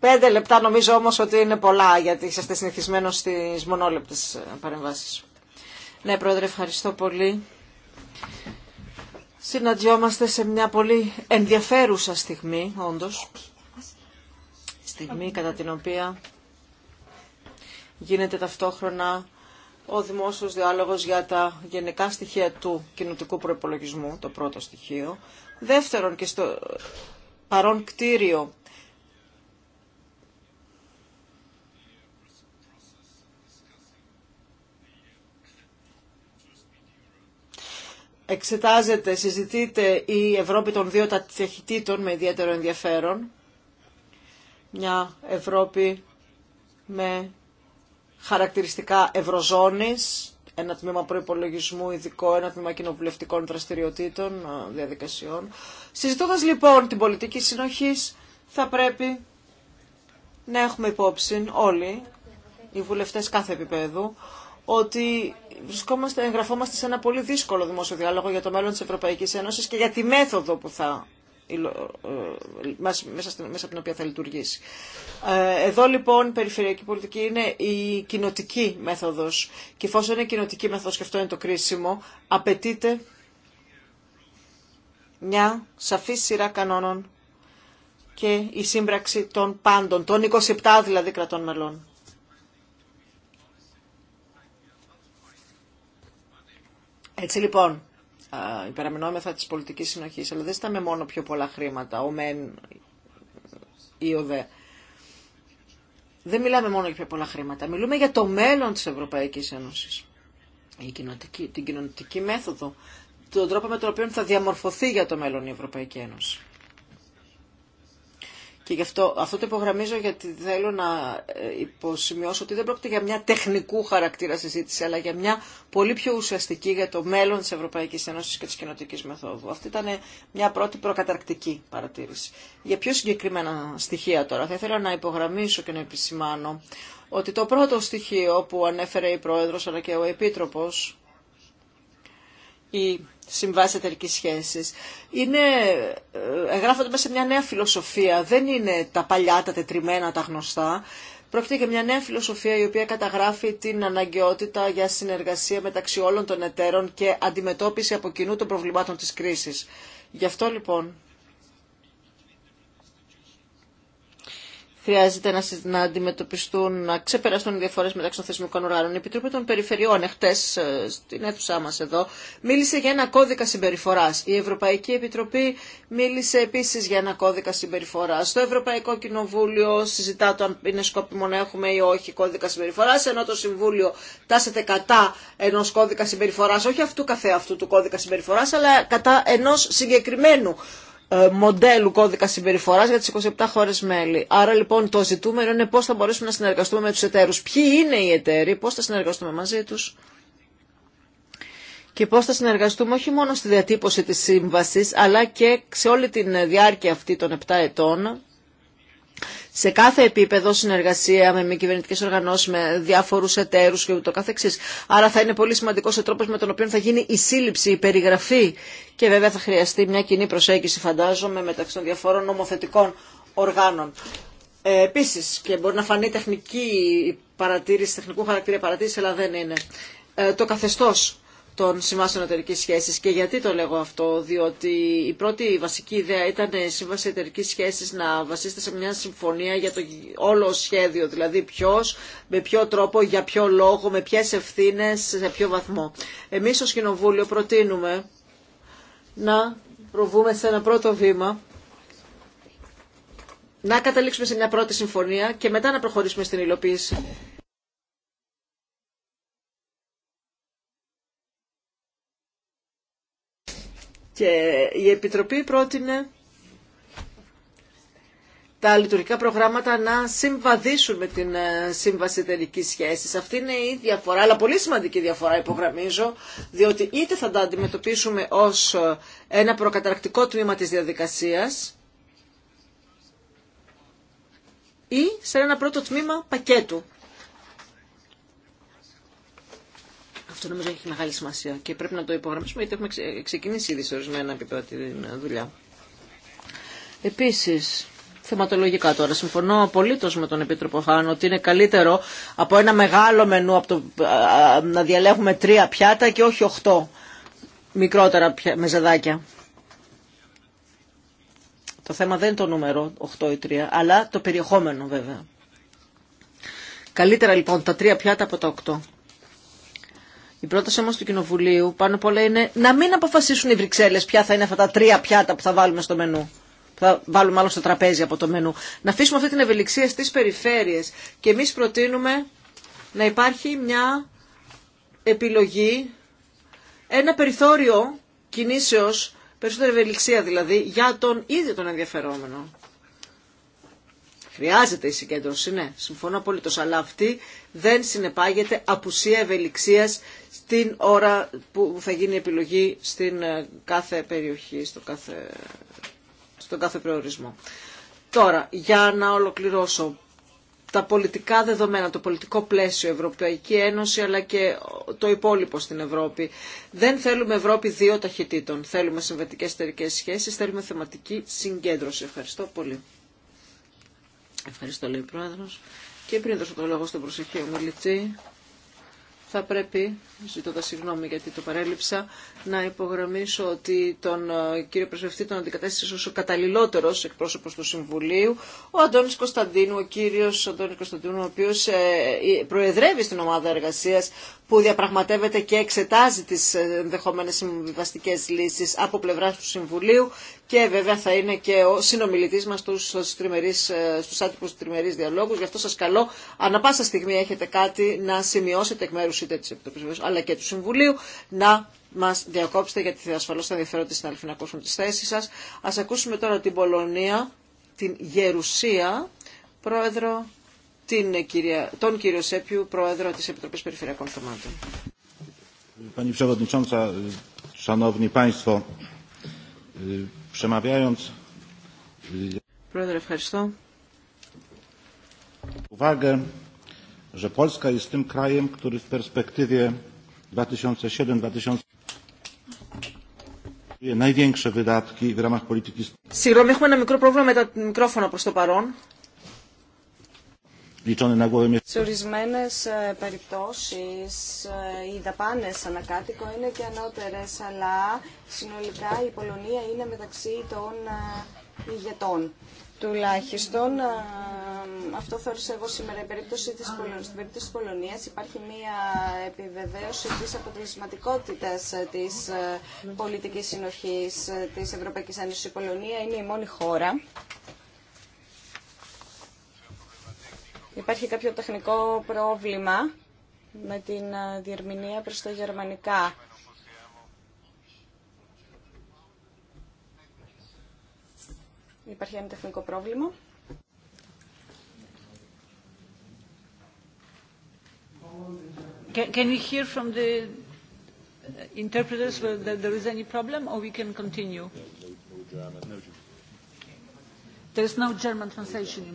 Speaker 3: Πέντε λεπτά νομίζω όμω ότι είναι πολλά, γιατί είσαστε συνηθισμένο στι μονόλεπτε παρεμβάσει. Ναι, Πρόεδρε, ευχαριστώ πολύ. Συναντιόμαστε σε μια πολύ ενδιαφέρουσα στιγμή, όντως στιγμή κατά την οποία γίνεται ταυτόχρονα ο δημόσιος διάλογος για τα γενικά στοιχεία του κοινωτικού προϋπολογισμού, το πρώτο στοιχείο. Δεύτερον και στο παρόν κτίριο εξετάζεται, συζητείται η Ευρώπη των δύο ταχυτήτων με ιδιαίτερο ενδιαφέρον μια Ευρώπη με χαρακτηριστικά ευρωζώνης, ένα τμήμα προϋπολογισμού ειδικό, ένα τμήμα κοινοβουλευτικών δραστηριοτήτων, ε, διαδικασιών. Συζητώντας λοιπόν την πολιτική συνοχής, θα πρέπει να έχουμε υπόψη όλοι, οι βουλευτές κάθε επίπεδου, ότι βρισκόμαστε, εγγραφόμαστε σε ένα πολύ δύσκολο δημόσιο διάλογο για το μέλλον της Ευρωπαϊκής Ένωσης και για τη μέθοδο που θα ε, μέσα από την οποία θα λειτουργήσει. Ε, εδώ λοιπόν η περιφερειακή πολιτική είναι η κοινοτική μέθοδος και εφόσον είναι η κοινοτική μέθοδος και αυτό είναι το κρίσιμο, απαιτείται μια σαφή σειρά κανόνων και η σύμπραξη των πάντων, των 27 δηλαδή κρατών μελών. Έτσι λοιπόν, υπεραμεινόμεθα της πολιτική συνοχής, αλλά δεν ζητάμε μόνο πιο πολλά χρήματα, ο μεν ή ο δε. Δεν μιλάμε μόνο για πιο πολλά χρήματα, μιλούμε για το μέλλον της Ευρωπαϊκής Ένωσης. Η την κοινωνική μέθοδο, τον τρόπο με τον οποίο θα διαμορφωθεί για το μέλλον η Ευρωπαϊκή Ένωση. Και γι' αυτό, αυτό το υπογραμμίζω γιατί θέλω να ε, υποσημειώσω ότι δεν πρόκειται για μια τεχνικού χαρακτήρα συζήτηση, αλλά για μια πολύ πιο ουσιαστική για το μέλλον τη Ευρωπαϊκή Ένωση και τη κοινοτική μεθόδου. Αυτή ήταν μια πρώτη προκαταρκτική παρατήρηση. Για πιο συγκεκριμένα στοιχεία τώρα, θα ήθελα να υπογραμμίσω και να επισημάνω ότι το πρώτο στοιχείο που ανέφερε η Πρόεδρος αλλά και ο Επίτροπος οι συμβάσει εταιρική σχέση. Είναι, ε, εγγράφονται μέσα σε μια νέα φιλοσοφία. Δεν είναι τα παλιά, τα τετριμένα, τα γνωστά. Πρόκειται για μια νέα φιλοσοφία η οποία καταγράφει την αναγκαιότητα για συνεργασία μεταξύ όλων των εταίρων και αντιμετώπιση από κοινού των προβλημάτων της κρίσης. Γι' αυτό λοιπόν χρειάζεται να, να αντιμετωπιστούν, να ξεπεραστούν οι διαφορέ μεταξύ των θεσμικών οργάνων. Η Επιτροπή των Περιφερειών, εχθέ ε, στην αίθουσά μα εδώ, μίλησε για ένα κώδικα συμπεριφορά. Η Ευρωπαϊκή Επιτροπή μίλησε επίση για ένα κώδικα συμπεριφορά. Το Ευρωπαϊκό Κοινοβούλιο συζητά το αν είναι σκόπιμο να έχουμε ή όχι κώδικα συμπεριφορά, ενώ το Συμβούλιο τάσεται κατά ενό κώδικα συμπεριφορά, όχι αυτού καθεαυτού του κώδικα συμπεριφορά, αλλά κατά ενό συγκεκριμένου ε, μοντέλου κώδικα συμπεριφοράς για τις 27 χώρες μέλη. Άρα λοιπόν το ζητούμενο είναι πώς θα μπορέσουμε να συνεργαστούμε με τους εταίρους. Ποιοι είναι οι εταίροι, πώς θα συνεργαστούμε μαζί τους. Και πώς θα συνεργαστούμε όχι μόνο στη διατύπωση της σύμβασης, αλλά και σε όλη τη διάρκεια αυτή των 7 ετών, σε κάθε επίπεδο συνεργασία με μη κυβερνητικέ οργανώσει, με διάφορου εταίρου και ούτω καθεξής. Άρα θα είναι πολύ σημαντικό ο τρόπο με τον οποίο θα γίνει η σύλληψη, η περιγραφή και βέβαια θα χρειαστεί μια κοινή προσέγγιση, φαντάζομαι, μεταξύ των διαφόρων νομοθετικών οργάνων. Ε, Επίση, και μπορεί να φανεί τεχνική παρατήρηση, τεχνικού χαρακτήρα παρατήρηση, αλλά δεν είναι. Ε, το καθεστώ των συμβάσεων εταιρική σχέση. Και γιατί το λέγω αυτό, διότι η πρώτη βασική ιδέα ήταν η σύμβαση εταιρική σχέση να βασίζεται σε μια συμφωνία για το όλο σχέδιο, δηλαδή ποιο, με ποιο τρόπο, για ποιο λόγο, με ποιε ευθύνε, σε ποιο βαθμό. Εμεί ως Κοινοβούλιο προτείνουμε να προβούμε σε ένα πρώτο βήμα να καταλήξουμε σε μια πρώτη συμφωνία και μετά να προχωρήσουμε στην υλοποίηση. Και η Επιτροπή πρότεινε τα λειτουργικά προγράμματα να συμβαδίσουν με την ε, σύμβαση εταιρική σχέση. Αυτή είναι η διαφορά, αλλά πολύ σημαντική διαφορά υπογραμμίζω, διότι είτε θα τα αντιμετωπίσουμε ως ε, ένα προκαταρκτικό τμήμα της διαδικασίας ή σε ένα πρώτο τμήμα πακέτου Αυτό νομίζω έχει μεγάλη σημασία και πρέπει να το υπογραμμίσουμε γιατί έχουμε ξεκινήσει ήδη σε ορισμένα επίπεδα τη δουλειά. Επίσης, θεματολογικά τώρα. Συμφωνώ απολύτω με τον Επίτροπο Χάν ότι είναι καλύτερο από ένα μεγάλο μενού από το, να διαλέγουμε τρία πιάτα και όχι οχτώ μικρότερα μεζεδάκια. Το θέμα δεν είναι το νούμερο 8 ή 3, αλλά το περιεχόμενο βέβαια. Καλύτερα λοιπόν τα τρία πιάτα από τα 8. Η πρόταση όμω του Κοινοβουλίου πάνω απ' όλα είναι να μην αποφασίσουν οι Βρυξέλλε ποια θα είναι αυτά τα τρία πιάτα που θα βάλουμε στο μενού. Που θα βάλουμε μάλλον στο τραπέζι από το μενού. Να αφήσουμε αυτή την ευελιξία στι περιφέρειε. Και εμεί προτείνουμε να υπάρχει μια επιλογή, ένα περιθώριο κινήσεω, περισσότερη ευελιξία δηλαδή, για τον ίδιο τον ενδιαφερόμενο. Χρειάζεται η συγκέντρωση, ναι, συμφωνώ απολύτω, αλλά αυτή δεν συνεπάγεται απουσία ευελιξίας στην ώρα που θα γίνει η επιλογή στην ε, κάθε περιοχή, στο κάθε, στον κάθε προορισμό. Τώρα, για να ολοκληρώσω τα πολιτικά δεδομένα, το πολιτικό πλαίσιο, Ευρωπαϊκή Ένωση αλλά και το υπόλοιπο στην Ευρώπη. Δεν θέλουμε Ευρώπη δύο ταχυτήτων. Θέλουμε συμβατικέ εταιρικέ σχέσεις, θέλουμε θεματική συγκέντρωση. Ευχαριστώ πολύ. Ευχαριστώ λέει ο Πρόεδρος. Και πριν δώσω το λόγο στον προσεχή ομιλητή, θα πρέπει, ζητώντα συγγνώμη γιατί το παρέλειψα, να υπογραμμίσω ότι τον ε, κύριο Πρεσβευτή τον αντικατέστησε ως ο καταλληλότερος εκπρόσωπος του Συμβουλίου, ο Αντώνης Κωνσταντίνου, ο κύριος Αντώνης Κωνσταντίνου, ο οποίος ε, ε, προεδρεύει στην ομάδα εργασίας που διαπραγματεύεται και εξετάζει τις ε, ενδεχόμενες συμβιβαστικές λύσεις από πλευράς του Συμβουλίου και βέβαια θα είναι και ο συνομιλητής μας στους, τριμερείς, ε, στους άτυπους τριμερείς διαλόγους. Γι' αυτό σας καλώ, ανά πάσα στιγμή έχετε κάτι να σημειώσετε εκ μέρους είτε της Επιτροπής αλλά και του Συμβουλίου, να μας διακόψετε γιατί ασφαλώς θα ενδιαφέρονται στην αλήθεια να ακούσουν τις θέσεις σας. Ας ακούσουμε τώρα την Πολωνία, την Γερουσία, πρόεδρο τον κύριο Σέπιου, πρόεδρο της Επιτροπής Περιφερειακών Θεμάτων. Συγγνώμη, έχουμε ένα μικρό πρόβλημα με τα μικρόφωνα προς το παρόν.
Speaker 6: Σε
Speaker 4: ορισμένε περιπτώσει ε, οι δαπάνε ανακάτοικο είναι και ανώτερε, αλλά συνολικά η Πολωνία είναι μεταξύ των ε, ηγετών. Τουλάχιστον ε, αυτό θεωρούσα εγώ σήμερα. Η περίπτωση της Πολωνίας. Στην περίπτωση της Πολωνία. υπάρχει μια επιβεβαίωση τη αποτελεσματικότητας της πολιτική συνοχής της Ευρωπαϊκή Ένωση. Η Πολωνία είναι η μόνη χώρα Υπάρχει κάποιο τεχνικό πρόβλημα με την ε, διερμηνία προς τα γερμανικά. Υπάρχει ένα τεχνικό πρόβλημα.
Speaker 2: Can you hear from the interpreters that there is any problem, or we can continue?
Speaker 1: No German.
Speaker 2: Υπήρχε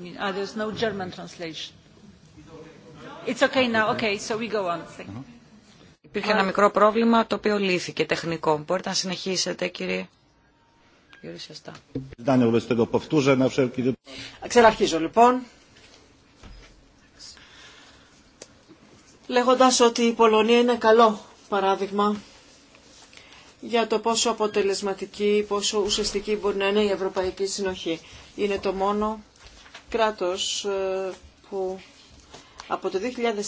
Speaker 1: ένα μικρό πρόβλημα το οποίο λύθηκε τεχνικό. Μπορείτε να συνεχίσετε, κύριε.
Speaker 3: Ξεραρχίζω λοιπόν, λέγοντας ότι η Πολωνία είναι καλό παράδειγμα για το πόσο αποτελεσματική, πόσο ουσιαστική μπορεί να είναι η Ευρωπαϊκή Συνοχή. Είναι το μόνο κράτος ε, που από το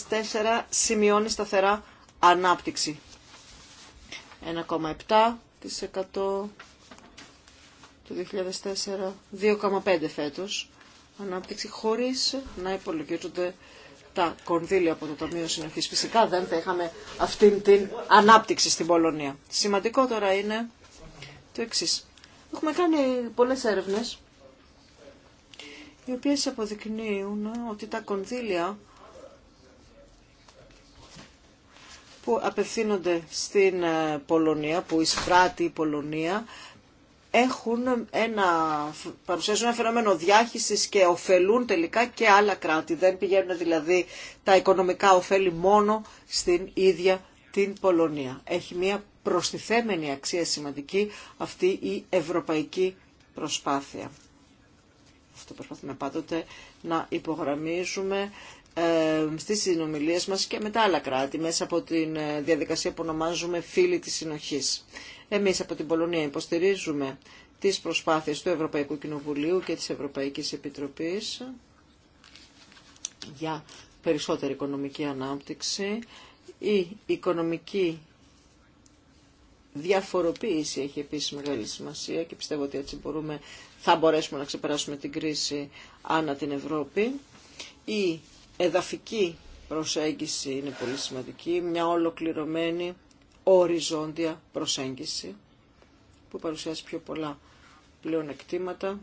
Speaker 3: 2004 σημειώνει σταθερά ανάπτυξη. 1,7% το 2004, 2,5% φέτος ανάπτυξη χωρίς να υπολογίζονται τα κονδύλια από το Ταμείο Συνοχής. Φυσικά δεν θα είχαμε αυτήν την ανάπτυξη στην Πολωνία. Σημαντικό τώρα είναι το εξή. Έχουμε κάνει πολλές έρευνες οι οποίες αποδεικνύουν ότι τα κονδύλια που απευθύνονται στην ε, Πολωνία, που εισφράττει η Πολωνία, έχουν ένα, παρουσιάζουν ένα φαινόμενο διάχυσης και ωφελούν τελικά και άλλα κράτη. Δεν πηγαίνουν δηλαδή τα οικονομικά ωφέλη μόνο στην ίδια την Πολωνία. Έχει μια προστιθέμενη αξία σημαντική αυτή η ευρωπαϊκή προσπάθεια. Αυτό προσπαθούμε πάντοτε να υπογραμμίζουμε ε, στις συνομιλίες μας και με τα άλλα κράτη μέσα από τη ε, διαδικασία που ονομάζουμε φίλοι της συνοχής. Εμείς από την Πολωνία υποστηρίζουμε τις προσπάθειες του Ευρωπαϊκού Κοινοβουλίου και της Ευρωπαϊκής Επιτροπής για περισσότερη οικονομική ανάπτυξη. Η οικονομική διαφοροποίηση έχει επίσης μεγάλη σημασία και πιστεύω ότι έτσι μπορούμε, θα μπορέσουμε να ξεπεράσουμε την κρίση ανά την Ευρώπη. Η εδαφική προσέγγιση είναι πολύ σημαντική, μια ολοκληρωμένη οριζόντια προσέγγιση που παρουσιάζει πιο πολλά πλέον εκτήματα.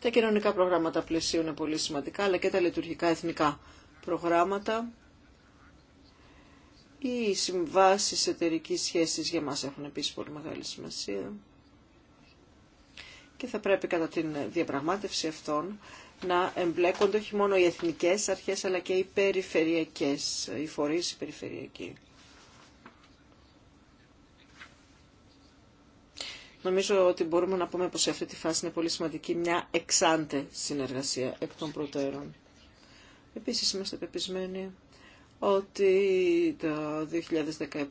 Speaker 3: Τα κοινωνικά προγράμματα πλαισίου είναι πολύ σημαντικά, αλλά και τα λειτουργικά εθνικά προγράμματα. Οι συμβάσεις εταιρική σχέσης για μας έχουν επίσης πολύ μεγάλη σημασία και θα πρέπει κατά την διαπραγμάτευση αυτών να εμπλέκονται όχι μόνο οι εθνικές αρχές αλλά και οι περιφερειακές, οι φορείς περιφερειακοί. Νομίζω ότι μπορούμε να πούμε πως σε αυτή τη φάση είναι πολύ σημαντική μια εξάντε συνεργασία εκ των προτέρων. Επίσης είμαστε πεπισμένοι ότι το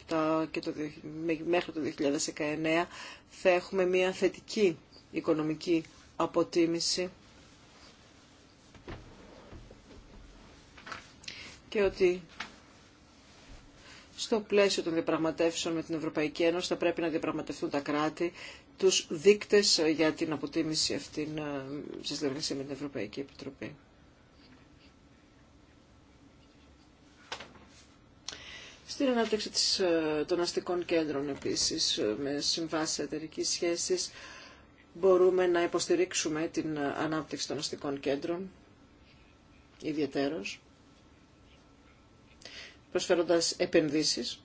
Speaker 3: 2017 και το, μέχρι το 2019 θα έχουμε μια θετική οικονομική αποτίμηση και ότι στο πλαίσιο των διαπραγματεύσεων με την Ευρωπαϊκή Ένωση θα πρέπει να διαπραγματευτούν τα κράτη τους δείκτες για την αποτίμηση αυτήν ε, σε συνεργασία με την Ευρωπαϊκή Επιτροπή. Στην ανάπτυξη της, ε, των αστικών κέντρων επίσης ε, με συμβάσει εταιρική σχέσης μπορούμε να υποστηρίξουμε την ανάπτυξη των αστικών κέντρων ιδιαίτερως προσφέροντας επενδύσεις.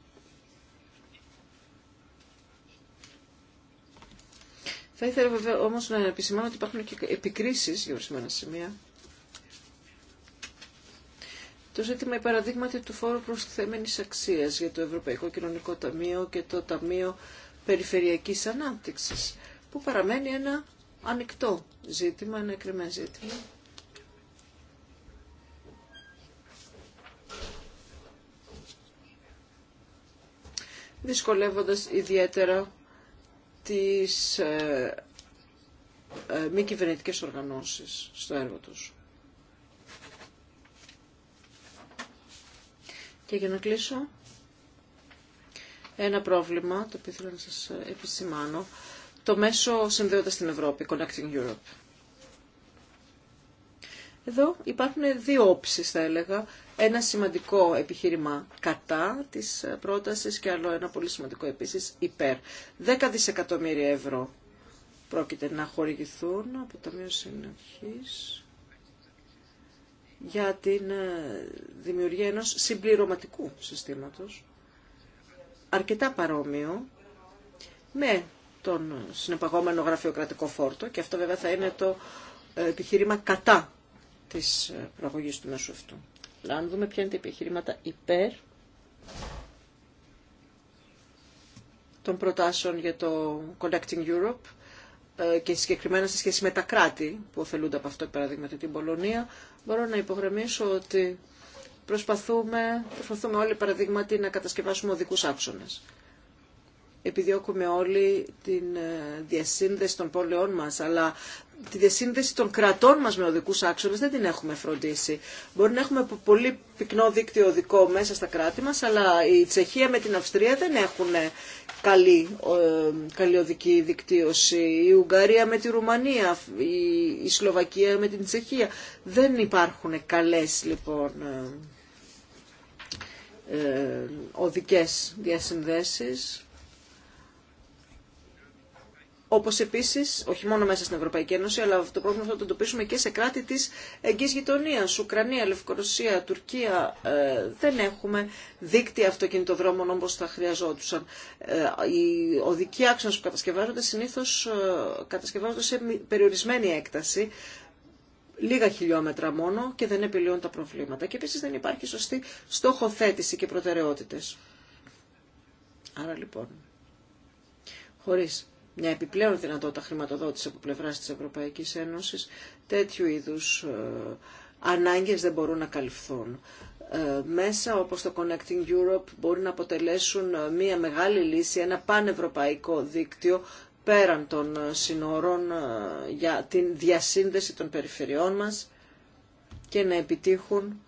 Speaker 3: Θα ήθελα βέβαια όμως να επισημάνω ότι υπάρχουν και επικρίσεις για ορισμένα σημεία. Το ζήτημα, η παραδείγματι, του φόρου προσθέμενης αξίας για το Ευρωπαϊκό Κοινωνικό Ταμείο και το Ταμείο Περιφερειακής Ανάπτυξης, που παραμένει ένα ανοιχτό ζήτημα, ένα εκκρεμένο ζήτημα. δυσκολεύοντας ιδιαίτερα τις ε, ε μη κυβερνητικέ οργανώσεις στο έργο τους. Και για να κλείσω, ένα πρόβλημα το οποίο θέλω να σας επισημάνω, το μέσο συνδέοντας την Ευρώπη, Connecting Europe. Εδώ υπάρχουν δύο όψεις θα έλεγα ένα σημαντικό επιχείρημα κατά της πρότασης και άλλο ένα πολύ σημαντικό επίσης υπέρ. 10 δισεκατομμύρια ευρώ πρόκειται να χορηγηθούν από το Ταμείο Συνοχής για την ε, δημιουργία ενός συμπληρωματικού συστήματος, αρκετά παρόμοιο με τον συνεπαγόμενο γραφειοκρατικό φόρτο και αυτό βέβαια θα είναι το ε, επιχείρημα κατά της ε, προαγωγής του μέσου αυτού. Αν δούμε ποια είναι τα επιχειρήματα υπέρ των προτάσεων για το Connecting Europe ε, και συγκεκριμένα σε σχέση με τα κράτη που ωφελούνται από αυτό, παράδειγμα την Πολωνία, μπορώ να υπογραμμίσω ότι προσπαθούμε, προσπαθούμε όλοι παραδείγματι να κατασκευάσουμε οδικού άξονε. Επιδιώκουμε όλοι την ε, διασύνδεση των πόλεων μας, αλλά τη διασύνδεση των κρατών μας με οδικούς άξονες δεν την έχουμε φροντίσει. Μπορεί να έχουμε πολύ πυκνό δίκτυο οδικό μέσα στα κράτη μας, αλλά η Τσεχία με την Αυστρία δεν έχουν καλή, ε, καλή οδική δικτύωση. Η Ουγγαρία με τη Ρουμανία, η, Σλοβακία με την Τσεχία. Δεν υπάρχουν καλές λοιπόν ε, ε, οδικές διασυνδέσεις. Όπω επίση, όχι μόνο μέσα στην Ευρωπαϊκή Ένωση, αλλά το πρόβλημα θα το εντοπίσουμε και σε κράτη τη εγγύη γειτονία. Ουκρανία, Λευκορωσία, Τουρκία, ε, δεν έχουμε δίκτυα αυτοκινητοδρόμων όπως θα χρειαζόντουσαν. Ε, οι οδικοί άξονε που κατασκευάζονται συνήθω ε, κατασκευάζονται σε περιορισμένη έκταση, λίγα χιλιόμετρα μόνο και δεν επιλύουν τα προβλήματα. Και επίση δεν υπάρχει σωστή στόχοθέτηση και προτεραιότητε. Άρα λοιπόν, χωρίς μια επιπλέον δυνατότητα χρηματοδότηση από πλευράς της Ευρωπαϊκής Ένωσης, τέτοιου είδους ε, ανάγκες δεν μπορούν να καλυφθούν. Ε, μέσα όπως το Connecting Europe μπορεί να αποτελέσουν ε, μια μεγάλη λύση, ένα πανευρωπαϊκό δίκτυο πέραν των συνόρων για την διασύνδεση των περιφερειών μας και να επιτύχουν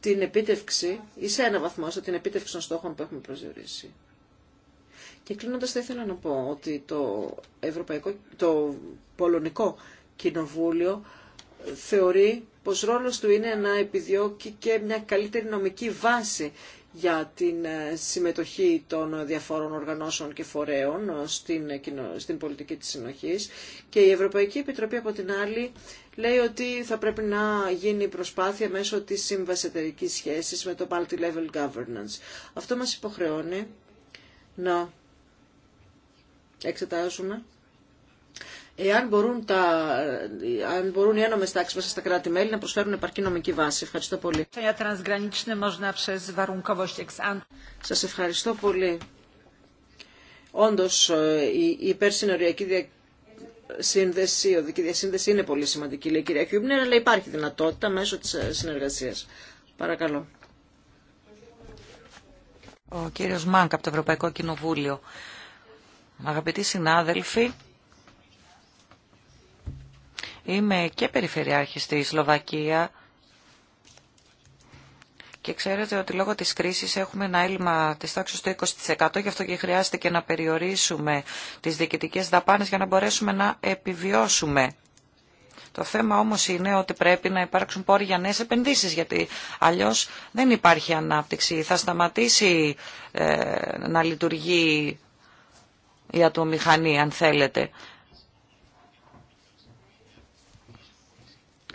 Speaker 3: την επίτευξη, ή σε ένα βαθμό, την επίτευξη των στόχων που έχουμε προσδιορίσει. Και κλείνοντας θα ήθελα να πω ότι το, Ευρωπαϊκό, το Πολωνικό Κοινοβούλιο θεωρεί πως ρόλος του είναι να επιδιώκει και μια καλύτερη νομική βάση για την ε, συμμετοχή των διαφόρων οργανώσεων και φορέων ε, στην, ε, στην πολιτική της συνοχής και η Ευρωπαϊκή Επιτροπή από την άλλη λέει ότι θα πρέπει να γίνει προσπάθεια μέσω της σύμβασης εταιρικής σχέσης με το multi-level governance. Αυτό μας υποχρεώνει να εξετάζουμε εάν μπορούν, τα, αν μπορούν οι ένομες τάξει μέσα στα κράτη-μέλη να προσφέρουν επαρκή νομική βάση. Ευχαριστώ πολύ. Σα ευχαριστώ πολύ. Όντω ε, η υπερσυνοριακή διακίνηση η οδική διασύνδεση είναι πολύ σημαντική, λέει η κυρία Χιούμπνερ, αλλά υπάρχει δυνατότητα μέσω τη ε, συνεργασία. Παρακαλώ.
Speaker 1: Ο κύριος Μάνκ από το Ευρωπαϊκό Κοινοβούλιο. Αγαπητοί συνάδελφοι, είμαι και περιφερειάρχη στη Σλοβακία και ξέρετε ότι λόγω της κρίσης έχουμε ένα έλλειμμα της τάξης του 20% γι' αυτό και χρειάστηκε να περιορίσουμε τις διοικητικές δαπάνες για να μπορέσουμε να επιβιώσουμε. Το θέμα όμως είναι ότι πρέπει να υπάρξουν πόροι για νέες επενδύσεις, γιατί αλλιώς δεν υπάρχει ανάπτυξη. Θα σταματήσει ε, να λειτουργεί η ατομηχανή, αν θέλετε.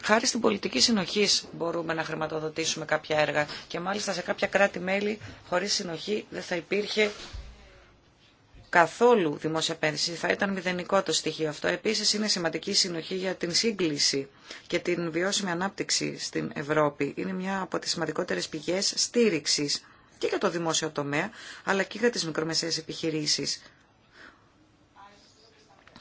Speaker 1: Χάρη στην πολιτική συνοχή μπορούμε να χρηματοδοτήσουμε κάποια έργα και μάλιστα σε κάποια κράτη-μέλη χωρίς συνοχή δεν θα υπήρχε καθόλου δημόσια επένδυση. Θα ήταν μηδενικό το στοιχείο αυτό. Επίσης είναι σημαντική συνοχή για την σύγκληση και την βιώσιμη ανάπτυξη στην Ευρώπη. Είναι μια από τις σημαντικότερες πηγές στήριξης και για το δημόσιο τομέα, αλλά και για τις μικρομεσαίες επιχειρήσεις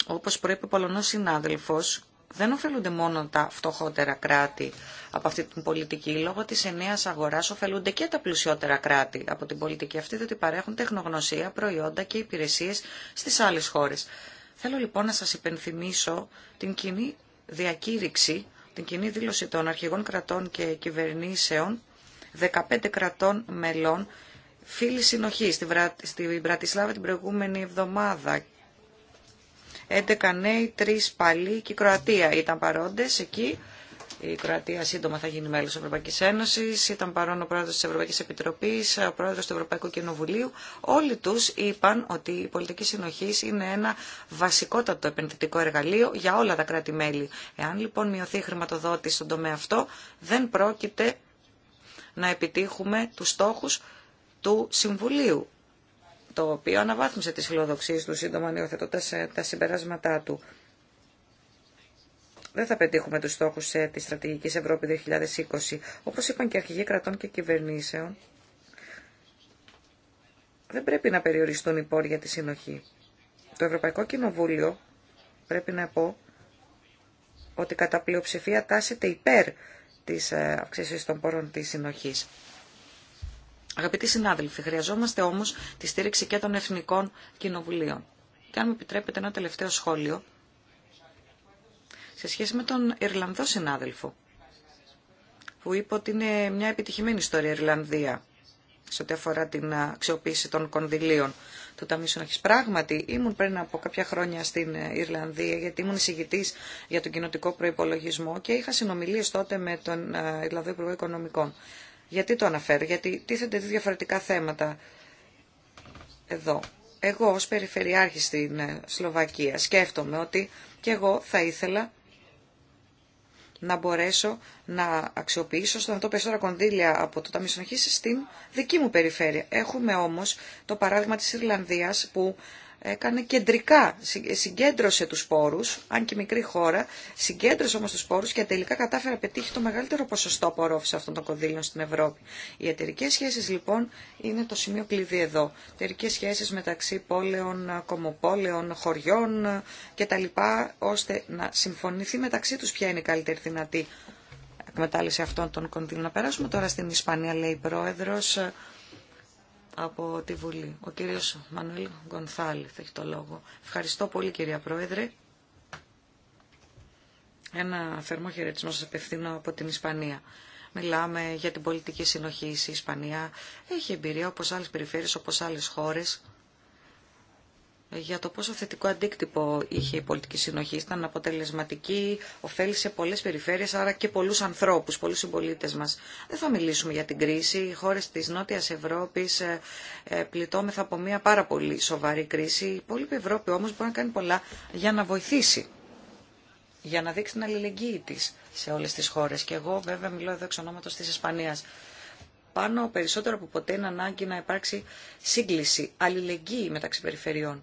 Speaker 1: όπως προείπε ο Πολωνός συνάδελφος, δεν ωφελούνται μόνο τα φτωχότερα κράτη από αυτή την πολιτική. Λόγω της ενέας αγοράς ωφελούνται και τα πλουσιότερα κράτη από την πολιτική αυτή, διότι παρέχουν τεχνογνωσία, προϊόντα και υπηρεσίες στις άλλες χώρες. Θέλω λοιπόν να σας υπενθυμίσω την κοινή διακήρυξη, την κοινή δήλωση των αρχηγών κρατών και κυβερνήσεων 15 κρατών μελών φίλη συνοχή στη, Βρα... στη Βρατισλάβα την προηγούμενη εβδομάδα 11 νέοι, 3 παλιοί και η Κροατία ήταν παρόντε εκεί. Η Κροατία σύντομα θα γίνει μέλο τη Ευρωπαϊκή Ένωση. Ήταν παρόν ο πρόεδρο τη Ευρωπαϊκή Επιτροπή, ο πρόεδρο του Ευρωπαϊκού Κοινοβουλίου. Όλοι του είπαν ότι η πολιτική συνοχή είναι ένα βασικότατο επενδυτικό εργαλείο για όλα τα κράτη-μέλη. Εάν λοιπόν μειωθεί η χρηματοδότηση στον τομέα αυτό, δεν πρόκειται να επιτύχουμε του στόχου του Συμβουλίου το οποίο αναβάθμισε τις φιλοδοξίες του σύντομα ανοιοθετώντας ε, τα συμπεράσματά του. Δεν θα πετύχουμε τους στόχους ε, της Στρατηγικής Ευρώπη 2020. Όπως είπαν και αρχηγοί κρατών και κυβερνήσεων, δεν πρέπει να περιοριστούν οι πόροι της τη συνοχή. Το Ευρωπαϊκό Κοινοβούλιο, πρέπει να πω, ότι κατά πλειοψηφία τάσεται υπέρ της ε, αυξήσεως των πόρων της συνοχής. Αγαπητοί συνάδελφοι, χρειαζόμαστε όμω τη στήριξη και των Εθνικών Κοινοβουλίων. Και αν μου επιτρέπετε ένα τελευταίο σχόλιο, σε σχέση με τον Ιρλανδό συνάδελφο, που είπε ότι είναι μια επιτυχημένη ιστορία η Ιρλανδία σε ό,τι αφορά την αξιοποίηση των κονδυλίων του Ταμείου Συνοχή. Πράγματι, ήμουν πριν από κάποια χρόνια στην Ιρλανδία, γιατί ήμουν εισηγητή για τον κοινοτικό προπολογισμό και είχα συνομιλίε τότε με τον ε, Ιρλανδό Υπουργό Οικονομικών. Γιατί το αναφέρω, γιατί τίθενται δύο διαφορετικά θέματα εδώ. Εγώ ως περιφερειάρχη στην ε, Σλοβακία σκέφτομαι ότι και εγώ θα ήθελα να μπορέσω να αξιοποιήσω στον το περισσότερα κονδύλια από το Ταμείο Συνοχής στην δική μου περιφέρεια. Έχουμε όμως το παράδειγμα της Ιρλανδίας που έκανε κεντρικά, συγκέντρωσε τους πόρους, αν και μικρή χώρα, συγκέντρωσε όμως τους πόρους και τελικά κατάφερε να πετύχει το μεγαλύτερο ποσοστό απορρόφηση αυτών των κονδύλων στην Ευρώπη. Οι εταιρικέ σχέσεις λοιπόν είναι το σημείο κλειδί εδώ. Εταιρικέ σχέσεις μεταξύ πόλεων, κομοπόλεων, χωριών κτλ. ώστε να συμφωνηθεί μεταξύ τους ποια είναι η καλύτερη δυνατή εκμετάλλευση αυτών των κονδύλων. Να περάσουμε τώρα στην Ισπανία, λέει η Πρόεδρος από τη Βουλή. Ο κύριος Μανουήλ Γκονθάλη θα έχει το λόγο. Ευχαριστώ πολύ κυρία Πρόεδρε. Ένα θερμό χαιρετισμό σας απευθύνω από την Ισπανία. Μιλάμε για την πολιτική συνοχή. Η Ισπανία έχει εμπειρία όπως άλλες περιφέρειες, όπως άλλες χώρες για το πόσο θετικό αντίκτυπο είχε η πολιτική συνοχή. Ήταν αποτελεσματική, ωφέλησε πολλές περιφέρειες, άρα και πολλούς ανθρώπους, πολλούς συμπολίτε μας. Δεν θα μιλήσουμε για την κρίση. Οι χώρες της Νότιας Ευρώπης ε, ε, πληττόμεθα από μια πάρα πολύ σοβαρή κρίση. Η υπόλοιπη Ευρώπη όμως μπορεί να κάνει πολλά για να βοηθήσει για να δείξει την αλληλεγγύη τη σε όλε τι χώρε. Και εγώ βέβαια μιλώ εδώ εξ ονόματο τη Ισπανία. πάνω περισσότερο από ποτέ είναι ανάγκη να υπάρξει σύγκληση, αλληλεγγύη μεταξύ περιφερειών.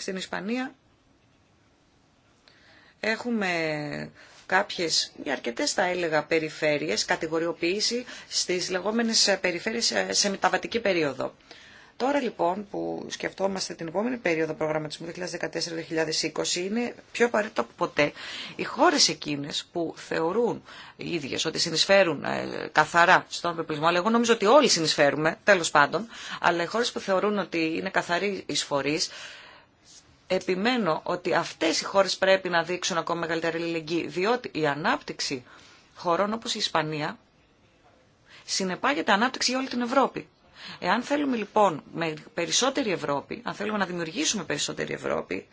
Speaker 1: Στην Ισπανία έχουμε κάποιες, αρκετές θα έλεγα, περιφέρειες, κατηγοριοποίηση στις λεγόμενες περιφέρειες σε μεταβατική περίοδο. Τώρα λοιπόν που σκεφτόμαστε την επόμενη περίοδο προγραμματισμού 2014-2020 είναι πιο απαραίτητο από ποτέ οι χώρες εκείνες που θεωρούν οι ίδιες ότι συνεισφέρουν ε, καθαρά στον πεπλισμό, αλλά εγώ νομίζω ότι όλοι συνεισφέρουμε τέλος πάντων, αλλά οι χώρες που θεωρούν ότι είναι καθαροί εισφορείς επιμένω ότι αυτές οι χώρες πρέπει να δείξουν ακόμα μεγαλύτερη αλληλεγγύη, διότι η ανάπτυξη χωρών όπως η Ισπανία συνεπάγεται ανάπτυξη για όλη την Ευρώπη. Εάν θέλουμε λοιπόν με περισσότερη Ευρώπη, αν θέλουμε να δημιουργήσουμε περισσότερη Ευρώπη,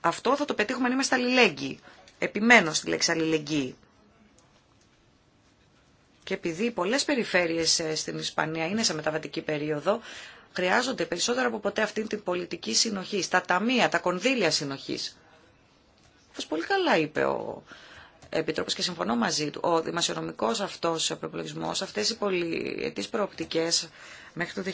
Speaker 1: αυτό θα το πετύχουμε αν είμαστε αλληλέγγυοι. Επιμένω στη λέξη αλληλεγγύη. Και επειδή πολλέ περιφέρειες ε, στην Ισπανία είναι σε μεταβατική περίοδο, χρειάζονται περισσότερο από ποτέ αυτή την πολιτική συνοχή, τα ταμεία, τα κονδύλια συνοχή. Όπω πολύ καλά είπε ο Επιτρόπος και συμφωνώ μαζί του, ο δημοσιονομικό αυτό ο αυτέ αυτές οι πολυετής προοπτικέ μέχρι το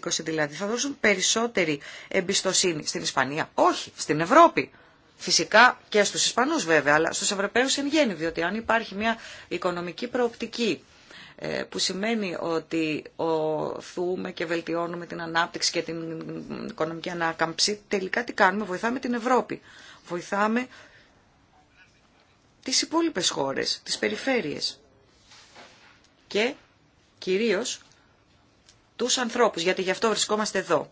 Speaker 1: 2020 δηλαδή, θα δώσουν περισσότερη εμπιστοσύνη στην Ισπανία, όχι στην Ευρώπη. Φυσικά και στους Ισπανούς βέβαια, αλλά στους Ευρωπαίους εν γέννη, διότι αν υπάρχει μια οικονομική προοπτική ε, που σημαίνει ότι οθούμε και βελτιώνουμε την ανάπτυξη και την οικονομική ανάκαμψη, τελικά τι κάνουμε, βοηθάμε την Ευρώπη. Βοηθάμε τις υπόλοιπες χώρες, τις περιφέρειες και κυρίως τους ανθρώπους, γιατί γι' αυτό βρισκόμαστε εδώ.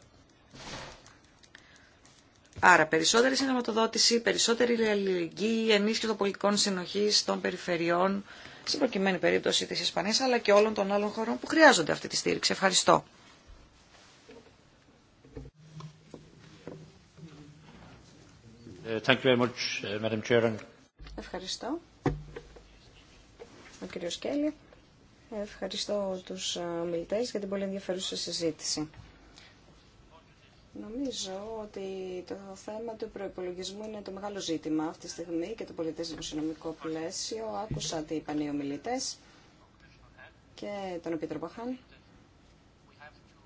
Speaker 1: Άρα περισσότερη συναματοδότηση, περισσότερη αλληλεγγύη, ενίσχυση των πολιτικών συνοχής των περιφερειών στην προκειμένη περίπτωση της Ισπανίας, αλλά και όλων των άλλων χωρών που χρειάζονται αυτή τη στήριξη. Ευχαριστώ.
Speaker 5: Ε,
Speaker 2: thank you very much, ε, Madam
Speaker 4: Ευχαριστώ. Ο κύριος Κέλλη. Ευχαριστώ τους ε, μιλητές για την πολύ ενδιαφέρουσα συζήτηση. Νομίζω ότι το θέμα του προπολογισμού είναι το μεγάλο ζήτημα αυτή τη στιγμή και το πολιτισμικό συνομικό πλαίσιο. Άκουσα τι είπαν οι ομιλητέ και τον Επίτροπο Χάν.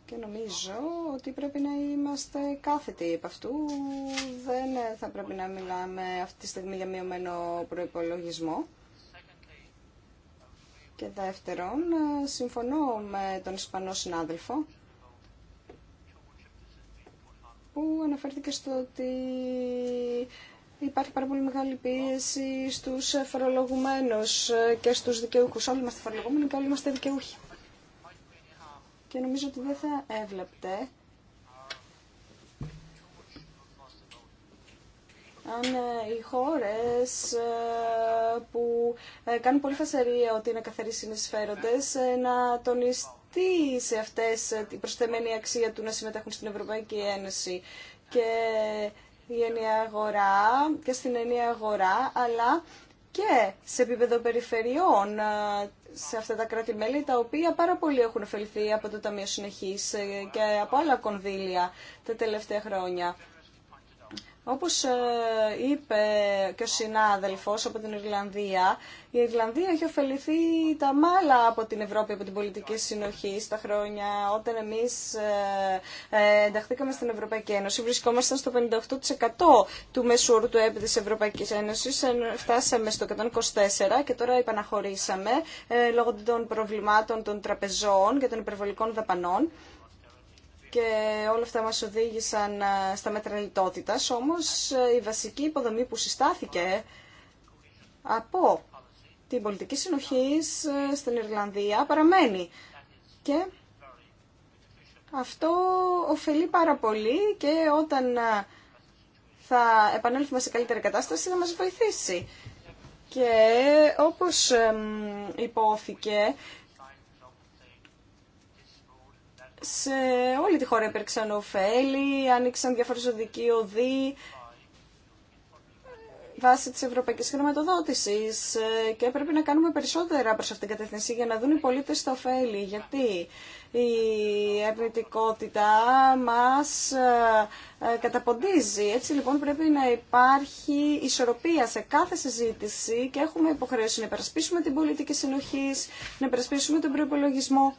Speaker 4: Και νομίζω ότι πρέπει να είμαστε κάθετοι επ' αυτού. Δεν θα πρέπει να μιλάμε αυτή τη στιγμή για μειωμένο προπολογισμό. Και δεύτερον, συμφωνώ με τον Ισπανό συνάδελφο που αναφέρθηκε στο ότι υπάρχει πάρα πολύ μεγάλη πίεση στους φορολογουμένους και στους δικαιούχους. Όλοι είμαστε φορολογούμενοι και όλοι είμαστε δικαιούχοι. Και νομίζω ότι δεν θα έβλεπτε αν ε, οι χώρες ε, που ε, κάνουν πολύ φασαρία ότι είναι καθαροί συνεισφέροντες να τονίσουν τι σε αυτές την προσθεμένη αξία του να συμμετέχουν στην Ευρωπαϊκή Ένωση και η ενιαία αγορά και στην ενιαία αγορά, αλλά και σε επίπεδο περιφερειών σε αυτά τα κράτη-μέλη, τα οποία πάρα πολύ έχουν ωφεληθεί από το Ταμείο Συνεχής ε, και από άλλα κονδύλια τα τελευταία χρόνια. Όπως ε, είπε και ο συνάδελφος από την Ιρλανδία, η Ιρλανδία έχει ωφεληθεί τα μάλα από την Ευρώπη, από την πολιτική συνοχή στα χρόνια όταν εμείς ε, ε, ενταχθήκαμε στην Ευρωπαϊκή Ένωση. Βρισκόμασταν στο 58% του μέσου όρου του ΕΠ της Ευρωπαϊκής Ένωσης. Φτάσαμε στο 124% και τώρα επαναχωρήσαμε λόγω των προβλημάτων των τραπεζών και των υπερβολικών δαπανών και όλα αυτά μας οδήγησαν ε, στα μέτρα λιτότητας, όμως ε, η βασική υποδομή που συστάθηκε από την πολιτική συνοχή ε, στην Ιρλανδία παραμένει. Και αυτό ωφελεί πάρα πολύ και όταν θα επανέλθουμε σε καλύτερη κατάσταση θα μας βοηθήσει. Και όπως υπόθηκε, σε όλη τη χώρα υπήρξαν ωφέλη, άνοιξαν διάφορες οδικοί οδοί ε, βάσει της ευρωπαϊκής χρηματοδότησης ε, και πρέπει να κάνουμε περισσότερα προς αυτήν την κατεύθυνση για να δουν οι πολίτες τα ωφέλη. Γιατί η αρνητικότητα μας ε, καταποντίζει. Έτσι λοιπόν πρέπει να υπάρχει ισορροπία σε κάθε συζήτηση και έχουμε υποχρέωση να υπερασπίσουμε την πολιτική συνοχής, να υπερασπίσουμε τον προπολογισμό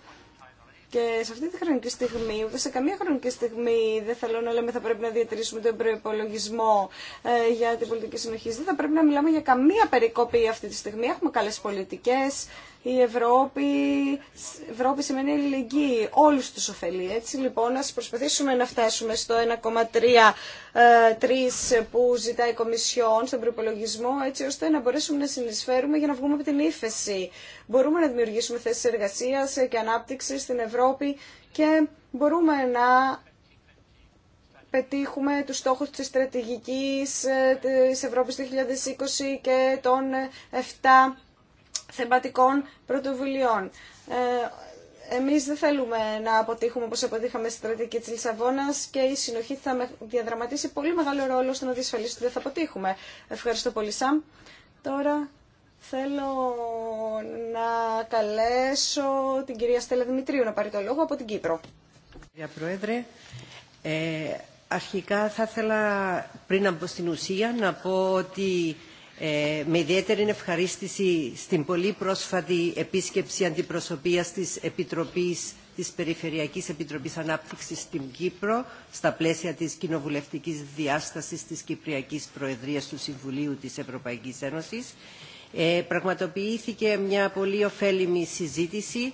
Speaker 4: και σε αυτή τη χρονική στιγμή, ούτε σε καμία χρονική στιγμή, δεν θέλω να λέμε θα πρέπει να διατηρήσουμε τον προπολογισμό ε, για την πολιτική συνοχή. Δεν θα πρέπει να μιλάμε για καμία περικοπή αυτή τη στιγμή. Έχουμε καλέ πολιτικέ, η Ευρώπη, Ευρώπη σημαίνει ελληνική. Όλους τους ωφελεί. Έτσι λοιπόν ας προσπαθήσουμε να φτάσουμε στο 1,3 ε, που ζητάει η Κομισιόν στον προπολογισμό έτσι ώστε να μπορέσουμε να συνεισφέρουμε για να βγούμε από την ύφεση. Μπορούμε να δημιουργήσουμε θέσεις εργασίας και ανάπτυξη στην Ευρώπη και μπορούμε να πετύχουμε τους στόχους της στρατηγικής ε, της Ευρώπης 2020 και των 7 θεματικών πρωτοβουλειών. Ε, εμείς δεν θέλουμε να αποτύχουμε όπως αποτύχαμε στη στρατηγική της Λισαβόνας και η συνοχή θα διαδραματίσει πολύ μεγάλο ρόλο στο να διασφαλίσει ότι δεν θα αποτύχουμε. Ευχαριστώ πολύ Σαμ. Τώρα θέλω να καλέσω την κυρία Στέλλα Δημητρίου να πάρει το λόγο από την Κύπρο.
Speaker 7: Κυρία Πρόεδρε, ε, αρχικά θα ήθελα πριν από στην ουσία να πω ότι ε, με ιδιαίτερη ευχαρίστηση στην πολύ πρόσφατη επίσκεψη αντιπροσωπείας της Επιτροπής της Περιφερειακής Επιτροπής Ανάπτυξης στην Κύπρο στα πλαίσια της κοινοβουλευτικής διάστασης της Κυπριακής Προεδρίας του Συμβουλίου της Ευρωπαϊκής Ένωσης. Ε, πραγματοποιήθηκε μια πολύ ωφέλιμη συζήτηση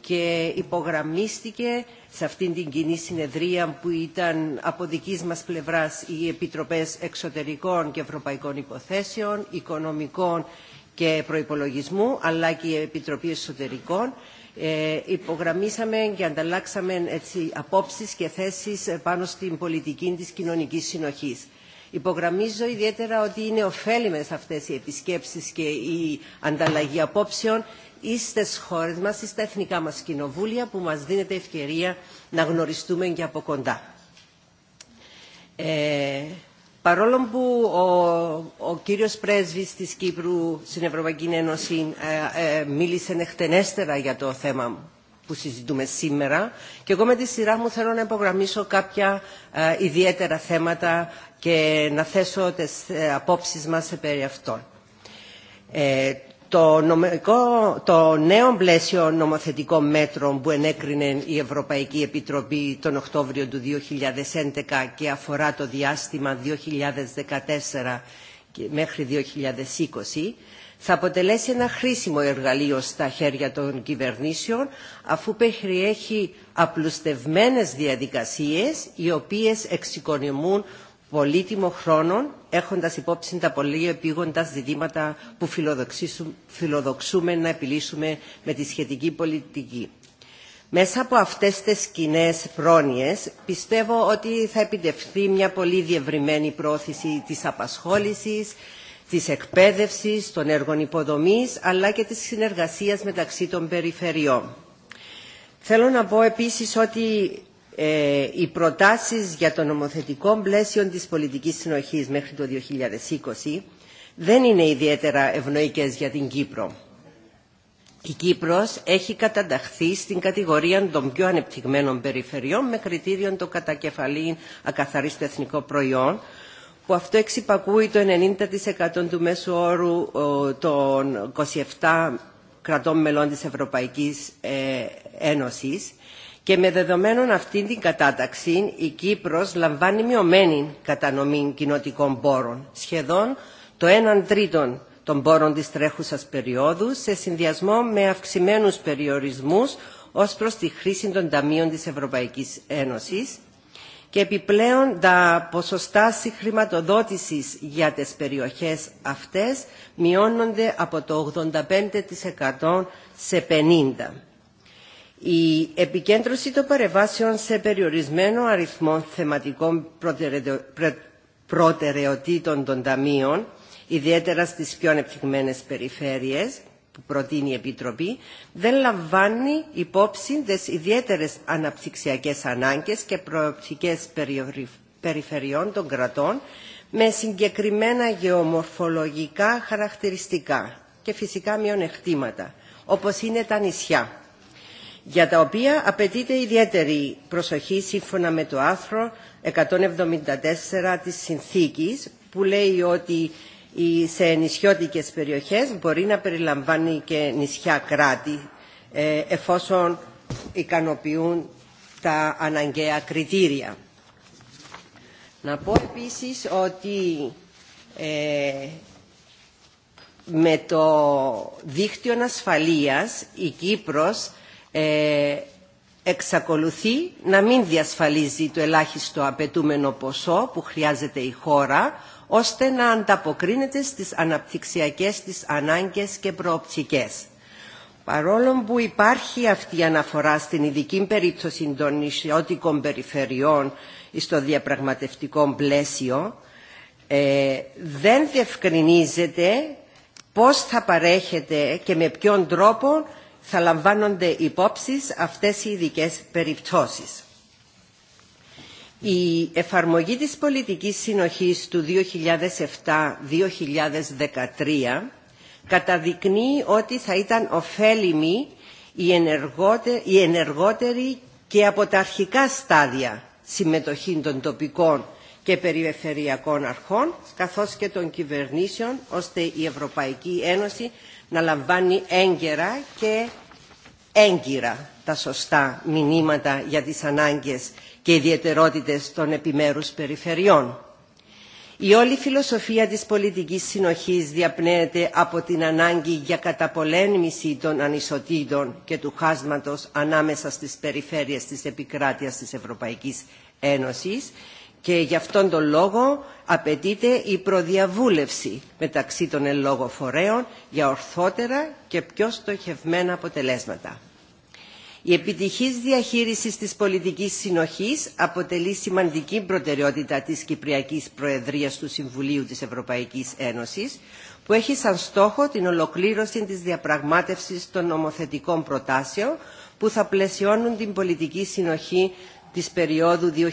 Speaker 7: και υπογραμμίστηκε σε αυτήν την κοινή συνεδρία που ήταν από δική μας πλευράς οι Επιτροπές Εξωτερικών και Ευρωπαϊκών Υποθέσεων, Οικονομικών και Προϋπολογισμού, αλλά και η Επιτροπή Εσωτερικών. Ε, υπογραμμίσαμε και ανταλλάξαμε έτσι, απόψεις και θέσεις πάνω στην πολιτική της κοινωνικής συνοχής. Υπογραμμίζω ιδιαίτερα ότι είναι ωφέλιμες αυτές οι επισκέψεις και η ανταλλαγή απόψεων ή στι χώρε μας ή στα εθνικά μα κοινοβούλια που μα δίνεται ευκαιρία να γνωριστούμε και από κοντά. Ε, παρόλο που ο, ο κύριος πρέσβης της Κύπρου στην Ευρωπαϊκή Ένωση ε, ε, μίλησε εκτενέστερα για το θέμα που συζητούμε σήμερα και εγώ με τη σειρά μου θέλω να υπογραμμίσω κάποια ε, ιδιαίτερα θέματα και να θέσω τις ε, απόψεις μας περί αυτών το, νομικό, το νέο πλαίσιο νομοθετικών μέτρων που ενέκρινε η Ευρωπαϊκή Επιτροπή τον Οκτώβριο του 2011 και αφορά το διάστημα 2014 μέχρι 2020 θα αποτελέσει ένα χρήσιμο εργαλείο στα χέρια των κυβερνήσεων αφού περιέχει απλουστευμένες διαδικασίες οι οποίες εξοικονομούν πολύτιμο χρόνο έχοντας υπόψη τα πολύ επίγοντα ζητήματα που φιλοδοξούμε να επιλύσουμε με τη σχετική πολιτική. Μέσα από αυτές τις κοινέ πρόνοιες πιστεύω ότι θα επιτευχθεί μια πολύ διευρυμένη πρόθεση της απασχόλησης, της εκπαίδευσης, των έργων υποδομής αλλά και της συνεργασίας μεταξύ των περιφερειών. Θέλω να πω επίσης ότι ε, οι προτάσεις για το νομοθετικό πλαίσιο της πολιτικής συνοχής μέχρι το 2020 δεν είναι ιδιαίτερα ευνοϊκές για την Κύπρο. Η Κύπρος έχει καταταχθεί στην κατηγορία των πιο ανεπτυγμένων περιφερειών με κριτήριο το κατακεφαλή ακαθαρίστο εθνικό προϊόν που αυτό εξυπακούει το 90% του μέσου όρου των 27 κρατών μελών της Ευρωπαϊκής ε, Ένωσης και με δεδομένων αυτήν την κατάταξη η Κύπρος λαμβάνει μειωμένη κατανομή κοινοτικών πόρων, σχεδόν το 1 τρίτο των πόρων της τρέχουσας περίοδου σε συνδυασμό με αυξημένους περιορισμούς ως προς τη χρήση των ταμείων της Ευρωπαϊκής Ένωσης και επιπλέον τα ποσοστά συγχρηματοδότησης για τις περιοχές αυτές μειώνονται από το 85% σε 50%. Η επικέντρωση των παρεμβάσεων σε περιορισμένο αριθμό θεματικών προτεραιοτήτων των ταμείων, ιδιαίτερα στις πιο ανεπτυγμένες περιφέρειες που προτείνει η Επιτροπή, δεν λαμβάνει υπόψη τις ιδιαίτερες αναπτυξιακές ανάγκες και προοπτικές περιφερειών των κρατών με συγκεκριμένα γεωμορφολογικά χαρακτηριστικά και φυσικά μειονεκτήματα, όπως είναι τα νησιά για τα οποία απαιτείται ιδιαίτερη προσοχή σύμφωνα με το άρθρο 174 της Συνθήκης που λέει ότι σε νησιώτικες περιοχές μπορεί να περιλαμβάνει και νησιά κράτη ε, εφόσον ικανοποιούν τα αναγκαία κριτήρια. Να πω επίσης ότι ε, με το δίκτυο ασφαλείας η Κύπρος ε, εξακολουθεί να μην διασφαλίζει το ελάχιστο απαιτούμενο ποσό που χρειάζεται η χώρα ώστε να ανταποκρίνεται στις αναπτυξιακές της ανάγκες και προοπτικές. Παρόλο που υπάρχει αυτή η αναφορά στην ειδική περίπτωση των νησιώτικων περιφερειών στο διαπραγματευτικό πλαίσιο, ε, δεν διευκρινίζεται πώς θα παρέχεται και με ποιον τρόπο θα λαμβάνονται υπόψη αυτές οι ειδικέ περιπτώσεις. Η εφαρμογή της πολιτικής συνοχής του 2007-2013 καταδεικνύει ότι θα ήταν ωφέλιμη η ενεργότερη και από τα αρχικά στάδια συμμετοχή των τοπικών και περιφερειακών αρχών καθώς και των κυβερνήσεων ώστε η Ευρωπαϊκή Ένωση να λαμβάνει έγκαιρα και έγκυρα τα σωστά μηνύματα για τις ανάγκες και ιδιαιτερότητες των επιμέρους περιφερειών. Η όλη φιλοσοφία της πολιτικής συνοχής διαπνέεται από την ανάγκη για καταπολέμηση των ανισοτήτων και του χάσματος ανάμεσα στις περιφέρειες της επικράτειας της Ευρωπαϊκής Ένωσης και γι' αυτόν τον λόγο απαιτείται η προδιαβούλευση μεταξύ των εν φορέων για ορθότερα και πιο στοχευμένα αποτελέσματα. Η επιτυχής διαχείριση της πολιτικής συνοχής αποτελεί σημαντική προτεραιότητα της Κυπριακής Προεδρίας του Συμβουλίου της Ευρωπαϊκής Ένωσης, που έχει σαν στόχο την ολοκλήρωση της διαπραγμάτευσης των νομοθετικών προτάσεων που θα πλαισιώνουν την πολιτική συνοχή της περίοδου 2014-2020.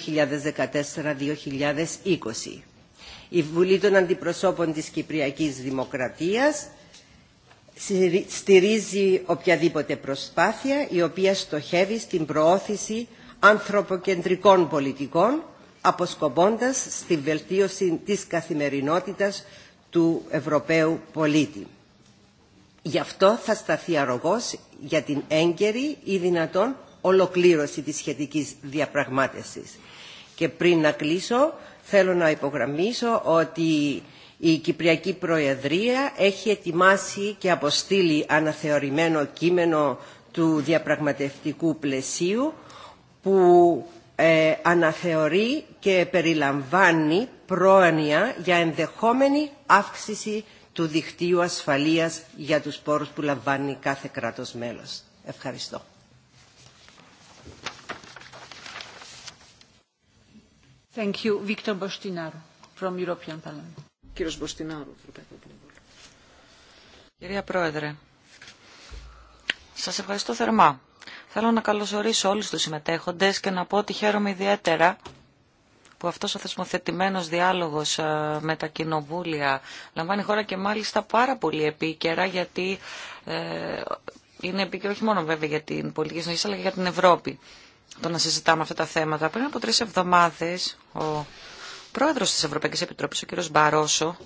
Speaker 7: Η Βουλή των Αντιπροσώπων της Κυπριακής Δημοκρατίας στηρίζει οποιαδήποτε προσπάθεια η οποία στοχεύει στην προώθηση ανθρωποκεντρικών πολιτικών αποσκοπώντας στη βελτίωση της καθημερινότητας του Ευρωπαίου πολίτη. Γι' αυτό θα σταθεί αρρωγός για την έγκαιρη ή δυνατόν ολοκλήρωση της σχετικής διαπραγμάτευσης. Και πριν να κλείσω, θέλω να υπογραμμίσω ότι η Κυπριακή Προεδρία έχει ετοιμάσει και αποστείλει αναθεωρημένο κείμενο του διαπραγματευτικού πλαισίου που ε, αναθεωρεί και περιλαμβάνει πρόνοια για ενδεχόμενη αύξηση του δικτύου ασφαλείας για τους πόρους που λαμβάνει κάθε κράτος μέλος. Ευχαριστώ.
Speaker 1: Κυρία Πρόεδρε, σας ευχαριστώ θερμά. Θέλω να καλωσορίσω όλους τους συμμετέχοντες και να πω ότι χαίρομαι ιδιαίτερα που αυτός ο θεσμοθετημένος διάλογος ε, με τα κοινοβούλια λαμβάνει χώρα και μάλιστα πάρα πολύ επίκαιρα γιατί ε, είναι επίκαιρο όχι μόνο βέβαια για την πολιτική συνοχή αλλά και για την Ευρώπη το να συζητάμε αυτά τα θέματα. Πριν από τρεις εβδομάδες, ο πρόεδρος της Ευρωπαϊκής Επιτροπής, ο κύριος Μπαρόσο,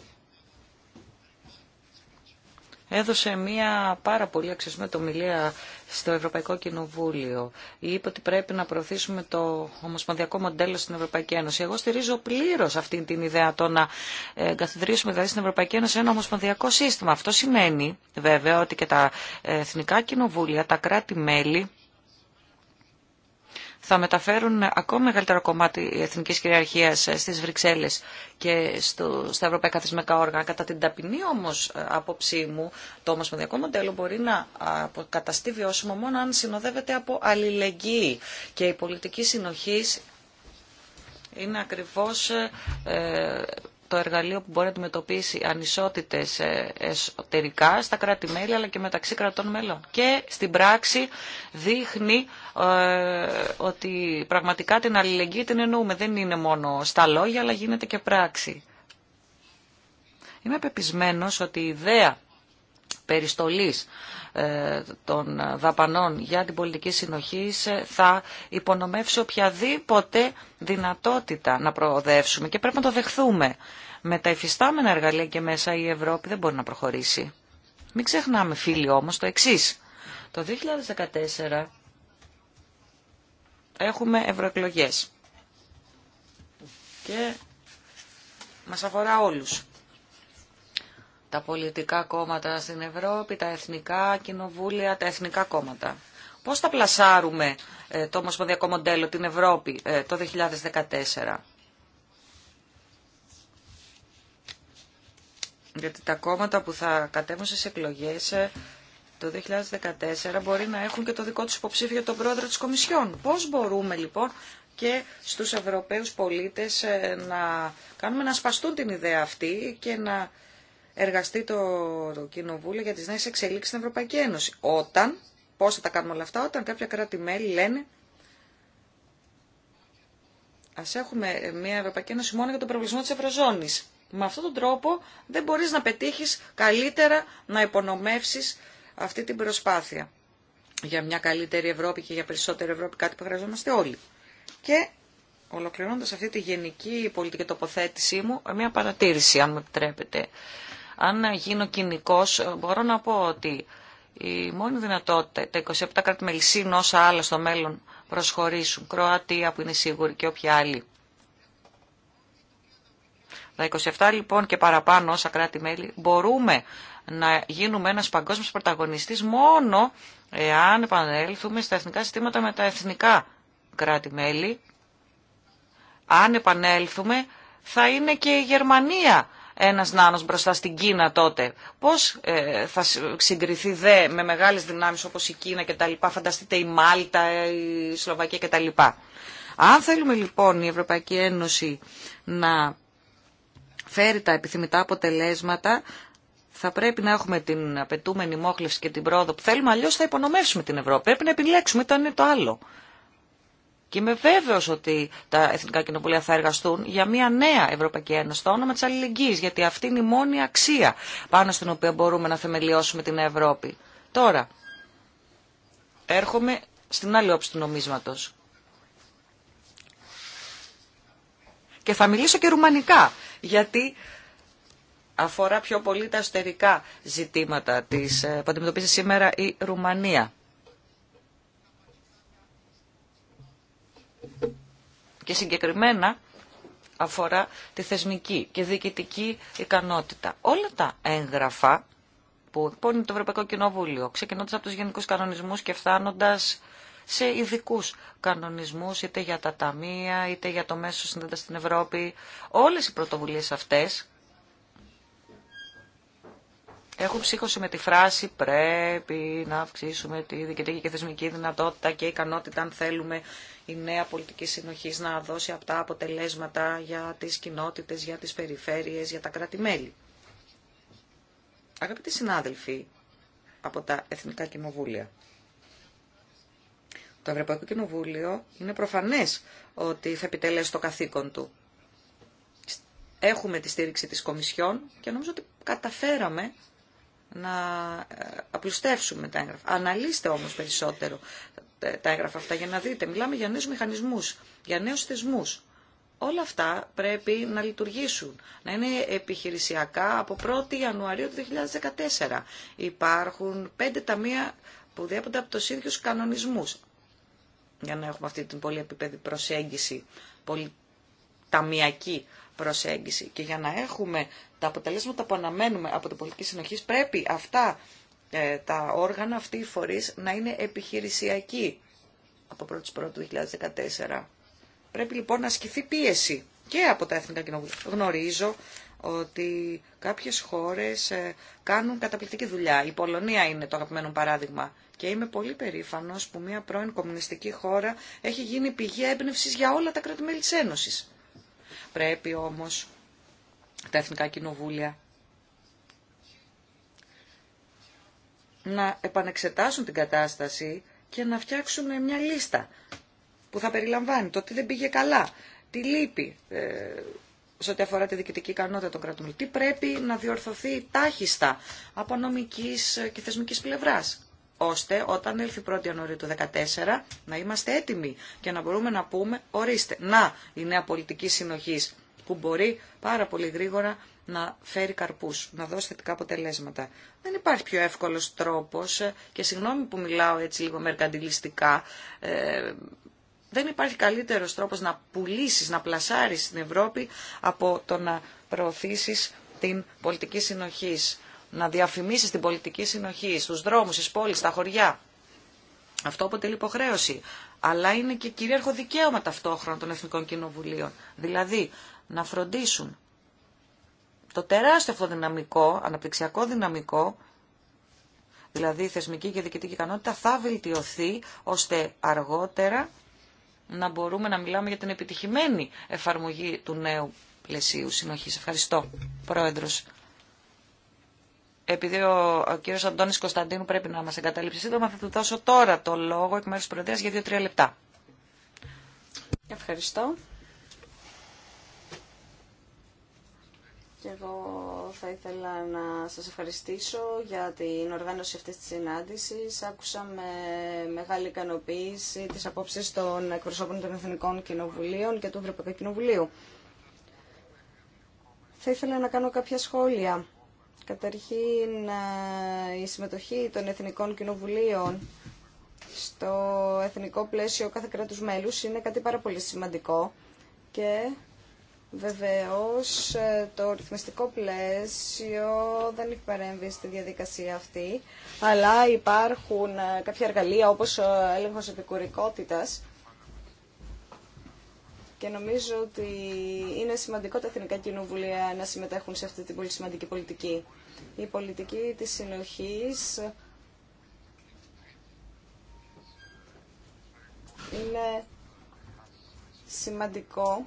Speaker 1: έδωσε μια πάρα πολύ αξιοσμένη ομιλία στο Ευρωπαϊκό Κοινοβούλιο. Είπε ότι πρέπει να προωθήσουμε το ομοσπονδιακό μοντέλο στην Ευρωπαϊκή Ένωση. Εγώ στηρίζω πλήρω αυτή την ιδέα το να ε, καθιδρύσουμε δηλαδή στην Ευρωπαϊκή Ένωση ένα ομοσπονδιακό σύστημα. Αυτό σημαίνει βέβαια ότι και τα εθνικά κοινοβούλια, τα κράτη-μέλη θα μεταφέρουν ακόμα μεγαλύτερο κομμάτι εθνικής κυριαρχίας στις Βρυξέλλες και στο, στα ευρωπαϊκά θεσμικά όργανα. Κατά την ταπεινή όμως ε, άποψή μου, το ομοσπονδιακό μοντέλο μπορεί να καταστεί βιώσιμο μόνο αν συνοδεύεται από αλληλεγγύη και η πολιτική συνοχής είναι ακριβώς ε, ε, το εργαλείο που μπορεί να αντιμετωπίσει ανισότητες ε, εσωτερικά στα κράτη-μέλη αλλά και μεταξύ κρατών μέλων. Και στην πράξη δείχνει ε, ότι πραγματικά την αλληλεγγύη την εννοούμε. Δεν είναι μόνο στα λόγια αλλά γίνεται και πράξη. Είμαι πεπισμένος ότι η ιδέα περιστολής ε, των δαπανών για την πολιτική συνοχή θα υπονομεύσει οποιαδήποτε δυνατότητα να προοδεύσουμε και πρέπει να το δεχθούμε. Με τα υφιστάμενα εργαλεία και μέσα η Ευρώπη δεν μπορεί να προχωρήσει. Μην ξεχνάμε φίλοι όμως το εξής. Το 2014 έχουμε ευρωεκλογές και μας αφορά όλους τα πολιτικά κόμματα στην Ευρώπη, τα εθνικά κοινοβούλια, τα εθνικά κόμματα. Πώς θα πλασάρουμε ε, το ομοσπονδιακό μοντέλο την Ευρώπη ε, το 2014. Γιατί τα κόμματα που θα κατέβουν στι εκλογές ε, το 2014 μπορεί να έχουν και το δικό τους υποψήφιο τον πρόεδρο της Κομισιόν. Πώς μπορούμε λοιπόν και στους Ευρωπαίους πολίτες να κάνουμε να σπαστούν την ιδέα αυτή και να εργαστεί το, το Κοινοβούλιο για τις νέες εξελίξεις στην Ευρωπαϊκή Ένωση. Όταν, πώς θα τα κάνουμε όλα αυτά, όταν κάποια κράτη-μέλη λένε ας έχουμε μια Ευρωπαϊκή Ένωση μόνο για τον προβλησμό της Ευρωζώνης. Με αυτόν τον τρόπο δεν μπορείς να πετύχεις καλύτερα να υπονομεύσεις αυτή την προσπάθεια για μια καλύτερη Ευρώπη και για περισσότερη Ευρώπη, κάτι που χρειαζόμαστε όλοι. Και ολοκληρώνοντας αυτή τη γενική πολιτική τοποθέτησή μου, μια παρατήρηση, αν μου επιτρέπετε. Αν γίνω κοινικό, μπορώ να πω ότι η μόνη δυνατότητα τα 27 κράτη-μέλη όσα άλλα στο μέλλον προσχωρήσουν, Κροατία που είναι σίγουρη και όποια άλλη. Τα 27 λοιπόν και παραπάνω όσα κράτη-μέλη μπορούμε να γίνουμε ένας παγκόσμιος πρωταγωνιστής μόνο εάν επανέλθουμε στα εθνικά συστήματα με τα εθνικά κράτη-μέλη. Αν επανέλθουμε θα είναι και η Γερμανία ένας νάνος μπροστά στην Κίνα τότε. Πώς ε, θα συγκριθεί δε με μεγάλες δυνάμεις όπως η Κίνα και τα λοιπά, φανταστείτε η Μάλτα, η Σλοβακία και τα λοιπά. Αν θέλουμε λοιπόν η Ευρωπαϊκή Ένωση να φέρει τα επιθυμητά αποτελέσματα, θα πρέπει να έχουμε την απαιτούμενη μόχλευση και την πρόοδο που θέλουμε, αλλιώς θα υπονομεύσουμε την Ευρώπη. Πρέπει να επιλέξουμε το ένα το άλλο. Και είμαι βέβαιο ότι τα Εθνικά Κοινοβούλια θα εργαστούν για μια νέα Ευρωπαϊκή Ένωση το όνομα τη αλληλεγγύη, γιατί αυτή είναι η μόνη αξία πάνω στην οποία μπορούμε να θεμελιώσουμε την Ευρώπη. Τώρα, έρχομαι στην άλλη όψη του νομίσματο. Και θα μιλήσω και ρουμανικά, γιατί αφορά πιο πολύ τα εσωτερικά ζητήματα της, ε, που αντιμετωπίζει σήμερα η Ρουμανία. και συγκεκριμένα αφορά τη θεσμική και διοικητική ικανότητα. Όλα τα έγγραφα που εκπώνει το Ευρωπαϊκό Κοινοβούλιο, ξεκινώντας από τους γενικούς κανονισμούς και φτάνοντας σε ειδικού κανονισμούς, είτε για τα ταμεία, είτε για το μέσο συνέντες στην Ευρώπη, όλες οι πρωτοβουλίες αυτές Έχω ψύχωση με τη φράση πρέπει να αυξήσουμε τη διοικητική και θεσμική δυνατότητα και ικανότητα αν θέλουμε η νέα πολιτική συνοχή να δώσει αυτά αποτελέσματα για τις κοινότητες, για τις περιφέρειες, για τα κράτη-μέλη. Αγαπητοί συνάδελφοι από τα Εθνικά Κοινοβούλια, το Ευρωπαϊκό Κοινοβούλιο είναι προφανές ότι θα επιτελέσει το καθήκον του. Έχουμε τη στήριξη της Κομισιόν και νομίζω ότι καταφέραμε να ε, απλουστεύσουμε τα έγγραφα. Αναλύστε όμως περισσότερο τα έγγραφα αυτά για να δείτε. Μιλάμε για νέους μηχανισμούς, για νέους θεσμούς. Όλα αυτά πρέπει να λειτουργήσουν, να είναι επιχειρησιακά από 1η Ιανουαρίου του 2014. Υπάρχουν πέντε ταμεία που διέπονται από τους ίδιους κανονισμούς για να έχουμε αυτή την πολυεπίπεδη προσέγγιση, πολυταμιακή προσέγγιση. Και για να έχουμε τα αποτελέσματα που αναμένουμε από την πολιτική συνοχή, πρέπει αυτά ε, τα όργανα, αυτοί οι φορεί να είναι επιχειρησιακοί από 1η Πρώτου 2014. Πρέπει λοιπόν να ασκηθεί πίεση και από τα Εθνικά Κοινοβούλια. Γνωρίζω ότι κάποιες χώρες ε, κάνουν καταπληκτική δουλειά. Η Πολωνία είναι το αγαπημένο παράδειγμα και είμαι πολύ περήφανος που μια πρώην κομμουνιστική χώρα έχει γίνει πηγή έμπνευση για όλα τα κράτη-μέλη της Ένωσης. Πρέπει όμως τα Εθνικά Κοινοβούλια να επανεξετάσουν την κατάσταση και να φτιάξουν μια λίστα που θα περιλαμβάνει το τι δεν πήγε καλά, τι λείπει ε, σε ό,τι αφορά τη διοικητική ικανότητα των κρατών, τι πρέπει να διορθωθεί τάχιστα από νομικής και θεσμικής πλευράς ώστε όταν έλθει 1η Ιανουαρίου του 2014 να είμαστε έτοιμοι και να μπορούμε να πούμε ορίστε, να η νέα πολιτική συνοχής που μπορεί πάρα πολύ γρήγορα να φέρει καρπούς, να δώσει θετικά αποτελέσματα. Δεν υπάρχει πιο εύκολος τρόπος και συγγνώμη που μιλάω έτσι λίγο μερκαντιλιστικά, ε, δεν υπάρχει καλύτερος τρόπος να πουλήσεις, να πλασάρεις στην Ευρώπη από το να προωθήσεις την πολιτική συνοχής να διαφημίσει την πολιτική συνοχή στου δρόμους, στι πόλεις, στα χωριά. Αυτό αποτελεί υποχρέωση. Αλλά είναι και κυρίαρχο δικαίωμα ταυτόχρονα των Εθνικών Κοινοβουλίων. Δηλαδή, να φροντίσουν το τεράστιο αυτό δυναμικό, αναπτυξιακό δυναμικό, δηλαδή η θεσμική και διοικητική ικανότητα, θα βελτιωθεί ώστε αργότερα να μπορούμε να μιλάμε για την επιτυχημένη εφαρμογή του νέου πλαισίου συνοχής. Ευχαριστώ, Πρόεδρος επειδή ο, ο κύριος Αντώνης Κωνσταντίνου πρέπει να μας εγκαταλείψει σύντομα, θα του δώσω τώρα το λόγο εκ μέρους τη Προεδρίας για δύο-τρία λεπτά. Ευχαριστώ.
Speaker 4: Και εγώ θα ήθελα να σας ευχαριστήσω για την οργάνωση αυτής της συνάντησης. Άκουσα με μεγάλη ικανοποίηση τις απόψεις των εκπροσώπων των Εθνικών Κοινοβουλίων και του Ευρωπαϊκού Κοινοβουλίου. Θα ήθελα να κάνω κάποια σχόλια Καταρχήν, ε, η συμμετοχή των Εθνικών Κοινοβουλίων στο εθνικό πλαίσιο κάθε κράτους μέλους είναι κάτι πάρα πολύ σημαντικό και βεβαίως ε, το ρυθμιστικό πλαίσιο δεν έχει παρέμβει στη διαδικασία αυτή αλλά υπάρχουν ε, κάποια εργαλεία όπως έλεγχος επικουρικότητας και νομίζω ότι είναι σημαντικό τα εθνικά κοινοβουλία να συμμετέχουν σε αυτή την πολύ σημαντική πολιτική. Η πολιτική της συνοχής είναι σημαντικό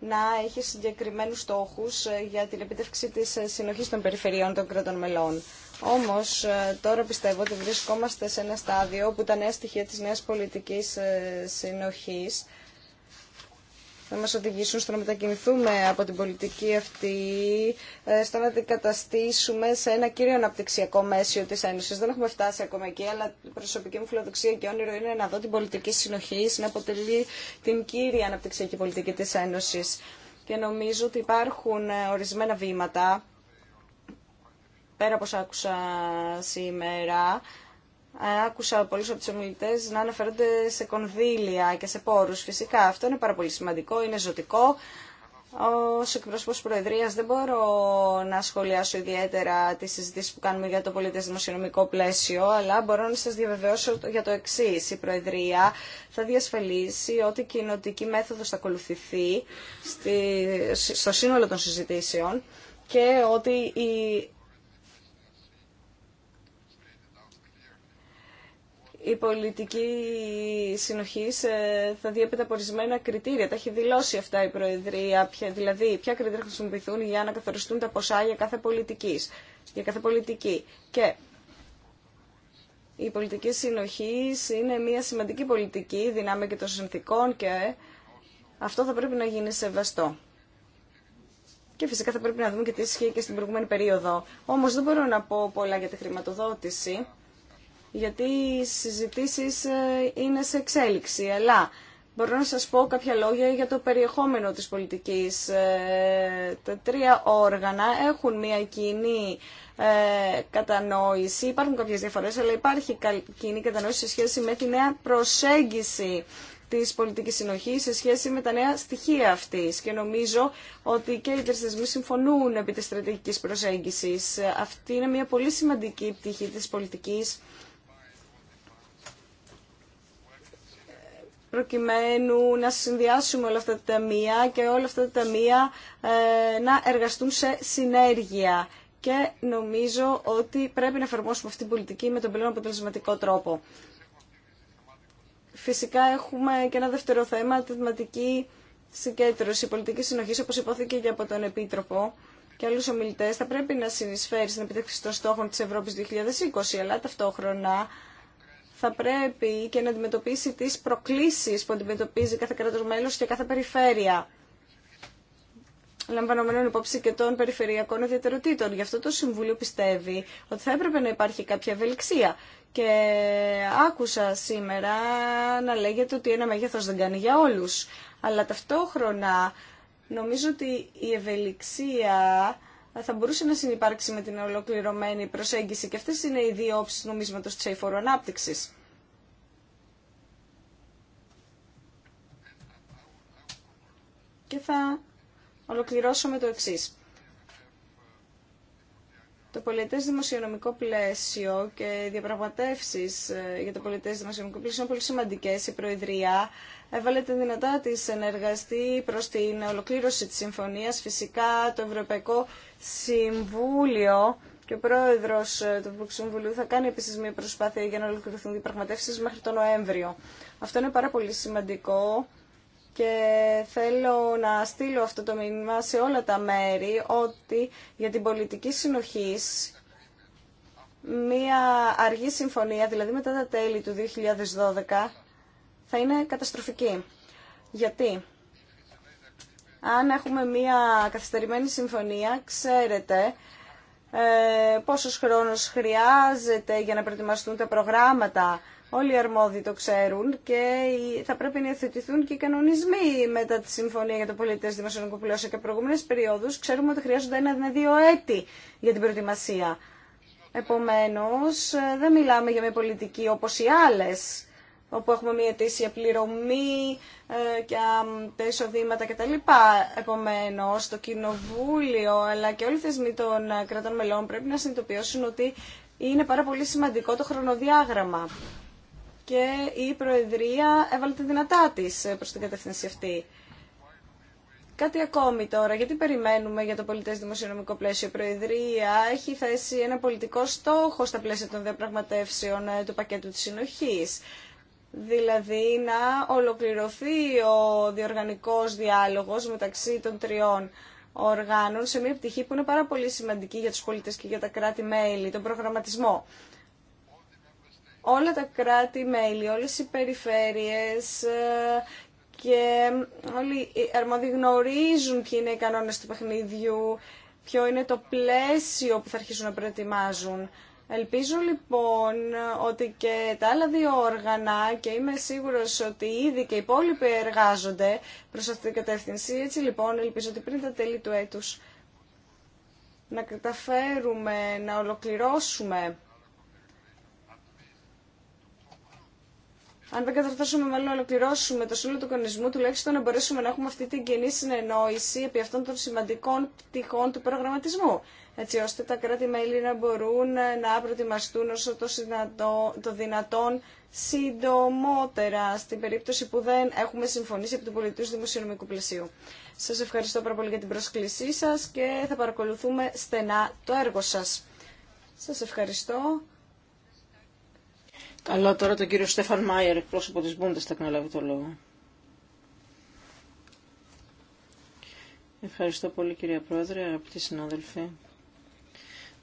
Speaker 4: να έχει συγκεκριμένους στόχους για την επίτευξη της συνοχής των περιφερειών των κρατών μελών. Όμως τώρα πιστεύω ότι βρισκόμαστε σε ένα στάδιο που τα νέα στοιχεία της νέας πολιτικής ε, συνοχής θα μας οδηγήσουν στο να μετακινηθούμε από την πολιτική αυτή, ε, στο να την καταστήσουμε σε ένα κύριο αναπτυξιακό μέσιο της Ένωσης. Δεν έχουμε φτάσει ακόμα εκεί, αλλά η προσωπική μου φιλοδοξία και όνειρο είναι να δω την πολιτική συνοχή, να αποτελεί την κύρια αναπτυξιακή πολιτική της Ένωσης. Και νομίζω ότι υπάρχουν ε, ορισμένα βήματα, πέρα από άκουσα σήμερα, άκουσα πολλούς από τους ομιλητές να αναφέρονται σε κονδύλια και σε πόρους. Φυσικά αυτό είναι πάρα πολύ σημαντικό, είναι ζωτικό. Ω εκπρόσωπο Προεδρία, δεν μπορώ να σχολιάσω ιδιαίτερα τι συζητήσει που κάνουμε για το πολιτέ πλαίσιο, αλλά μπορώ να σα διαβεβαιώσω για το εξή. Η Προεδρία θα διασφαλίσει ότι η κοινοτική μέθοδο θα ακολουθηθεί στη, στο σύνολο των συζητήσεων και ότι η η πολιτική συνοχή ε, θα διέπεται από ορισμένα κριτήρια. Τα έχει δηλώσει αυτά η Προεδρία, ποια, δηλαδή ποια κριτήρια θα χρησιμοποιηθούν για να καθοριστούν τα ποσά για κάθε, πολιτικής, για κάθε πολιτική. Και η πολιτική συνοχή είναι μια σημαντική πολιτική, δυνάμει και των συνθήκων και ε, αυτό θα πρέπει να γίνει σεβαστό. Και φυσικά θα πρέπει να δούμε και τι ισχύει και στην προηγούμενη περίοδο. Όμως δεν μπορώ να πω πολλά για τη χρηματοδότηση γιατί οι συζητήσεις ε, είναι σε εξέλιξη, αλλά μπορώ να σας πω κάποια λόγια για το περιεχόμενο της πολιτικής. Ε, τα τρία όργανα έχουν μια κοινή ε, κατανόηση, υπάρχουν κάποιες διαφορές, αλλά υπάρχει κοινή κατανόηση σε σχέση με τη νέα προσέγγιση της πολιτικής συνοχής, σε σχέση με τα νέα στοιχεία αυτής. Και νομίζω ότι και οι τριστασμοί συμφωνούν επί τη στρατηγική προσέγγιση. Αυτή είναι μια πολύ σημαντική πτυχή της πολιτικής, προκειμένου να συνδυάσουμε όλα αυτά τα ταμεία και όλα αυτά τα ταμεία ε, να εργαστούν σε συνέργεια. Και νομίζω ότι πρέπει να εφαρμόσουμε αυτή την πολιτική με τον πλέον αποτελεσματικό τρόπο. Φυσικά έχουμε και ένα δεύτερο θέμα, τη θεματική συγκέντρωση, πολιτική συνοχή, όπω υπόθηκε και από τον Επίτροπο και άλλου ομιλητέ, θα πρέπει να συνεισφέρει στην επιτεύξη των στόχων τη Ευρώπη 2020, αλλά ταυτόχρονα θα πρέπει και να αντιμετωπίσει τις προκλήσεις που αντιμετωπίζει κάθε κράτος μέλος και κάθε περιφέρεια λαμβανομένων υπόψη και των περιφερειακών ιδιαιτεροτήτων. Γι' αυτό το Συμβούλιο πιστεύει ότι θα έπρεπε να υπάρχει κάποια ευελιξία. Και άκουσα σήμερα να λέγεται ότι ένα μέγεθος δεν κάνει για όλους. Αλλά ταυτόχρονα νομίζω ότι η ευελιξία θα μπορούσε να συνεπάρξει με την ολοκληρωμένη προσέγγιση και αυτές είναι οι δύο όψεις νομίσματος της αηφόρου ανάπτυξης. Και θα ολοκληρώσω με το εξής το πολιτές δημοσιονομικό πλαίσιο και οι διαπραγματεύσεις ε, για το πολιτές δημοσιονομικό πλαίσιο είναι πολύ σημαντικές. Η Προεδρία έβαλε την δυνατά της ενεργαστή προς την ολοκλήρωση της συμφωνίας. Φυσικά το Ευρωπαϊκό Συμβούλιο και ο πρόεδρος ε, του Ευρωπαϊκού Συμβουλίου θα κάνει επίσης μια προσπάθεια για να ολοκληρωθούν διαπραγματεύσεις μέχρι τον Νοέμβριο. Αυτό είναι πάρα πολύ σημαντικό και θέλω να στείλω αυτό το μήνυμα σε όλα τα μέρη ότι για την πολιτική συνοχής μία αργή συμφωνία, δηλαδή μετά τα τέλη του 2012, θα είναι καταστροφική. Γιατί αν έχουμε μία καθυστερημένη συμφωνία, ξέρετε ε, πόσος χρόνος χρειάζεται για να προετοιμαστούν τα προγράμματα Όλοι οι αρμόδιοι το ξέρουν και θα πρέπει να υιοθετηθούν και οι κανονισμοί μετά τη Συμφωνία για το Πολιτέ Δημοσιονομικό και προηγούμενε περιόδου. Ξέρουμε ότι χρειάζονται ένα με δύο έτη για την προετοιμασία. Επομένω, δεν μιλάμε για μια πολιτική όπω οι άλλε, όπου έχουμε μια αιτήσια πληρωμή ε, και τα εισοδήματα κτλ. Επομένω, το Κοινοβούλιο αλλά και όλοι οι θεσμοί των ε, κρατών μελών πρέπει να συνειδητοποιήσουν ότι είναι πάρα πολύ σημαντικό το χρονοδιάγραμμα και η Προεδρία έβαλε τη δυνατά τη προς την κατεύθυνση αυτή. Κάτι ακόμη τώρα, γιατί περιμένουμε για το πολιτέ δημοσιονομικό πλαίσιο. Η Προεδρία έχει θέσει ένα πολιτικό στόχο στα πλαίσια των διαπραγματεύσεων ε, του πακέτου της συνοχής. Δηλαδή να ολοκληρωθεί ο διοργανικός διάλογος μεταξύ των τριών οργάνων σε μια πτυχή που είναι πάρα πολύ σημαντική για τους πολίτες και για τα κράτη-μέλη, τον προγραμματισμό όλα τα κράτη-μέλη, όλες οι περιφέρειες ε, και όλοι οι αρμόδιοι γνωρίζουν ποιοι είναι οι κανόνες του παιχνιδιού, ποιο είναι το πλαίσιο που θα αρχίσουν να προετοιμάζουν. Ελπίζω λοιπόν ότι και τα άλλα δύο όργανα και είμαι σίγουρος ότι ήδη και οι υπόλοιποι εργάζονται προς αυτή την κατεύθυνση. Έτσι λοιπόν ελπίζω ότι πριν τα τέλη του έτους να καταφέρουμε να ολοκληρώσουμε αν δεν καταρθώσουμε, μάλλον να ολοκληρώσουμε το σύνολο του κανονισμού, τουλάχιστον να μπορέσουμε να έχουμε αυτή την κοινή συνεννόηση επί αυτών των σημαντικών πτυχών του προγραμματισμού. Έτσι ώστε τα κράτη-μέλη να μπορούν να προετοιμαστούν όσο το, δυνατόν συντομότερα στην περίπτωση που δεν έχουμε συμφωνήσει από του πολιτικού δημοσιονομικού πλαισίου. Σα ευχαριστώ πάρα πολύ για την πρόσκλησή σα και θα παρακολουθούμε στενά το έργο σα. Σα ευχαριστώ.
Speaker 3: Καλό τώρα τον κύριο Στέφαν Μάιερ, εκπρόσωπο της Μπούντες, θα λάβει το λόγο. Ευχαριστώ πολύ κυρία Πρόεδρε, αγαπητοί συνάδελφοι. Δεν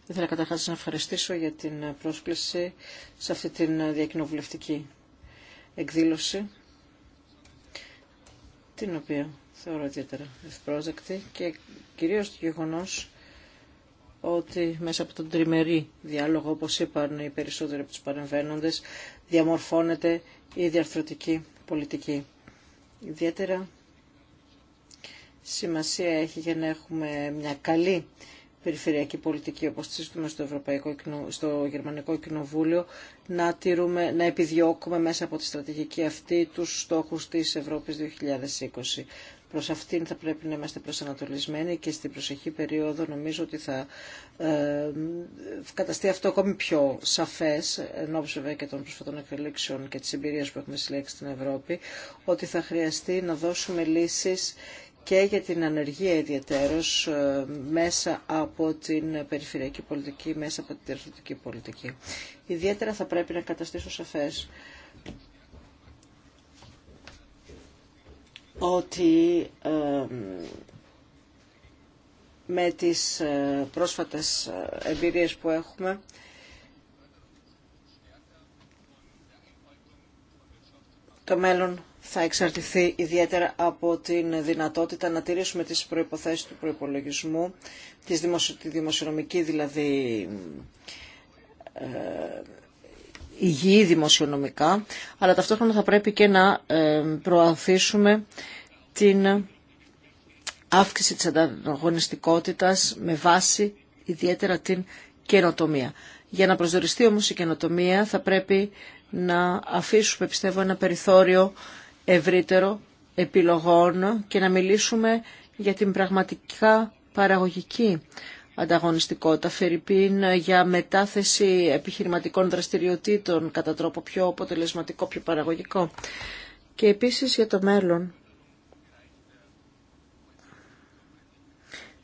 Speaker 3: ήθελα καταρχάς να ευχαριστήσω για την πρόσκληση σε αυτή την διακοινοβουλευτική εκδήλωση, την οποία θεωρώ ιδιαίτερα ευπρόσδεκτη και κυρίως το γεγονός ότι μέσα από τον τριμερή διάλογο, όπως είπαν οι περισσότεροι από τους παρεμβαίνοντες, διαμορφώνεται η διαρθρωτική πολιτική. Ιδιαίτερα σημασία έχει για να έχουμε μια καλή περιφερειακή πολιτική όπως τη ζητούμε στο, Ευρωπαϊκό, στο Γερμανικό Κοινοβούλιο να, να επιδιώκουμε μέσα από τη στρατηγική αυτή τους στόχους της Ευρώπης 2020. Προς αυτήν θα πρέπει να είμαστε προσανατολισμένοι και στην προσεχή περίοδο νομίζω ότι θα ε, καταστεί αυτό ακόμη πιο σαφές, ενώ βέβαια και των προσφατών εξελίξεων και της εμπειρίας που έχουμε συλλέξει στην Ευρώπη, ότι θα χρειαστεί να δώσουμε λύσεις και για την ανεργία ιδιαίτερως ε, μέσα από την περιφερειακή πολιτική, μέσα από την τερθωτική πολιτική. Ιδιαίτερα θα πρέπει να καταστήσω σαφές ότι με τις ε, πρόσφατες ε, εμπειρίες που έχουμε το μέλλον θα εξαρτηθεί ιδιαίτερα από την δυνατότητα να τηρήσουμε τις προϋποθέσεις του προϋπολογισμού, τη δημοσιονομική δηλαδή ε, υγιή δημοσιονομικά, αλλά ταυτόχρονα θα πρέπει και να ε, προαθήσουμε την αύξηση της ανταγωνιστικότητας με βάση ιδιαίτερα την καινοτομία. Για να προσδιοριστεί όμως η καινοτομία θα πρέπει να αφήσουμε πιστεύω ένα περιθώριο ευρύτερο επιλογών και να μιλήσουμε για την πραγματικά παραγωγική ανταγωνιστικότητα. Φερρυπίν ε, για μετάθεση επιχειρηματικών δραστηριοτήτων κατά τρόπο πιο αποτελεσματικό, πιο παραγωγικό. Και επίσης για το μέλλον.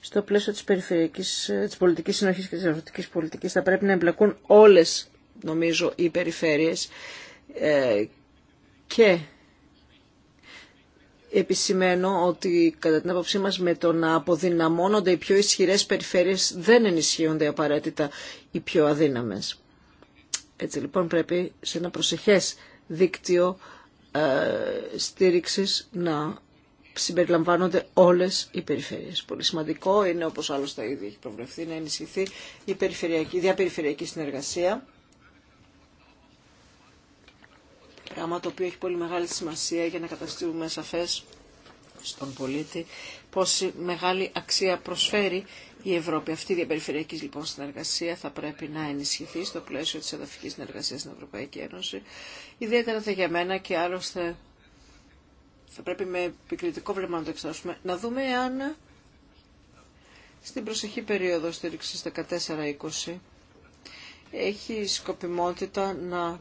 Speaker 3: Στο πλαίσιο της, περιφερειακής, ε, της πολιτικής συνοχής και της αγροτικής πολιτικής θα πρέπει να εμπλακούν όλες, νομίζω, οι περιφέρειες ε, και επισημαίνω ότι κατά την άποψή μας με το να αποδυναμώνονται οι πιο ισχυρές περιφέρειες δεν ενισχύονται απαραίτητα οι πιο αδύναμες. Έτσι λοιπόν πρέπει σε ένα προσεχές δίκτυο ε, στήριξης να συμπεριλαμβάνονται όλες οι περιφέρειες. Πολύ σημαντικό είναι, όπως άλλωστε ήδη έχει προβλεφθεί, να ενισχυθεί η, η διαπεριφερειακή συνεργασία πράγμα το οποίο έχει πολύ μεγάλη σημασία για να καταστήσουμε σαφές στον πολίτη πόση μεγάλη αξία προσφέρει η Ευρώπη. Αυτή η διαπεριφερειακή λοιπόν συνεργασία θα πρέπει να ενισχυθεί στο πλαίσιο της εδαφικής συνεργασίας στην Ευρωπαϊκή Ένωση. Ιδιαίτερα θα για μένα και άλλωστε θα πρέπει με επικριτικό βλέμμα να το εξετάσουμε, να δούμε αν στην προσεχή περίοδο στήριξης 14-20 έχει σκοπιμότητα να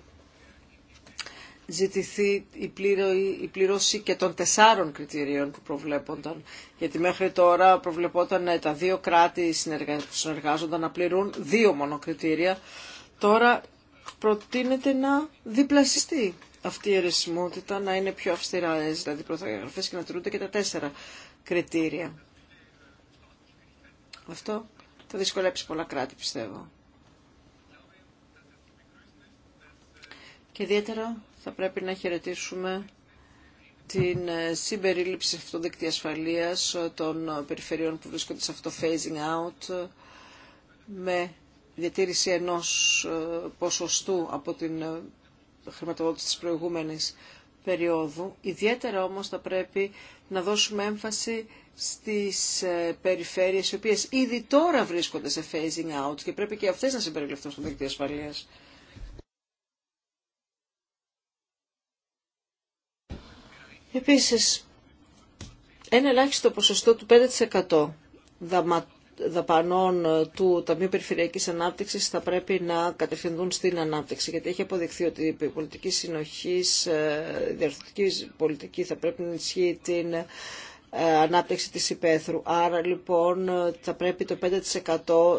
Speaker 3: ζητηθεί η, πλήρω, η πληρώση και των τεσσάρων κριτηρίων που προβλέπονταν. Γιατί μέχρι τώρα προβλεπόταν ε, τα δύο κράτη που συνεργάζονταν να πληρούν δύο μόνο κριτήρια. Τώρα προτείνεται να διπλασιστεί αυτή η αιρεσιμότητα, να είναι πιο αυστηρά, ε, δηλαδή προδιαγραφές και να τηρούνται και τα τέσσερα κριτήρια. Αυτό θα δυσκολέψει πολλά κράτη, πιστεύω. Και ιδιαίτερα θα πρέπει να χαιρετήσουμε την ε, συμπερίληψη αυτού ασφαλείας ε, των ε, περιφερειών που βρίσκονται σε αυτό το phasing out με διατήρηση ενός ποσοστού από την χρηματοδότηση της προηγούμενης περίοδου. Ιδιαίτερα όμως θα πρέπει να δώσουμε έμφαση στις περιφέρειες οι οποίες ήδη τώρα βρίσκονται σε phasing out και πρέπει και αυτές να συμπεριληφθούν στο δίκτυο ασφαλείας. Επίσης, ένα ελάχιστο ποσοστό του 5% δαπανών ε, του Ταμείου Περιφερειακής Ανάπτυξης θα πρέπει να κατευθυνθούν στην ανάπτυξη, γιατί έχει αποδειχθεί ότι η πολιτική συνοχής, ε, η διαρθρωτική πολιτική θα πρέπει να ενισχύει την ε, ανάπτυξη της υπαίθρου. Άρα λοιπόν θα πρέπει το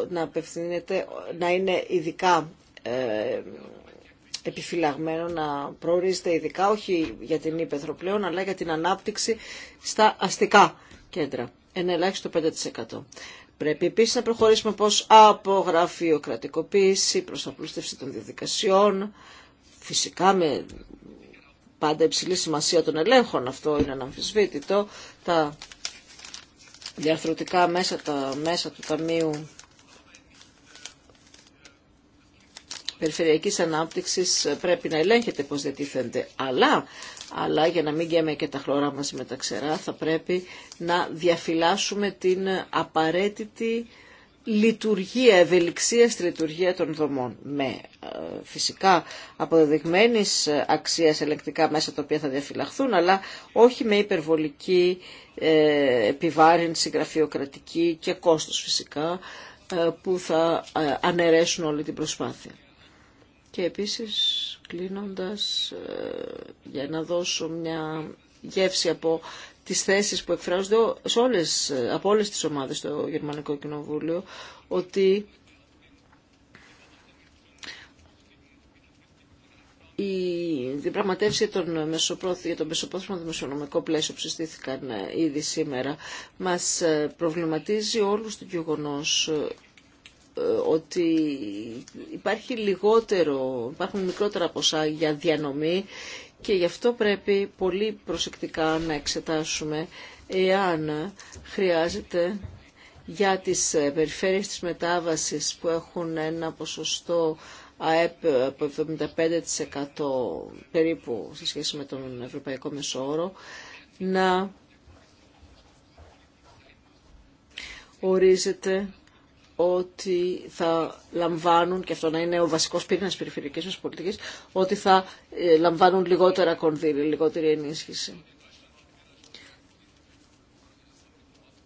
Speaker 3: 5% να απευθύνεται, να είναι ειδικά επιφυλαγμένο να προορίζεται ειδικά όχι για την ύπεθρο πλέον, αλλά για την ανάπτυξη στα αστικά κέντρα. Εν ελάχιστο 5%. Πρέπει επίσης να προχωρήσουμε πως γραφειοκρατικοποίηση προς απλούστευση των διαδικασιών, φυσικά με πάντα υψηλή σημασία των ελέγχων, αυτό είναι αναμφισβήτητο, τα διαρθρωτικά μέσα, τα μέσα του Ταμείου περιφερειακής ανάπτυξης πρέπει να ελέγχεται πώς διατίθενται. Αλλά, αλλά για να μην γέμε και τα χλωρά μας με τα ξερά θα πρέπει να διαφυλάσσουμε την απαραίτητη λειτουργία, ευελιξία στη λειτουργία των δομών. Με ε, φυσικά αποδεδειγμένης ε, αξίας ελεκτικά μέσα τα οποία θα διαφυλαχθούν, αλλά όχι με υπερβολική ε, επιβάρυνση γραφειοκρατική και κόστος φυσικά που θα αναιρέσουν όλη την προσπάθεια. Και επίσης κλείνοντας ε, για να δώσω μια γεύση από τις θέσεις που εκφράζονται σε όλες, από όλες τις ομάδες στο Γερμανικό Κοινοβούλιο ότι η διπραγματεύση για τον μεσοπρόθεσμο δημοσιονομικό πλαίσιο που συστήθηκαν ε, ήδη σήμερα μας ε, προβληματίζει όλους το γεγονό ότι υπάρχει λιγότερο, υπάρχουν μικρότερα ποσά για διανομή και γι' αυτό πρέπει πολύ προσεκτικά να εξετάσουμε εάν χρειάζεται για τις περιφέρειες της μετάβασης που έχουν ένα ποσοστό ΑΕΠ από 75% περίπου σε σχέση με τον Ευρωπαϊκό Μεσόωρο να ορίζεται ότι θα λαμβάνουν, και αυτό να είναι ο βασικός τη περιφερειακής μα πολιτική, ότι θα ε, λαμβάνουν λιγότερα κονδύλια, λιγότερη ενίσχυση.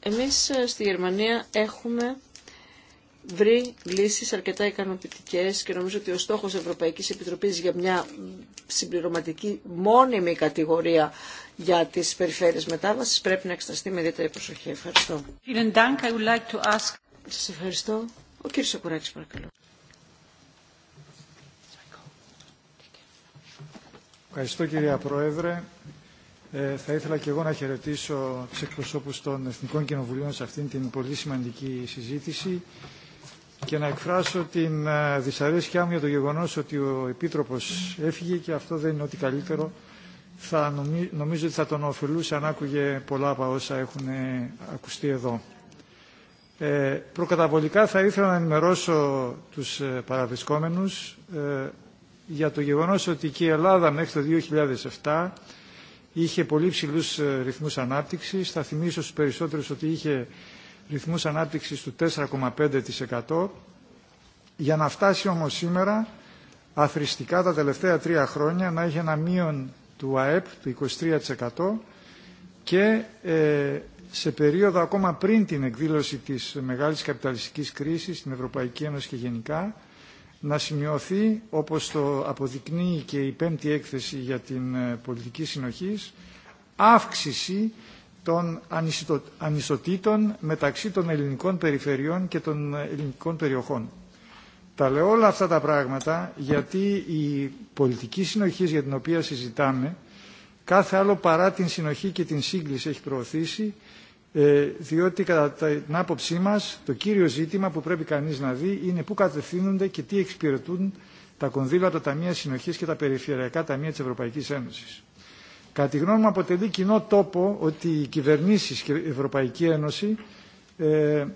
Speaker 3: Εμείς ε, στη Γερμανία έχουμε βρει λύσεις αρκετά ικανοποιητικές και νομίζω ότι ο στόχος Ευρωπαϊκής Επιτροπής για μια συμπληρωματική μόνιμη κατηγορία για τις περιφέρειες μετάβασης πρέπει να εξεταστεί με ιδιαίτερη προσοχή. Ευχαριστώ.
Speaker 2: Σας ευχαριστώ. Ο κύριος Σακουράκης παρακαλώ.
Speaker 6: Ευχαριστώ κυρία Πρόεδρε. Ε, θα ήθελα και εγώ να χαιρετήσω τους εκπροσώπους των Εθνικών Κοινοβουλίων σε αυτήν την πολύ σημαντική συζήτηση και να εκφράσω την ε, δυσαρέσκειά μου για το γεγονός ότι ο Επίτροπος έφυγε και αυτό δεν είναι ότι καλύτερο. Θα Νομίζω ότι θα τον ωφελούσε αν άκουγε πολλά από όσα έχουν ε, ακουστεί εδώ. Ε, προκαταβολικά θα ήθελα να ενημερώσω τους ε, παραβρισκόμενους ε, για το γεγονός ότι και η Ελλάδα μέχρι το 2007 είχε πολύ ψηλούς ε, ρυθμούς ανάπτυξης. Θα θυμίσω στους περισσότερους ότι είχε ρυθμούς ανάπτυξης του 4,5%. Για να φτάσει όμως σήμερα αθρηστικά τα τελευταία τρία χρόνια να έχει ένα μείον του ΑΕΠ του 23% και ε, σε περίοδο ακόμα πριν την εκδήλωση της μεγάλης καπιταλιστικής κρίσης στην Ευρωπαϊκή Ένωση και γενικά να σημειωθεί, όπως το αποδεικνύει και η πέμπτη έκθεση για την ε, πολιτική συνοχής, αύξηση των ανισοτήτων μεταξύ των ελληνικών περιφερειών και των ε, ελληνικών περιοχών. Τα λέω όλα αυτά τα πράγματα γιατί η πολιτική συνοχής για την οποία συζητάμε Κάθε άλλο παρά την συνοχή και την σύγκληση έχει προωθήσει, ε, διότι κατά την άποψή μας το κύριο ζήτημα που πρέπει κανείς να δει είναι πού κατευθύνονται και τι εξυπηρετούν τα κονδύλια τα Ταμεία Συνοχής και τα Περιφερειακά Ταμεία της Ευρωπαϊκής Ένωσης. Κατά τη γνώμη μου αποτελεί κοινό τόπο ότι οι κυβερνήσεις και η Ευρωπαϊκή Ένωση ε,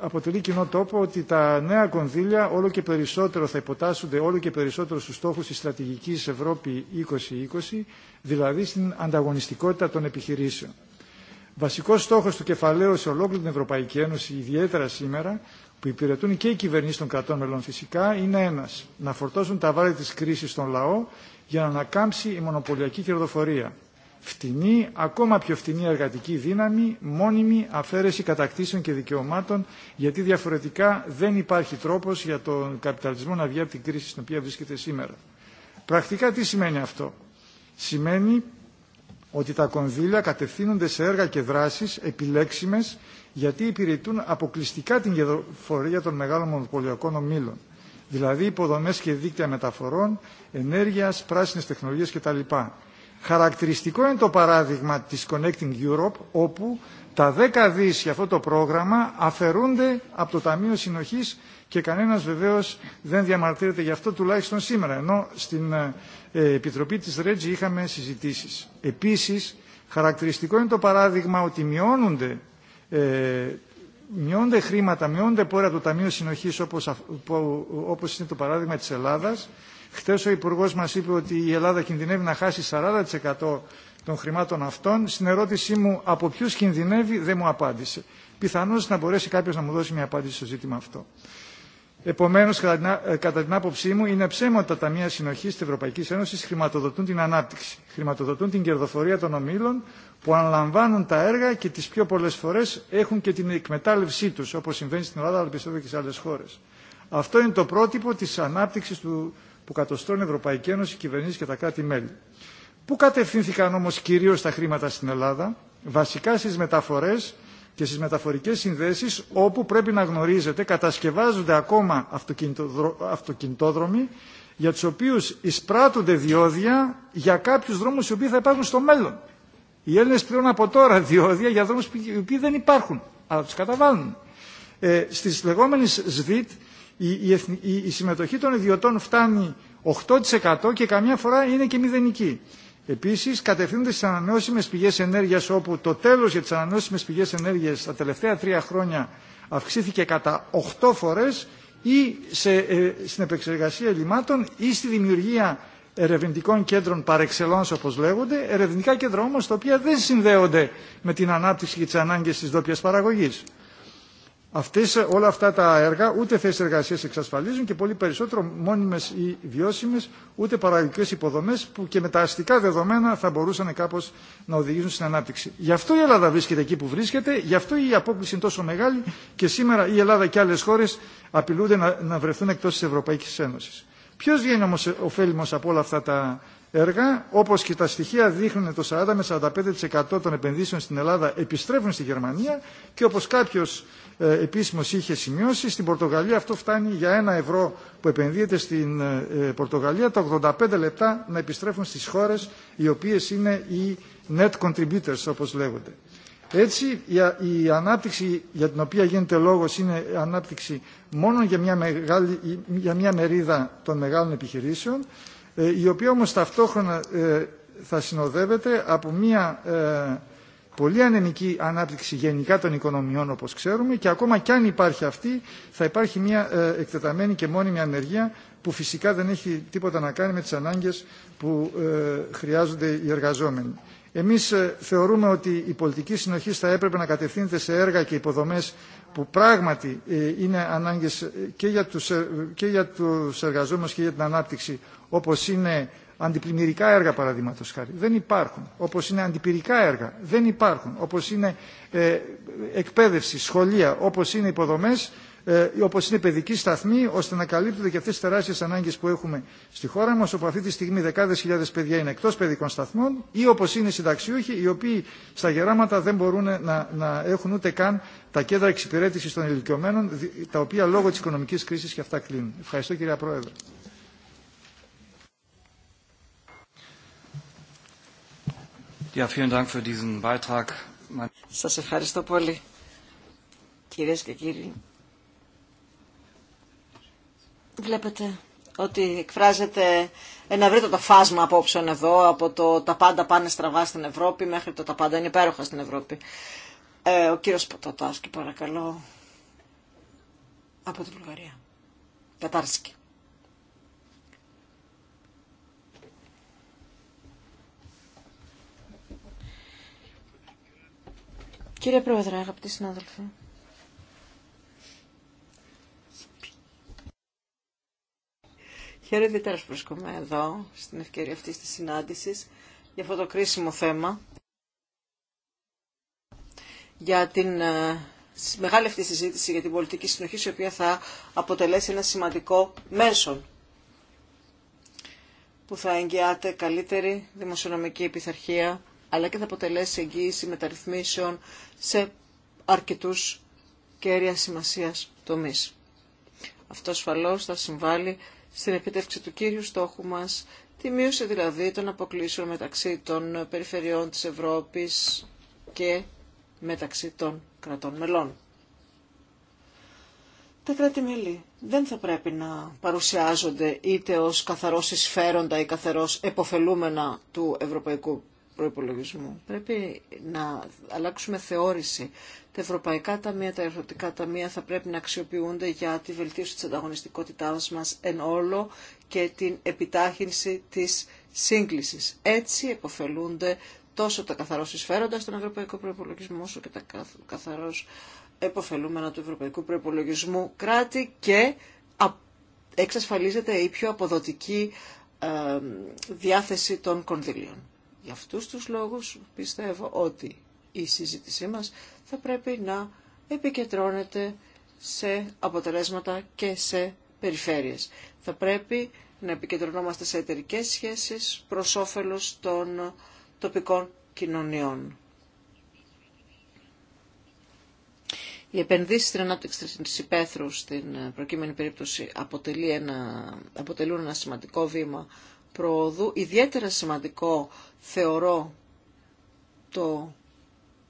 Speaker 6: αποτελεί κοινό τόπο ότι τα νέα κονδύλια όλο και περισσότερο θα υποτάσσονται όλο και περισσότερο στους στόχους της στρατηγικής Ευρώπη 2020, δηλαδή στην ανταγωνιστικότητα των επιχειρήσεων. Βασικός στόχος του κεφαλαίου σε ολόκληρη την Ευρωπαϊκή Ένωση, ιδιαίτερα σήμερα, που υπηρετούν και οι κυβερνήσει των κρατών μελών φυσικά, είναι ένας. Να φορτώσουν τα βάρη της κρίσης στον λαό για να ανακάμψει η μονοπωλιακή κερδοφορία φτηνή, ακόμα πιο φτηνή εργατική δύναμη, μόνιμη αφαίρεση κατακτήσεων και δικαιωμάτων, γιατί διαφορετικά δεν υπάρχει τρόπος για τον καπιταλισμό να βγει από την κρίση στην οποία βρίσκεται σήμερα. Πρακτικά τι σημαίνει αυτό. Σημαίνει ότι τα κονδύλια κατευθύνονται σε έργα και δράσεις επιλέξιμες γιατί υπηρετούν αποκλειστικά την γεωφορία των μεγάλων μονοπωλιακών ομήλων. Δηλαδή υποδομές και δίκτυα μεταφορών, ενέργειας, πράσινες τεχνολογίες κτλ. Χαρακτηριστικό είναι το παράδειγμα της Connecting Europe, όπου τα 10 δις για αυτό το πρόγραμμα αφαιρούνται από το Ταμείο Συνοχής και κανένας βεβαίως δεν διαμαρτύρεται γι' αυτό τουλάχιστον σήμερα, ενώ στην ε, Επιτροπή της Ρέτζη είχαμε συζητήσεις. Επίσης, χαρακτηριστικό είναι το παράδειγμα ότι μειώνονται, ε, μειώνονται χρήματα, μειώνονται πόρα το Ταμείο Συνοχής όπως, όπως είναι το παράδειγμα της Ελλάδας Χθε ο Υπουργό μα είπε ότι η Ελλάδα κινδυνεύει να χάσει 40% των χρημάτων αυτών. Στην ερώτησή μου από ποιου κινδυνεύει δεν μου απάντησε. Πιθανώ να μπορέσει κάποιο να μου δώσει μια απάντηση στο ζήτημα αυτό. Επομένω, ε, κατά την άποψή μου, είναι ψέμα ότι τα ταμεία συνοχή τη Ευρωπαϊκή Ένωση χρηματοδοτούν την ανάπτυξη. Χρηματοδοτούν την κερδοφορία των ομίλων που αναλαμβάνουν τα έργα και τι πιο πολλέ φορέ έχουν και την εκμετάλλευσή του, όπω συμβαίνει στην Ελλάδα, αλλά πιστεύω και σε άλλε χώρε. Αυτό είναι το πρότυπο τη ανάπτυξη του που κατοστρώνει η Ευρωπαϊκή Ένωση, οι κυβερνήσει και τα κράτη-μέλη. Πού κατευθύνθηκαν όμω κυρίω τα χρήματα στην Ελλάδα, βασικά στι μεταφορέ και στι μεταφορικέ συνδέσει, όπου πρέπει να γνωρίζετε κατασκευάζονται ακόμα αυτοκινητόδρομοι για του οποίου εισπράττονται διόδια για κάποιου δρόμου οι οποίοι θα υπάρχουν στο μέλλον. Οι Έλληνε πληρώνουν από τώρα διόδια για δρόμου οι οποίοι δεν υπάρχουν, αλλά του καταβάλουν. Ε, Στι λεγόμενε ΣΔΙΤ η συμμετοχή των ιδιωτών φτάνει 8% και καμιά φορά είναι και μηδενική. Επίση, κατευθύνονται στι ανανεώσιμε πηγέ ενέργεια, όπου το τέλο για τι ανανεώσιμε πηγέ ενέργεια τα τελευταία τρία χρόνια αυξήθηκε κατά 8 φορέ ή σε, ε, στην επεξεργασία λιμάτων ή στη δημιουργία ερευνητικών κέντρων παρεξελών, όπω λέγονται, ερευνητικά κέντρα όμω τα οποία δεν συνδέονται με την ανάπτυξη και τι ανάγκε τη δόπια παραγωγή. Αυτές, όλα αυτά τα έργα ούτε θέσει εργασία εξασφαλίζουν και πολύ περισσότερο μόνιμες ή βιώσιμες ούτε παραγωγικές υποδομές που και με τα αστικά δεδομένα θα μπορούσαν κάπως να οδηγήσουν στην ανάπτυξη. Γι' αυτό η Ελλάδα βρίσκεται εκεί που βρίσκεται, γι' αυτό η απόκληση είναι τόσο μεγάλη και σήμερα η Ελλάδα και άλλες χώρες απειλούνται να, να βρεθούν εκτός της Ευρωπαϊκής Ένωσης. Ποιο βγαίνει όμω ωφέλιμος από όλα αυτά τα έργα, όπω και τα στοιχεία δείχνουν το 40 με 45% των επενδύσεων στην Ελλάδα επιστρέφουν στη Γερμανία και όπω κάποιο ε, Επίσημο είχε σημειώσει. Στην Πορτογαλία αυτό φτάνει για ένα ευρώ που επενδύεται στην ε, ε, Πορτογαλία τα 85 λεπτά να επιστρέφουν στις χώρες οι οποίες είναι οι net contributors όπως λέγονται. Έτσι η ανάπτυξη για την οποία γίνεται λόγος είναι ανάπτυξη μόνο για μια, μεγάλη, για μια μερίδα των μεγάλων επιχειρήσεων η οποία όμως ταυτόχρονα θα συνοδεύεται από μια πολύ ανεμική ανάπτυξη γενικά των οικονομιών όπως ξέρουμε και ακόμα κι αν υπάρχει αυτή θα υπάρχει μια ε, εκτεταμένη και μόνιμη ανεργία που φυσικά δεν έχει τίποτα να κάνει με τις ανάγκες που ε, χρειάζονται οι εργαζόμενοι. Εμείς ε, θεωρούμε ότι η πολιτική συνοχή θα έπρεπε να κατευθύνεται σε έργα και υποδομές που πράγματι είναι ανάγκες και για τους, και για τους εργαζόμενους και για την ανάπτυξη όπως είναι αντιπλημμυρικά έργα παραδείγματο χάρη. Δεν υπάρχουν. Όπω είναι αντιπυρικά έργα. Δεν υπάρχουν. Όπω είναι ε, εκπαίδευση, σχολεία, όπω είναι υποδομέ, ε, όπω είναι παιδική σταθμή, ώστε να καλύπτονται και αυτέ τι τεράστιε ανάγκε που έχουμε στη χώρα μα, όπου αυτή τη στιγμή δεκάδε χιλιάδε παιδιά είναι εκτό παιδικών σταθμών, ή όπω είναι συνταξιούχοι, οι οποίοι στα γεράματα δεν μπορούν να, να έχουν ούτε καν τα κέντρα εξυπηρέτηση των ηλικιωμένων, τα οποία λόγω τη οικονομική κρίση και αυτά κλείνουν. Ευχαριστώ, κυρία Πρόεδρε. Σας
Speaker 3: ευχαριστώ πολύ, κυρίες και κύριοι. Βλέπετε ότι εκφράζεται ένα το φάσμα απόψεων εδώ, από το τα πάντα πάνε στραβά στην Ευρώπη μέχρι το τα πάντα είναι υπέροχα στην Ευρώπη. Ε, ο κύριος Πατατάσκη, παρακαλώ, από την Βουλγαρία. Κατάρσκη. Κύριε Πρόεδρε, αγαπητοί συνάδελφοι. Χαίρομαι ιδιαίτερα που βρίσκομαι εδώ, στην ευκαιρία αυτή της συνάντηση, για αυτό το κρίσιμο θέμα. Για την ε, μεγάλη αυτή συζήτηση για την πολιτική συνοχή, η οποία θα αποτελέσει ένα σημαντικό μέσο που θα εγγυάται καλύτερη δημοσιονομική επιθαρχία αλλά και θα αποτελέσει εγγύηση μεταρρυθμίσεων σε αρκετούς κέρια σημασίας τομείς. Αυτό ασφαλώς θα συμβάλλει στην επίτευξη του κύριου στόχου μας, τη μείωση δηλαδή των αποκλήσεων μεταξύ των περιφερειών της Ευρώπης και μεταξύ των κρατών μελών. Τα κράτη-μέλη δεν θα πρέπει να παρουσιάζονται είτε ως καθαρός εισφέροντα ή καθαρός εποφελούμενα του ευρωπαϊκού Πρέπει να αλλάξουμε θεώρηση. Τα ευρωπαϊκά ταμεία, τα ευρωτικά ταμεία θα πρέπει να αξιοποιούνται για τη βελτίωση της ανταγωνιστικότητάς μας εν όλο και την επιτάχυνση της σύγκλησης. Έτσι εποφελούνται τόσο τα καθαρό συσφέροντα στον ευρωπαϊκό προπολογισμό όσο και τα καθαρός εποφελούμενα του ευρωπαϊκού προπολογισμού κράτη και εξασφαλίζεται η πιο αποδοτική ε, διάθεση των κονδυλίων. Για αυτούς τους λόγους πιστεύω ότι η συζήτησή μας θα πρέπει να επικεντρώνεται σε αποτελέσματα και σε περιφέρειες. Θα πρέπει να επικεντρωνόμαστε σε εταιρικέ σχέσεις προς όφελος των τοπικών κοινωνιών. Οι επενδύσει στην ανάπτυξη τη υπαίθρου στην προκείμενη περίπτωση αποτελεί ένα, αποτελούν ένα σημαντικό βήμα πρόοδου. Ιδιαίτερα σημαντικό θεωρώ το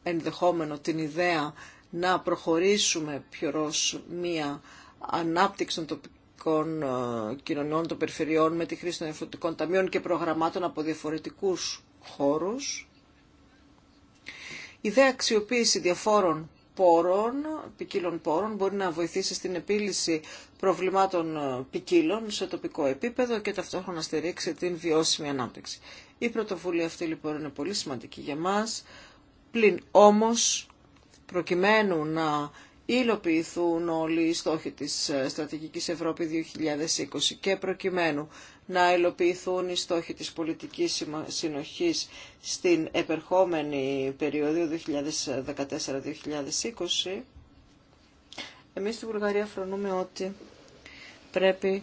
Speaker 3: ενδεχόμενο, την ιδέα να προχωρήσουμε πιο μία ανάπτυξη των τοπικών ε, κοινωνιών, των περιφερειών με τη χρήση των εφορετικών ταμείων και προγραμμάτων από διαφορετικούς χώρους. Η ιδέα αξιοποίηση διαφόρων πόρων, ποικίλων πόρων, μπορεί να βοηθήσει στην επίλυση προβλημάτων ε, ποικίλων σε τοπικό επίπεδο και ταυτόχρονα στηρίξει την βιώσιμη ανάπτυξη. Η πρωτοβουλία αυτή λοιπόν είναι πολύ σημαντική για μας, πλην όμως προκειμένου να υλοποιηθούν όλοι οι στόχοι της ε, Στρατηγικής Ευρώπη 2020 και προκειμένου να υλοποιηθούν οι στόχοι της πολιτικής συνοχής στην επερχόμενη περίοδο 2014-2020, εμείς στη Βουλγαρία φρονούμε ότι πρέπει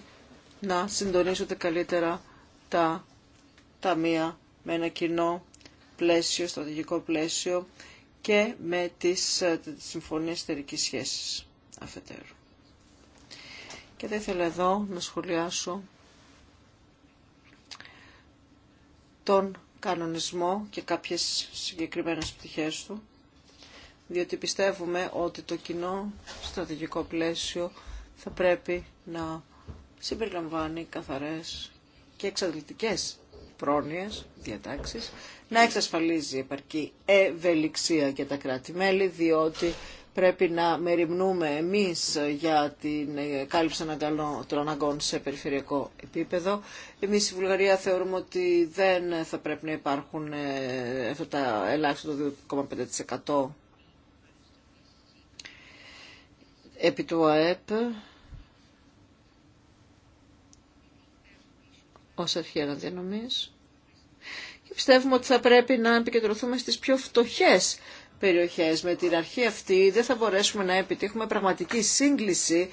Speaker 3: να συντονίζονται καλύτερα τα ταμεία με ένα κοινό πλαίσιο, στρατηγικό πλαίσιο, και με ε, τις, συμφωνίες εταιρικής σχέσης αφετέρου. Και δεν ήθελα εδώ να σχολιάσω τον κανονισμό και κάποιες συγκεκριμένες πτυχές του, διότι πιστεύουμε ότι το κοινό στρατηγικό πλαίσιο θα πρέπει να συμπεριλαμβάνει καθαρές και εξαντλητικές πρόνοιες, διατάξεις, να εξασφαλίζει επαρκή ευελιξία για τα κράτη-μέλη, διότι πρέπει να μεριμνούμε εμείς για την κάλυψη των αναγκών σε περιφερειακό επίπεδο. Εμείς στη Βουλγαρία θεωρούμε ότι δεν θα πρέπει να υπάρχουν ε, αυτά τα ελάχιστο 2,5% επί του ΑΕΠ ως αρχή αναδιανομής. Πιστεύουμε ότι θα πρέπει να επικεντρωθούμε στις πιο φτωχές περιοχές. Με την αρχή αυτή δεν θα μπορέσουμε να επιτύχουμε πραγματική σύγκληση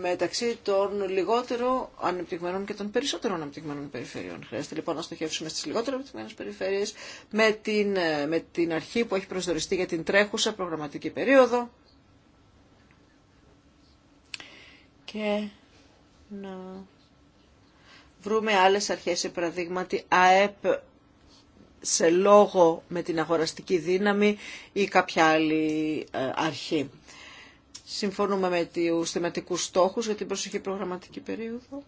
Speaker 3: μεταξύ των λιγότερο ανεπτυγμένων και των περισσότερων ανεπτυγμένων περιφερειών. Χρειάζεται λοιπόν να στοχεύσουμε στις λιγότερο ανεπτυγμένες περιφέρειες με την, με την αρχή που έχει προσδοριστεί για την τρέχουσα προγραμματική περίοδο και να βρούμε άλλες αρχές, σε παραδείγματι ΑΕΠ σε λόγο με την αγοραστική δύναμη ή κάποια άλλη ε, αρχή. Συμφωνούμε με τους θεματικούς στόχους για την προσοχή προγραμματική περίοδο.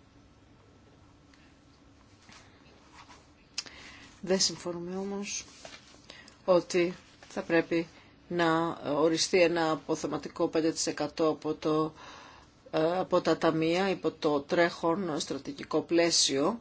Speaker 3: Δεν συμφωνούμε όμως ότι θα πρέπει να οριστεί ένα αποθεματικό 5% από το από τα ταμεία υπό το τρέχον στρατηγικό πλαίσιο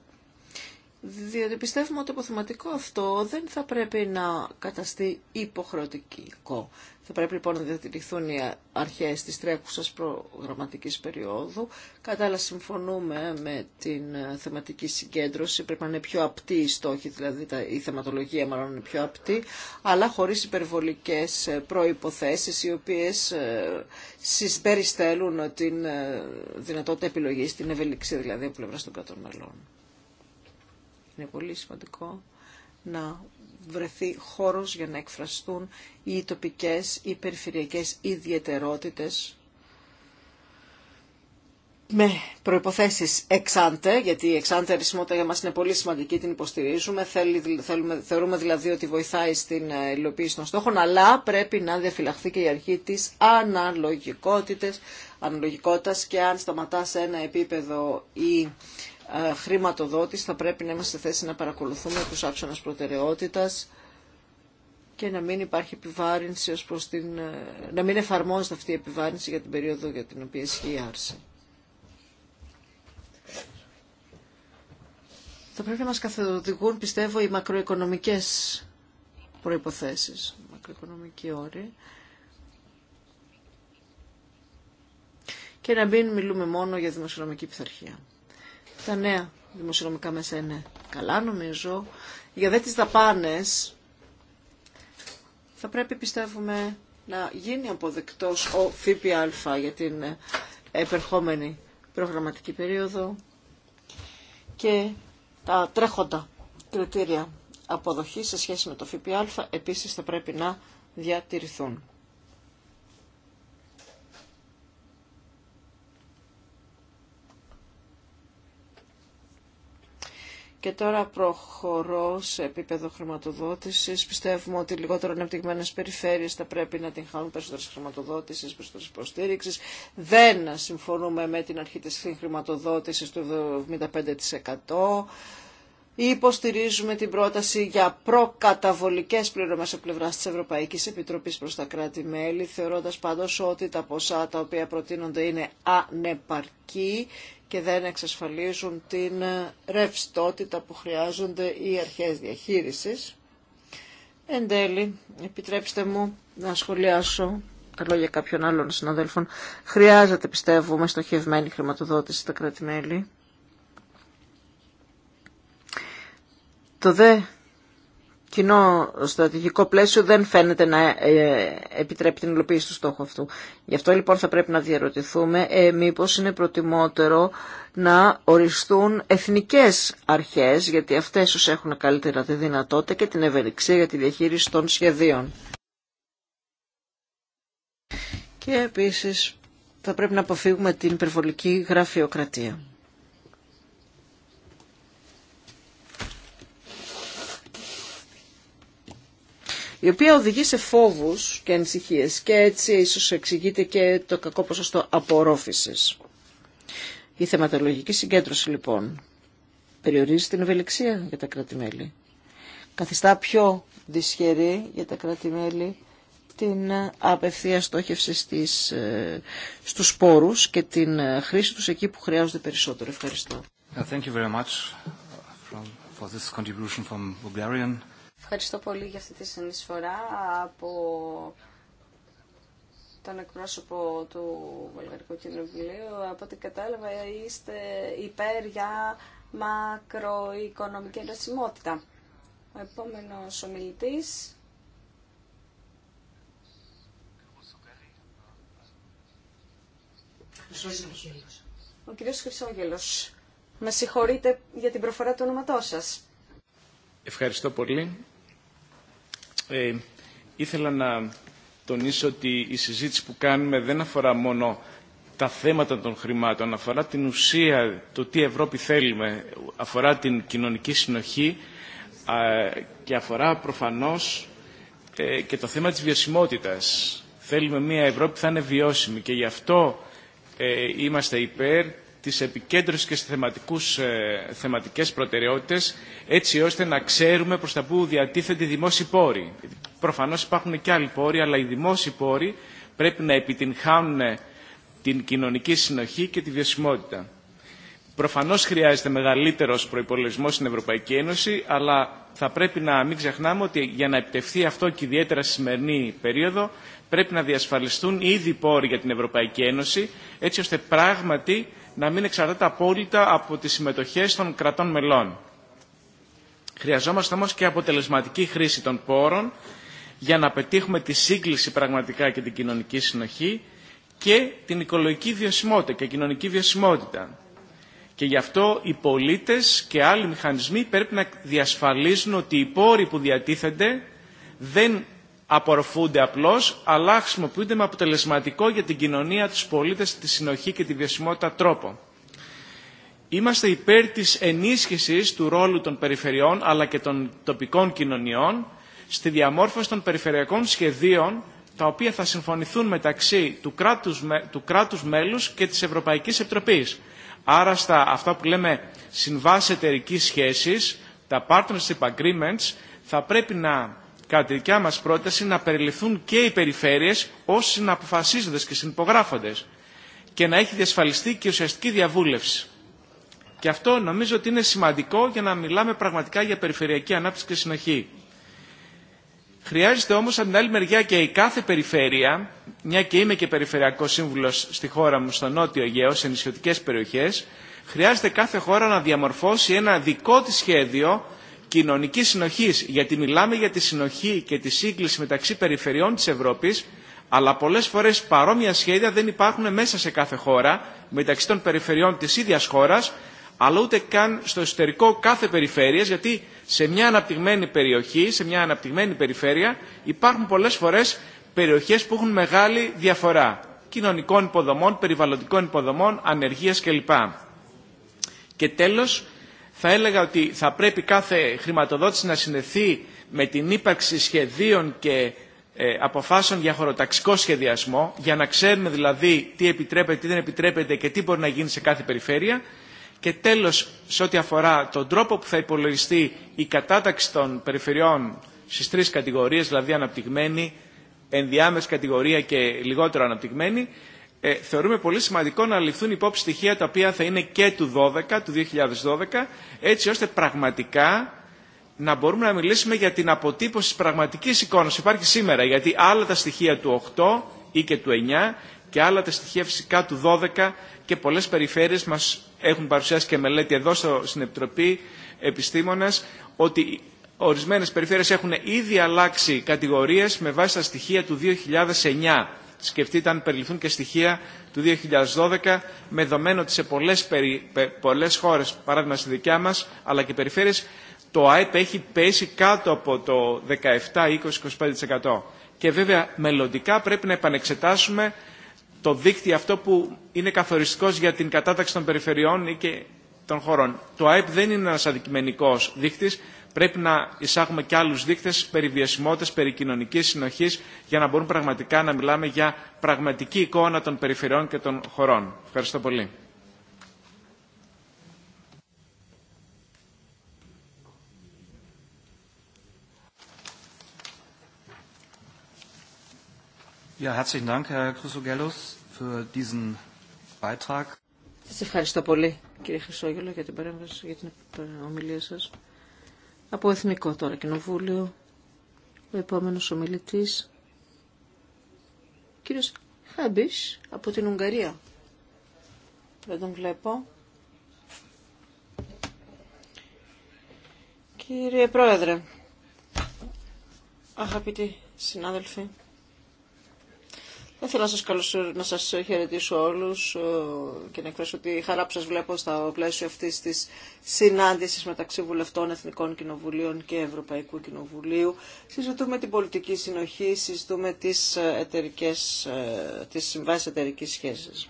Speaker 3: διότι πιστεύουμε ότι το αποθεματικό αυτό δεν θα πρέπει να καταστεί υποχρεωτικό. Θα πρέπει λοιπόν να διατηρηθούν οι αρχές της τρέχουσας προγραμματικής περίοδου. Κατάλληλα συμφωνούμε με την θεματική συγκέντρωση, πρέπει να είναι πιο απτή η στόχη, δηλαδή η θεματολογία μάλλον είναι πιο απτή, αλλά χωρίς υπερβολικές ε, προϋποθέσεις οι οποίες ε, περιστέλουν την ε, δυνατότητα επιλογής, την ευελιξία δηλαδή από πλευρά των κρατών μελών. Είναι πολύ σημαντικό να βρεθεί χώρος για να εκφραστούν οι τοπικές ή περιφερειακές ιδιαιτερότητες με προϋποθέσεις εξάντε, γιατί η εξάντε γιατι η εξαντε αριθμότητα για μας είναι πολύ σημαντική, την υποστηρίζουμε, θέλουμε, θεωρούμε δηλαδή ότι βοηθάει στην ε, υλοποίηση των στόχων, αλλά πρέπει να διαφυλαχθεί και η αρχή της αναλογικότητας, αναλογικότητας και αν σταματά σε ένα επίπεδο η ε, χρηματοδότης θα πρέπει να είμαστε θέση να παρακολουθούμε τους άξονες προτεραιότητας και να μην υπάρχει επιβάρυνση ως προς την... Ε, να μην εφαρμόζεται αυτή η επιβάρυνση για την περίοδο για την οποία ισχύει η άρση. Θα πρέπει να μας καθοδηγούν, πιστεύω, οι μακροοικονομικές προϋποθέσεις, μακροοικονομικοί όροι. Και να μην μιλούμε μόνο για δημοσιονομική πειθαρχία. Τα νέα δημοσιονομικά μέσα είναι καλά νομίζω. Για δε τις δαπάνες θα πρέπει πιστεύουμε να γίνει αποδεκτός ο ΦΠΑ για την ε, επερχόμενη προγραμματική περίοδο και τα τρέχοντα κριτήρια αποδοχής σε σχέση με το ΦΠΑ επίσης θα πρέπει να διατηρηθούν. Και τώρα προχωρώ σε επίπεδο χρηματοδότηση. Πιστεύουμε ότι λιγότερο ανεπτυγμένε περιφέρειε θα πρέπει να την χάνουν περισσότερε χρηματοδότηση, περισσότερε υποστήριξη. Δεν συμφωνούμε με την αρχή τη χρηματοδότηση του 75%. Υποστηρίζουμε την πρόταση για προκαταβολικέ πλήρωμέ από πλευρά τη Ευρωπαϊκή Επιτροπή προ τα κράτη-μέλη, θεωρώντα πάντω ότι τα ποσά τα οποία προτείνονται είναι ανεπαρκή και δεν εξασφαλίζουν την ρευστότητα που χρειάζονται οι αρχές διαχείρισης. Εν τέλει, επιτρέψτε μου να σχολιάσω τα λόγια κάποιων άλλων συναδέλφων. Χρειάζεται, πιστεύουμε, στοχευμένη χρηματοδότηση στα κράτη-μέλη. Το δε κοινό στρατηγικό πλαίσιο δεν φαίνεται να ε, επιτρέπει την υλοποίηση του στόχου αυτού. Γι' αυτό λοιπόν θα πρέπει να διαρωτηθούμε ε, μήπως είναι προτιμότερο να οριστούν εθνικές αρχές, γιατί αυτές τους έχουν καλύτερα τη δυνατότητα και την ευελιξία για τη διαχείριση των σχεδίων. Και επίσης θα πρέπει να αποφύγουμε την υπερβολική γραφειοκρατία. η οποία οδηγεί σε φόβους και ανησυχίες και έτσι ίσως εξηγείται και το κακό ποσοστό απορρόφησης. Η θεματολογική συγκέντρωση λοιπόν περιορίζει την ευελιξία για τα κρατη Καθιστά πιο δυσχερή για τα κρατη την απευθεία στόχευση στις, ε, στους σπόρους και την ε, χρήση τους εκεί που χρειάζονται περισσότερο. Ευχαριστώ.
Speaker 6: Thank you very much uh, for this contribution from Bulgarian.
Speaker 4: Ευχαριστώ πολύ για αυτή τη συνεισφορά από τον εκπρόσωπο του Βαλγαρικού Κοινοβουλίου. Από ό,τι κατάλαβα είστε υπέρ για μακροοικονομική ερεσιμότητα. Ο επόμενος ομιλητής Ο κύριος Χρυσόγελος. Με συγχωρείτε για την προφορά του όνοματός σας.
Speaker 8: Ευχαριστώ πολύ. Ε, ήθελα να τονίσω ότι η συζήτηση που κάνουμε δεν αφορά μόνο τα θέματα των χρημάτων, αφορά την ουσία, το τι Ευρώπη θέλουμε, αφορά την κοινωνική συνοχή και αφορά προφανώς ε, και το θέμα της βιωσιμότητας. Θέλουμε μια Ευρώπη που θα είναι βιώσιμη και γι' αυτό ε, είμαστε υπέρ της επικέντρωσης και στις ε, θεματικές προτεραιότητες, έτσι ώστε να ξέρουμε προς τα που διατίθεται οι δημόσια πόρη. Προφανώς υπάρχουν και άλλοι πόροι, αλλά οι δημόσιοι πόροι πρέπει να επιτυγχάνουν την κοινωνική συνοχή και τη βιωσιμότητα. Προφανώ χρειάζεται μεγαλύτερο προπολογισμό στην Ευρωπαϊκή Ένωση, αλλά θα πρέπει να μην ξεχνάμε ότι για να επιτευχθεί αυτό και ιδιαίτερα στη σημερινή περίοδο, πρέπει να διασφαλιστούν ήδη πόροι για την Ευρωπαϊκή Ένωση, έτσι ώστε πράγματι να μην εξαρτάται απόλυτα από τις συμμετοχές των κρατών μελών. Χρειαζόμαστε όμως και αποτελεσματική χρήση των πόρων για να πετύχουμε τη σύγκληση πραγματικά και την κοινωνική συνοχή και την οικολογική βιωσιμότητα και κοινωνική βιωσιμότητα. Και γι' αυτό οι πολίτες και άλλοι μηχανισμοί πρέπει να διασφαλίζουν ότι οι πόροι που διατίθενται δεν απορροφούνται απλώς, αλλά χρησιμοποιούνται με αποτελεσματικό για την κοινωνία, τους πολίτες, τη συνοχή και τη βιωσιμότητα τρόπο. Είμαστε υπέρ της ενίσχυσης του ρόλου των περιφερειών αλλά και των τοπικών κοινωνιών στη διαμόρφωση των περιφερειακών σχεδίων τα οποία θα συμφωνηθούν μεταξύ του κράτους, του κράτους μέλους και της Ευρωπαϊκής Επιτροπής. Άρα στα αυτά που λέμε συμβάσει εταιρική σχέσης, τα partnership agreements, θα πρέπει να κατά τη δικιά μας πρόταση να περιληφθούν και οι περιφέρειες είναι συναποφασίζοντες και συνυπογράφοντες και να έχει διασφαλιστεί και ουσιαστική διαβούλευση. Και αυτό νομίζω ότι είναι σημαντικό για να μιλάμε πραγματικά για περιφερειακή ανάπτυξη και συνοχή. Χρειάζεται όμως από την άλλη μεριά και η κάθε περιφέρεια, μια και είμαι και περιφερειακό σύμβουλος στη χώρα μου, στο Νότιο Αιγαίο, σε νησιωτικές περιοχές, χρειάζεται κάθε χώρα να διαμορφώσει ένα δικό της σχέδιο Κοινωνική συνοχή, γιατί μιλάμε για τη συνοχή και τη σύγκληση μεταξύ περιφερειών τη Ευρώπη, αλλά πολλέ φορέ παρόμοια σχέδια δεν υπάρχουν μέσα σε κάθε χώρα, μεταξύ των περιφερειών τη ίδια χώρα, αλλά ούτε καν στο εσωτερικό κάθε περιφέρειας, γιατί σε μια αναπτυγμένη περιοχή, σε μια αναπτυγμένη περιφέρεια, υπάρχουν πολλέ φορέ περιοχέ που έχουν μεγάλη διαφορά κοινωνικών υποδομών, περιβαλλοντικών υποδομών, ανεργίας κλπ. Και τέλος, θα έλεγα ότι θα πρέπει κάθε χρηματοδότηση να συνεθεί με την ύπαρξη σχεδίων και ε, αποφάσεων για χωροταξικό σχεδιασμό, για να ξέρουμε δηλαδή τι επιτρέπεται, τι δεν επιτρέπεται και τι μπορεί να γίνει σε κάθε περιφέρεια. Και τέλος, σε ό,τι αφορά τον τρόπο που θα υπολογιστεί η κατάταξη των περιφερειών στις τρεις κατηγορίες, δηλαδή αναπτυγμένη, ενδιάμεση κατηγορία και λιγότερο αναπτυγμένη, ε, θεωρούμε πολύ σημαντικό να ληφθούν υπόψη στοιχεία τα οποία θα είναι και του 12, του 2012, έτσι ώστε πραγματικά να μπορούμε να μιλήσουμε για την αποτύπωση της πραγματικής εικόνας που υπάρχει σήμερα, γιατί άλλα τα στοιχεία του 8 ή και του 9 και άλλα τα στοιχεία φυσικά του 12 και πολλές περιφέρειες μας έχουν παρουσιάσει και μελέτη εδώ στην Επιτροπή Επιστήμονας ότι ορισμένες περιφέρειες έχουν ήδη αλλάξει κατηγορίες με βάση τα στοιχεία του 2009 σκεφτείτε αν περιληφθούν και στοιχεία του 2012 με δεδομένο ότι σε πολλές, περι, χώρες, παράδειγμα στη δικιά μας, αλλά και περιφέρειες, το ΑΕΠ έχει πέσει κάτω από το 17-20-25%. Και βέβαια μελλοντικά πρέπει να επανεξετάσουμε το δίκτυο αυτό που είναι καθοριστικός για την κατάταξη των περιφερειών ή και των χωρών. Το ΑΕΠ δεν είναι ένας αντικειμενικός δείκτης, πρέπει να εισάγουμε και άλλους δείκτες περί βιασιμότητας, περί κοινωνικής συνοχή, για να μπορούμε πραγματικά να μιλάμε για πραγματική εικόνα των περιφερειών και των χωρών. Ευχαριστώ πολύ.
Speaker 6: Ja, herzlichen Dank, Herr für diesen Beitrag.
Speaker 3: Σας ευχαριστώ πολύ, κύριε Χρυσόγελο, για την παρέμβαση, για την ομιλία σας. Από Εθνικό τώρα Κοινοβούλιο, ο επόμενος ομιλητής, κύριος Χάμπης από την Ουγγαρία. Δεν τον βλέπω. Κύριε Πρόεδρε, αγαπητοί συνάδελφοι, θα ήθελα να σας, καλώς, να σας χαιρετήσω όλους ε, και να εκφράσω τη χαρά που σας βλέπω στο πλαίσιο αυτής της συνάντησης μεταξύ βουλευτών Εθνικών Κοινοβουλίων και Ευρωπαϊκού Κοινοβουλίου. Συζητούμε την πολιτική συνοχή, συζητούμε τις, ε, εταιρικές, ε, τις συμβάσεις εταιρικής σχέσης.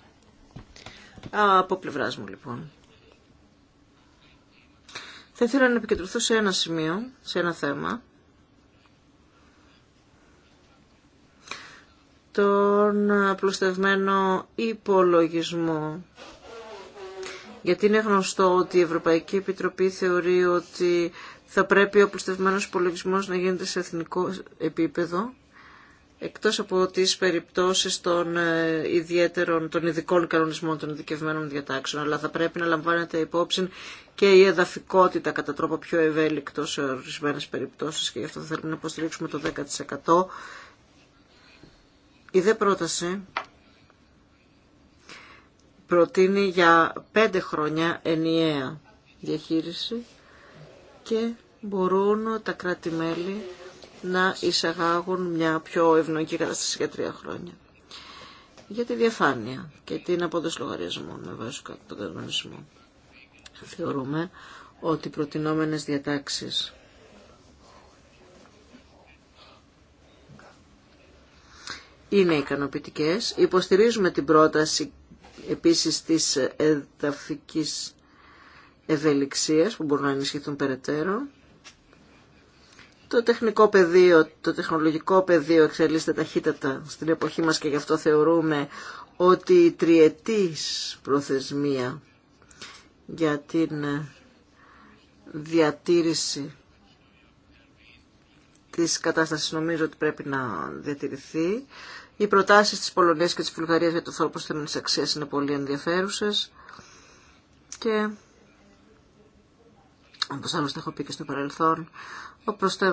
Speaker 3: Από πλευρά μου λοιπόν. Θα ήθελα να επικεντρωθώ σε ένα σημείο, σε ένα θέμα, τον απλουστευμένο υπολογισμό. Γιατί είναι γνωστό ότι η Ευρωπαϊκή Επιτροπή θεωρεί ότι θα πρέπει ο απλουστευμένος υπολογισμός να γίνεται σε εθνικό επίπεδο, εκτός από τις περιπτώσεις των ε, ιδιαίτερων, των ειδικών κανονισμών των ειδικευμένων διατάξεων, αλλά θα πρέπει να λαμβάνεται υπόψη και η εδαφικότητα κατά τρόπο πιο ευέλικτο σε ορισμένες περιπτώσεις και γι' αυτό θα θέλουμε να υποστηρίξουμε το 10% η δε πρόταση προτείνει για πέντε χρόνια ενιαία διαχείριση και μπορούν τα κράτη-μέλη να εισαγάγουν μια πιο ευνοϊκή κατάσταση για τρία χρόνια. Για τη διαφάνεια και την απόδοση λογαριασμών με βάση τον κανονισμό. Θεωρούμε ότι οι προτινόμενες διατάξεις είναι ικανοποιητικές. Υποστηρίζουμε την πρόταση επίσης της εδαφικής ευελιξίας που μπορούν να ενισχυθούν περαιτέρω. Το τεχνικό πεδίο, το τεχνολογικό πεδίο εξελίσσεται ταχύτατα στην εποχή μας και γι' αυτό θεωρούμε ότι η τριετής προθεσμία για την διατήρηση της κατάστασης νομίζω ότι πρέπει να διατηρηθεί. Οι προτάσει της Πολωνίας και τη Βουλγαρία για το θόρυβο θέμενης αξίας είναι πολύ ενδιαφέρουσες και όπως άλλωστε έχω πει και στο παρελθόν,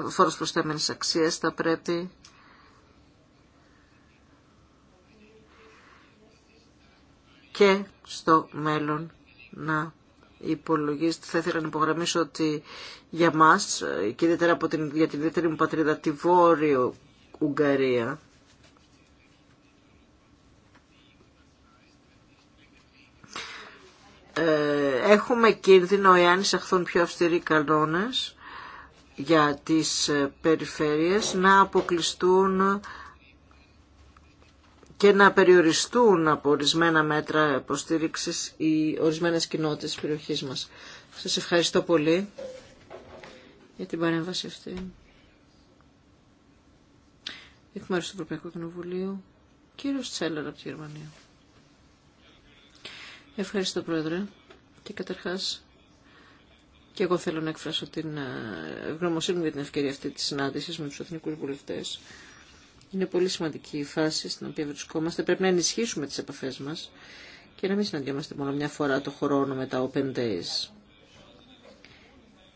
Speaker 3: ο φόρος προσθέμενης Αξία θα πρέπει και στο μέλλον να υπολογίζεται. Θα ήθελα να υπογραμμίσω ότι για μας, και ιδιαίτερα από για την ιδιαίτερη μου πατρίδα, τη Βόρειο Ουγγαρία, Ε, έχουμε κίνδυνο εάν εισαχθούν πιο αυστηροί κανόνες για τις ε, περιφέρειες να αποκλειστούν και να περιοριστούν από ορισμένα μέτρα υποστήριξη οι ορισμένες κοινότητες της περιοχής μας. Σας ευχαριστώ πολύ για την παρέμβαση αυτή. Εκ μέρους του Ευρωπαϊκού Κοινοβουλίου, κύριος Τσέλλερ από τη Γερμανία. Ευχαριστώ, Πρόεδρε. Και καταρχάς, και εγώ θέλω να εκφράσω την ε, ευγνωμοσύνη μου για την ευκαιρία αυτή της συνάντησης με τους εθνικούς βουλευτές. Είναι πολύ σημαντική η φάση στην οποία βρισκόμαστε. Πρέπει να ενισχύσουμε τις επαφές μας και να μην συναντιόμαστε μόνο μια φορά το χρόνο με τα open days.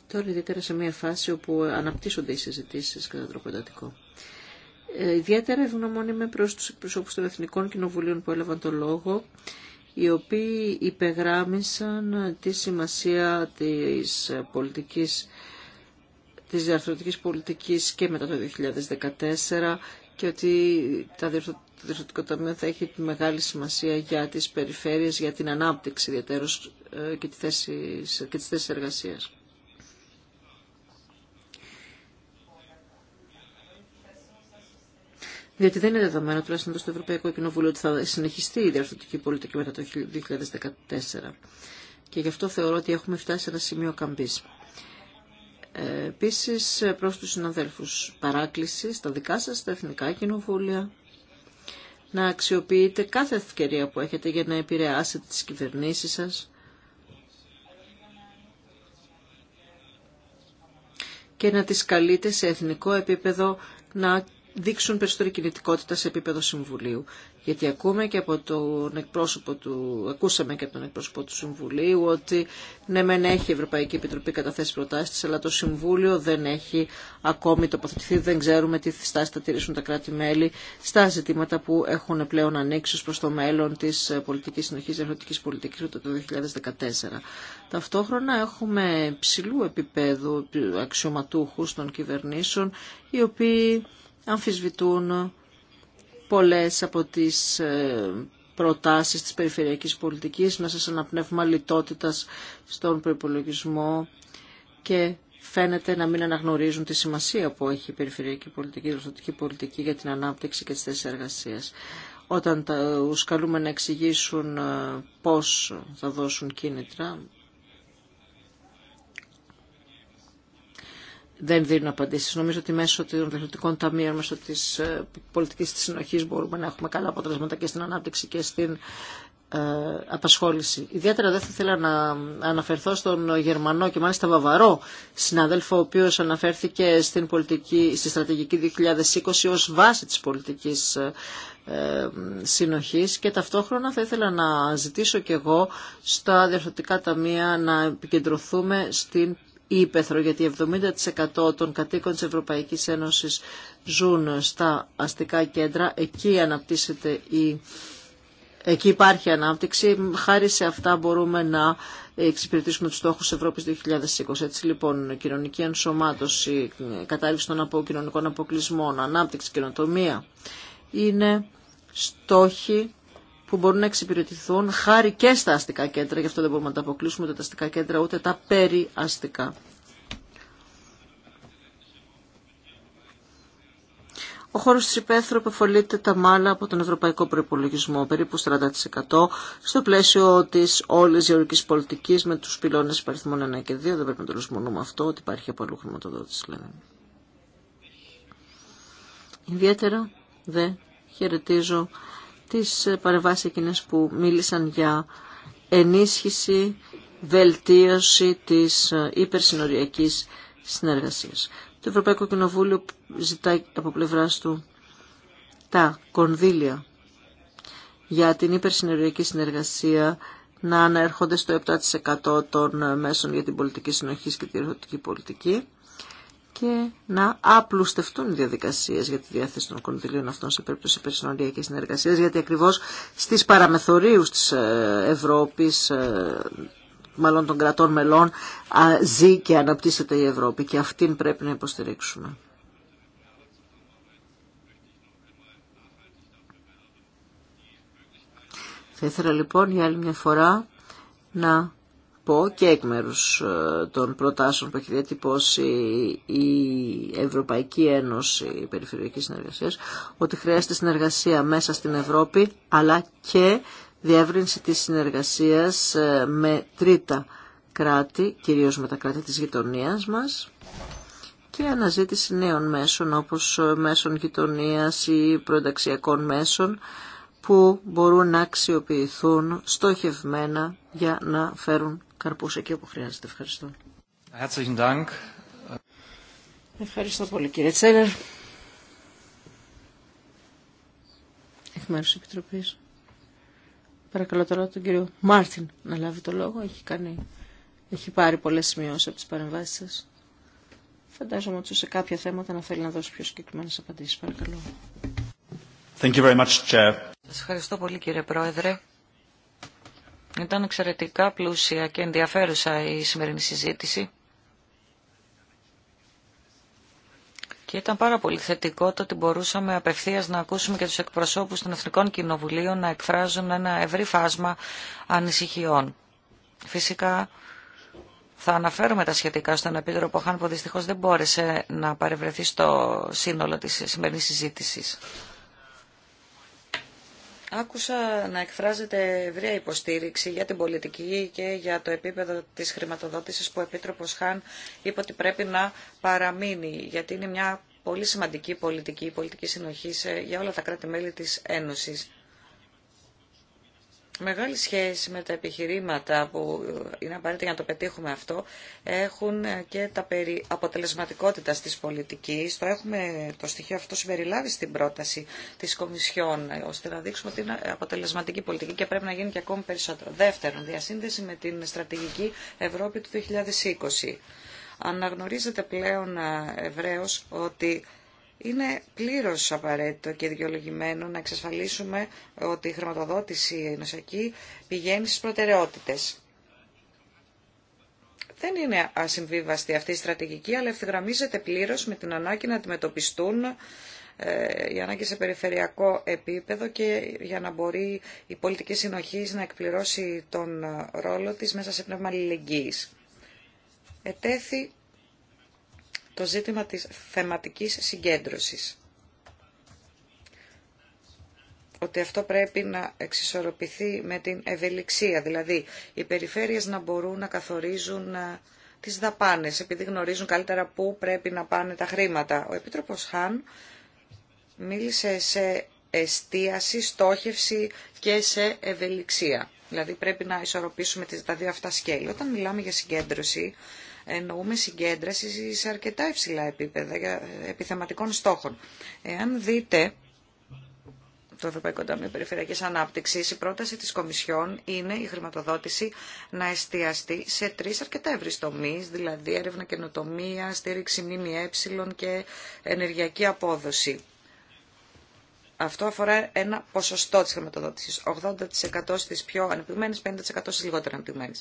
Speaker 3: Τώρα ιδιαίτερα σε μια φάση όπου αναπτύσσονται οι συζητήσεις κατά τρόπο εντατικό. Ε, ιδιαίτερα ευγνωμόνιμαι προς τους εκπροσώπους των Εθνικών Κοινοβουλίων που έλαβαν το λόγο οι οποίοι υπεγράμμισαν τη σημασία της πολιτικής της διαρθρωτικής πολιτικής και μετά το 2014 και ότι τα το Διευθυντικό Ταμείο θα έχει μεγάλη σημασία για τις περιφέρειες, για την ανάπτυξη ιδιαίτερως ε, και, τη και τις θέσεις εργασίας. διότι δεν είναι δεδομένο, τουλάχιστον στο Ευρωπαϊκό Κοινοβούλιο, ότι θα συνεχιστεί η διαρθρωτική πολιτική μετά το 2014. Και γι' αυτό θεωρώ ότι έχουμε φτάσει σε ένα σημείο καμπή. Ε, Επίση, προ του συναδέλφου, παράκληση στα δικά σα, στα εθνικά κοινοβούλια, να αξιοποιείτε κάθε ευκαιρία που έχετε για να επηρεάσετε τις κυβερνήσεις σας και να τις καλείτε σε εθνικό επίπεδο να δείξουν περισσότερη κινητικότητα σε επίπεδο Συμβουλίου. Γιατί ακούμε και από τον εκπρόσωπο του, ακούσαμε και από τον εκπρόσωπο του Συμβουλίου ότι ναι μεν έχει η Ευρωπαϊκή Επιτροπή καταθέσει προτάσει, αλλά το Συμβούλιο δεν έχει ακόμη τοποθετηθεί, δεν ξέρουμε τι στάση θα τηρήσουν τα κράτη-μέλη στα ζητήματα που έχουν πλέον ανοίξει προ το μέλλον τη πολιτική συνοχή συνοχής, πολιτική πολιτικής το 2014. Ταυτόχρονα έχουμε ψηλού επίπεδου αξιωματούχου των κυβερνήσεων, οι οποίοι αμφισβητούν πολλές από τις ε, προτάσεις της περιφερειακής πολιτικής μέσα σε ένα πνεύμα λιτότητας στον προπολογισμό και φαίνεται να μην αναγνωρίζουν τη σημασία που έχει η περιφερειακή πολιτική, η πολιτική για την ανάπτυξη και τις θέσεις εργασίας. Όταν τους καλούμε να εξηγήσουν ε, πώς θα δώσουν κίνητρα, δεν δίνουν απαντήσεις. Νομίζω ότι μέσω των διευθυντικών ταμείων, μέσω της ε, πολιτικής της συνοχής μπορούμε να έχουμε καλά αποτελέσματα και στην ανάπτυξη και στην ε, απασχόληση. Ιδιαίτερα δεν θα ήθελα να αναφερθώ στον Γερμανό και μάλιστα Βαβαρό συνάδελφο, ο οποίος αναφέρθηκε στην πολιτική, στη στρατηγική 2020 ως βάση της πολιτικής ε, συνοχής και ταυτόχρονα θα ήθελα να ζητήσω και εγώ στα διευθυντικά ταμεία να επικεντρωθούμε στην ύπεθρο, γιατί 70% των κατοίκων της Ευρωπαϊκής Ένωσης ζουν στα αστικά κέντρα, εκεί αναπτύσσεται η... Εκεί υπάρχει ανάπτυξη. Χάρη σε αυτά μπορούμε να εξυπηρετήσουμε τους στόχους Ευρώπης 2020. Έτσι λοιπόν, κοινωνική ενσωμάτωση, κατάρριψη των κοινωνικών αποκλεισμών, ανάπτυξη, κοινοτομία είναι στόχοι που μπορούν να εξυπηρετηθούν χάρη και στα αστικά κέντρα, γι' αυτό δεν μπορούμε να τα αποκλείσουμε ούτε τα αστικά κέντρα ούτε τα περιαστικά. Ο χώρος της υπαίθρου επεφολείται τα μάλα από τον ευρωπαϊκό προϋπολογισμό, περίπου 40% στο πλαίσιο της όλης γεωργικής πολιτικής με τους πυλώνες υπαριθμών 1 και 2. Δεν πρέπει να το λησμονούμε αυτό, ότι υπάρχει από αλλού χρηματοδότηση. Λέμε. Ιδιαίτερα, δε, χαιρετίζω τις παρεμβάσεις εκείνες που μίλησαν για ενίσχυση, βελτίωση της ε, υπερσυνοριακής συνεργασίας. Το Ευρωπαϊκό Κοινοβούλιο ζητάει από πλευράς του τα κονδύλια για την υπερσυνοριακή συνεργασία να αναέρχονται στο 7% των μέσων για την πολιτική συνοχή και τη ερωτική πολιτική και να απλουστευτούν οι διαδικασίες για τη διάθεση των κονδυλίων αυτών σε περίπτωση περισσοριακής συνεργασίας, γιατί ακριβώς στις παραμεθορίους της ε, Ευρώπης, ε, μάλλον των κρατών μελών, ζει και αναπτύσσεται η Ευρώπη και αυτήν πρέπει να υποστηρίξουμε. Θα ήθελα λοιπόν για άλλη μια φορά να και εκ μέρους ε, των προτάσεων που έχει διατυπώσει η Ευρωπαϊκή Ένωση Περιφερειακής Συνεργασίας ότι χρειάζεται συνεργασία μέσα στην Ευρώπη αλλά και διεύρυνση της συνεργασίας ε, με τρίτα κράτη, κυρίως με τα κράτη της γειτονίας μας και αναζήτηση νέων μέσων όπως ε, μέσων γειτονίας ή προενταξιακών μέσων που μπορούν να αξιοποιηθούν στοχευμένα για να φέρουν καρπούς εκεί όπου χρειάζεται. Ευχαριστώ. Ευχαριστώ πολύ κύριε Τσέλερ. Εκ μέρους της Επιτροπής. Παρακαλώ τώρα τον κύριο Μάρτιν να λάβει το λόγο. Έχει, κάνει... Έχει πάρει πολλές σημειώσεις από τις παρεμβάσεις σας. Φαντάζομαι ότι
Speaker 1: σε κάποια θέματα να θέλει να δώσει πιο συγκεκριμένες απαντήσεις. Παρακαλώ.
Speaker 2: Thank you very much, Chair.
Speaker 1: Σας ευχαριστώ πολύ κύριε Πρόεδρε. Ήταν εξαιρετικά πλούσια και ενδιαφέρουσα η σημερινή συζήτηση. Και ήταν πάρα πολύ θετικό το ότι μπορούσαμε απευθείας να ακούσουμε και τους εκπροσώπους των Εθνικών Κοινοβουλίων να εκφράζουν ένα ευρύ φάσμα ανησυχιών. Φυσικά θα αναφέρουμε τα σχετικά στον Επίτροπο Χάν που δυστυχώς δεν μπόρεσε να παρευρεθεί στο σύνολο της σημερινής συζήτησης. Άκουσα να εκφράζεται ευρία υποστήριξη για την πολιτική και για το επίπεδο της χρηματοδότησης που ο Επίτροπος Χάν είπε ότι πρέπει να παραμείνει, γιατί είναι μια πολύ σημαντική πολιτική, πολιτική συνοχή για όλα τα κράτη-μέλη της Ένωσης μεγάλη σχέση με τα επιχειρήματα που ε, είναι απαραίτητα για να το πετύχουμε αυτό έχουν ε, και τα περί αποτελεσματικότητας της πολιτικής. Το έχουμε το στοιχείο αυτό συμπεριλάβει στην πρόταση της Κομισιόν ε, ώστε να δείξουμε ότι είναι αποτελεσματική πολιτική και πρέπει να γίνει και ακόμη περισσότερο. Δεύτερον, διασύνδεση με την στρατηγική Ευρώπη του 2020. Αναγνωρίζεται πλέον ευρέως ότι είναι πλήρως απαραίτητο και δικαιολογημένο να εξασφαλίσουμε ότι η χρηματοδότηση ενωσιακή πηγαίνει στις προτεραιότητες. Δεν είναι ασυμβίβαστη αυτή η στρατηγική, αλλά ευθυγραμμίζεται πλήρως με την ανάγκη να αντιμετωπιστούν η ε, ανάγκη σε περιφερειακό επίπεδο και για να μπορεί η πολιτική συνοχή να εκπληρώσει τον ρόλο της μέσα σε πνεύμα αλληλεγγύης. Ετέθη το ζήτημα της θεματικής συγκέντρωσης. Ότι αυτό πρέπει να εξισορροπηθεί με την ευελιξία, δηλαδή οι περιφέρειες να μπορούν να καθορίζουν ε, τις δαπάνες, επειδή γνωρίζουν καλύτερα πού πρέπει να πάνε τα χρήματα. Ο Επίτροπος Χάν μίλησε σε εστίαση, στόχευση και σε ευελιξία. Δηλαδή πρέπει να ισορροπήσουμε τα δύο αυτά σκέλη. Όταν μιλάμε για συγκέντρωση, εννοούμε συγκέντρωση σε αρκετά υψηλά επίπεδα για επιθεματικών στόχων. Εάν δείτε το Ευρωπαϊκό Ταμείο Περιφερειακή Ανάπτυξη, η πρόταση τη Κομισιόν είναι η χρηματοδότηση να εστιαστεί σε τρει αρκετά ευρύ τομεί, δηλαδή έρευνα καινοτομία, στήριξη Ε και ενεργειακή απόδοση. Αυτό αφορά ένα ποσοστό τη χρηματοδότηση. 80% στι πιο ανεπτυγμένε, 50% στι λιγότερο ανεπτυγμένε.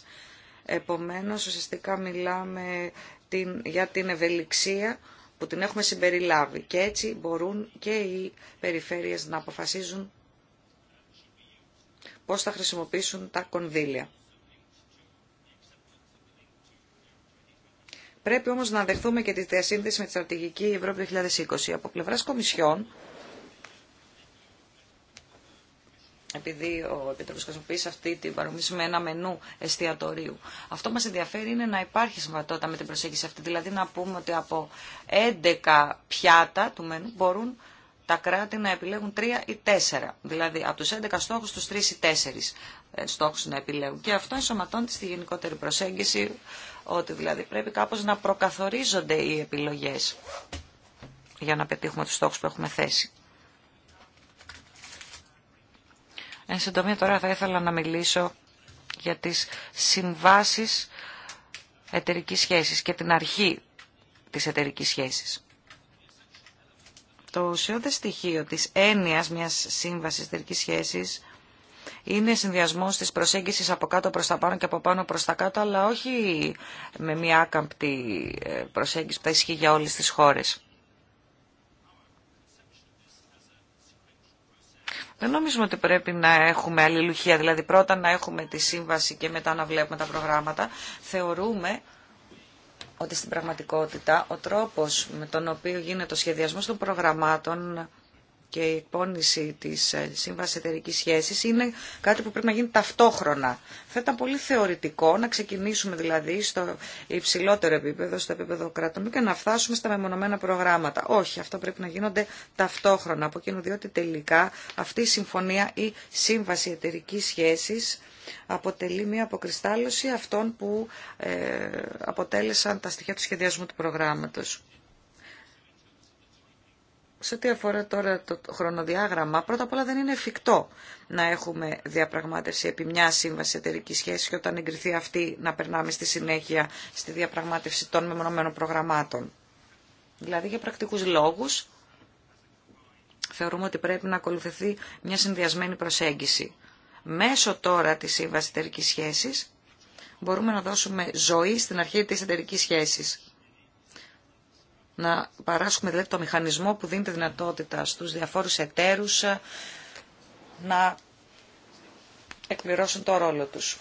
Speaker 1: Επομένως, ουσιαστικά μιλάμε την, για την ευελιξία που την έχουμε συμπεριλάβει και έτσι μπορούν και οι περιφέρειες να αποφασίζουν πώς θα χρησιμοποιήσουν τα κονδύλια. Πρέπει όμως να δεχθούμε και τη διασύνδεση με τη στρατηγική Ευρώπη 2020. Από πλευράς Κομισιόν, επειδή ο Επιτροπής χρησιμοποιεί αυτή την παρομοίωση με ένα μενού εστιατορίου. Αυτό μας ενδιαφέρει είναι να υπάρχει συμβατότητα με την προσέγγιση αυτή, δηλαδή να πούμε ότι από 11 πιάτα του μενού μπορούν τα κράτη να επιλέγουν 3 ή 4. Δηλαδή από τους 11 στόχους τους 3 ή 4 ε, στόχους να επιλέγουν. Και αυτό ενσωματώνεται στη γενικότερη προσέγγιση ότι δηλαδή πρέπει κάπως να προκαθορίζονται οι επιλογές για να πετύχουμε τους στόχους που έχουμε θέσει. Εν συντομία τώρα θα ήθελα να μιλήσω για τις συμβάσεις εταιρική σχέσης και την αρχή της εταιρική σχέσης. Το ουσιώδες στοιχείο της έννοιας μιας σύμβασης εταιρική σχέσης είναι συνδυασμό τη προσέγγιση από κάτω προ τα πάνω και από πάνω προ τα κάτω, αλλά όχι με μια άκαμπτη ε, προσέγγιση που θα ισχύει για όλε τι χώρε. Δεν νομίζουμε ότι πρέπει να έχουμε αλληλουχία, δηλαδή πρώτα να έχουμε τη σύμβαση και μετά να βλέπουμε τα προγράμματα. Θεωρούμε ότι στην πραγματικότητα ο τρόπος με τον οποίο γίνεται ο σχεδιασμός των προγραμμάτων και η εκπώνηση τη ε, σύμβαση εταιρική σχέση είναι κάτι που πρέπει να γίνει ταυτόχρονα. Θα ήταν πολύ θεωρητικό να ξεκινήσουμε δηλαδή στο υψηλότερο επίπεδο, στο επίπεδο κρατών και να φτάσουμε στα μεμονωμένα προγράμματα. Όχι, αυτό πρέπει να γίνονται ταυτόχρονα από εκείνο διότι τελικά αυτή η συμφωνία ή Σύμβαση εταιρική σχέση αποτελεί μια αποκριστάλλωση αυτών που ε, αποτέλεσαν τα στοιχεία του σχεδιασμού του προγράμματος. Σε ό,τι αφορά τώρα το χρονοδιάγραμμα, πρώτα απ' όλα δεν είναι εφικτό να έχουμε διαπραγμάτευση επί μια σύμβαση εταιρική σχέση και όταν εγκριθεί αυτή να περνάμε στη συνέχεια στη διαπραγμάτευση των μεμονωμένων προγραμμάτων. Δηλαδή για πρακτικούς λόγους θεωρούμε ότι πρέπει να ακολουθηθεί μια συνδυασμένη προσέγγιση. Μέσω τώρα της σύμβασης εταιρική σχέσης μπορούμε να δώσουμε ζωή στην αρχή της εταιρική σχέσης να παράσχουμε δηλαδή το μηχανισμό που δίνει τη δυνατότητα στους διαφόρους εταίρους ε, να εκπληρώσουν το ρόλο τους.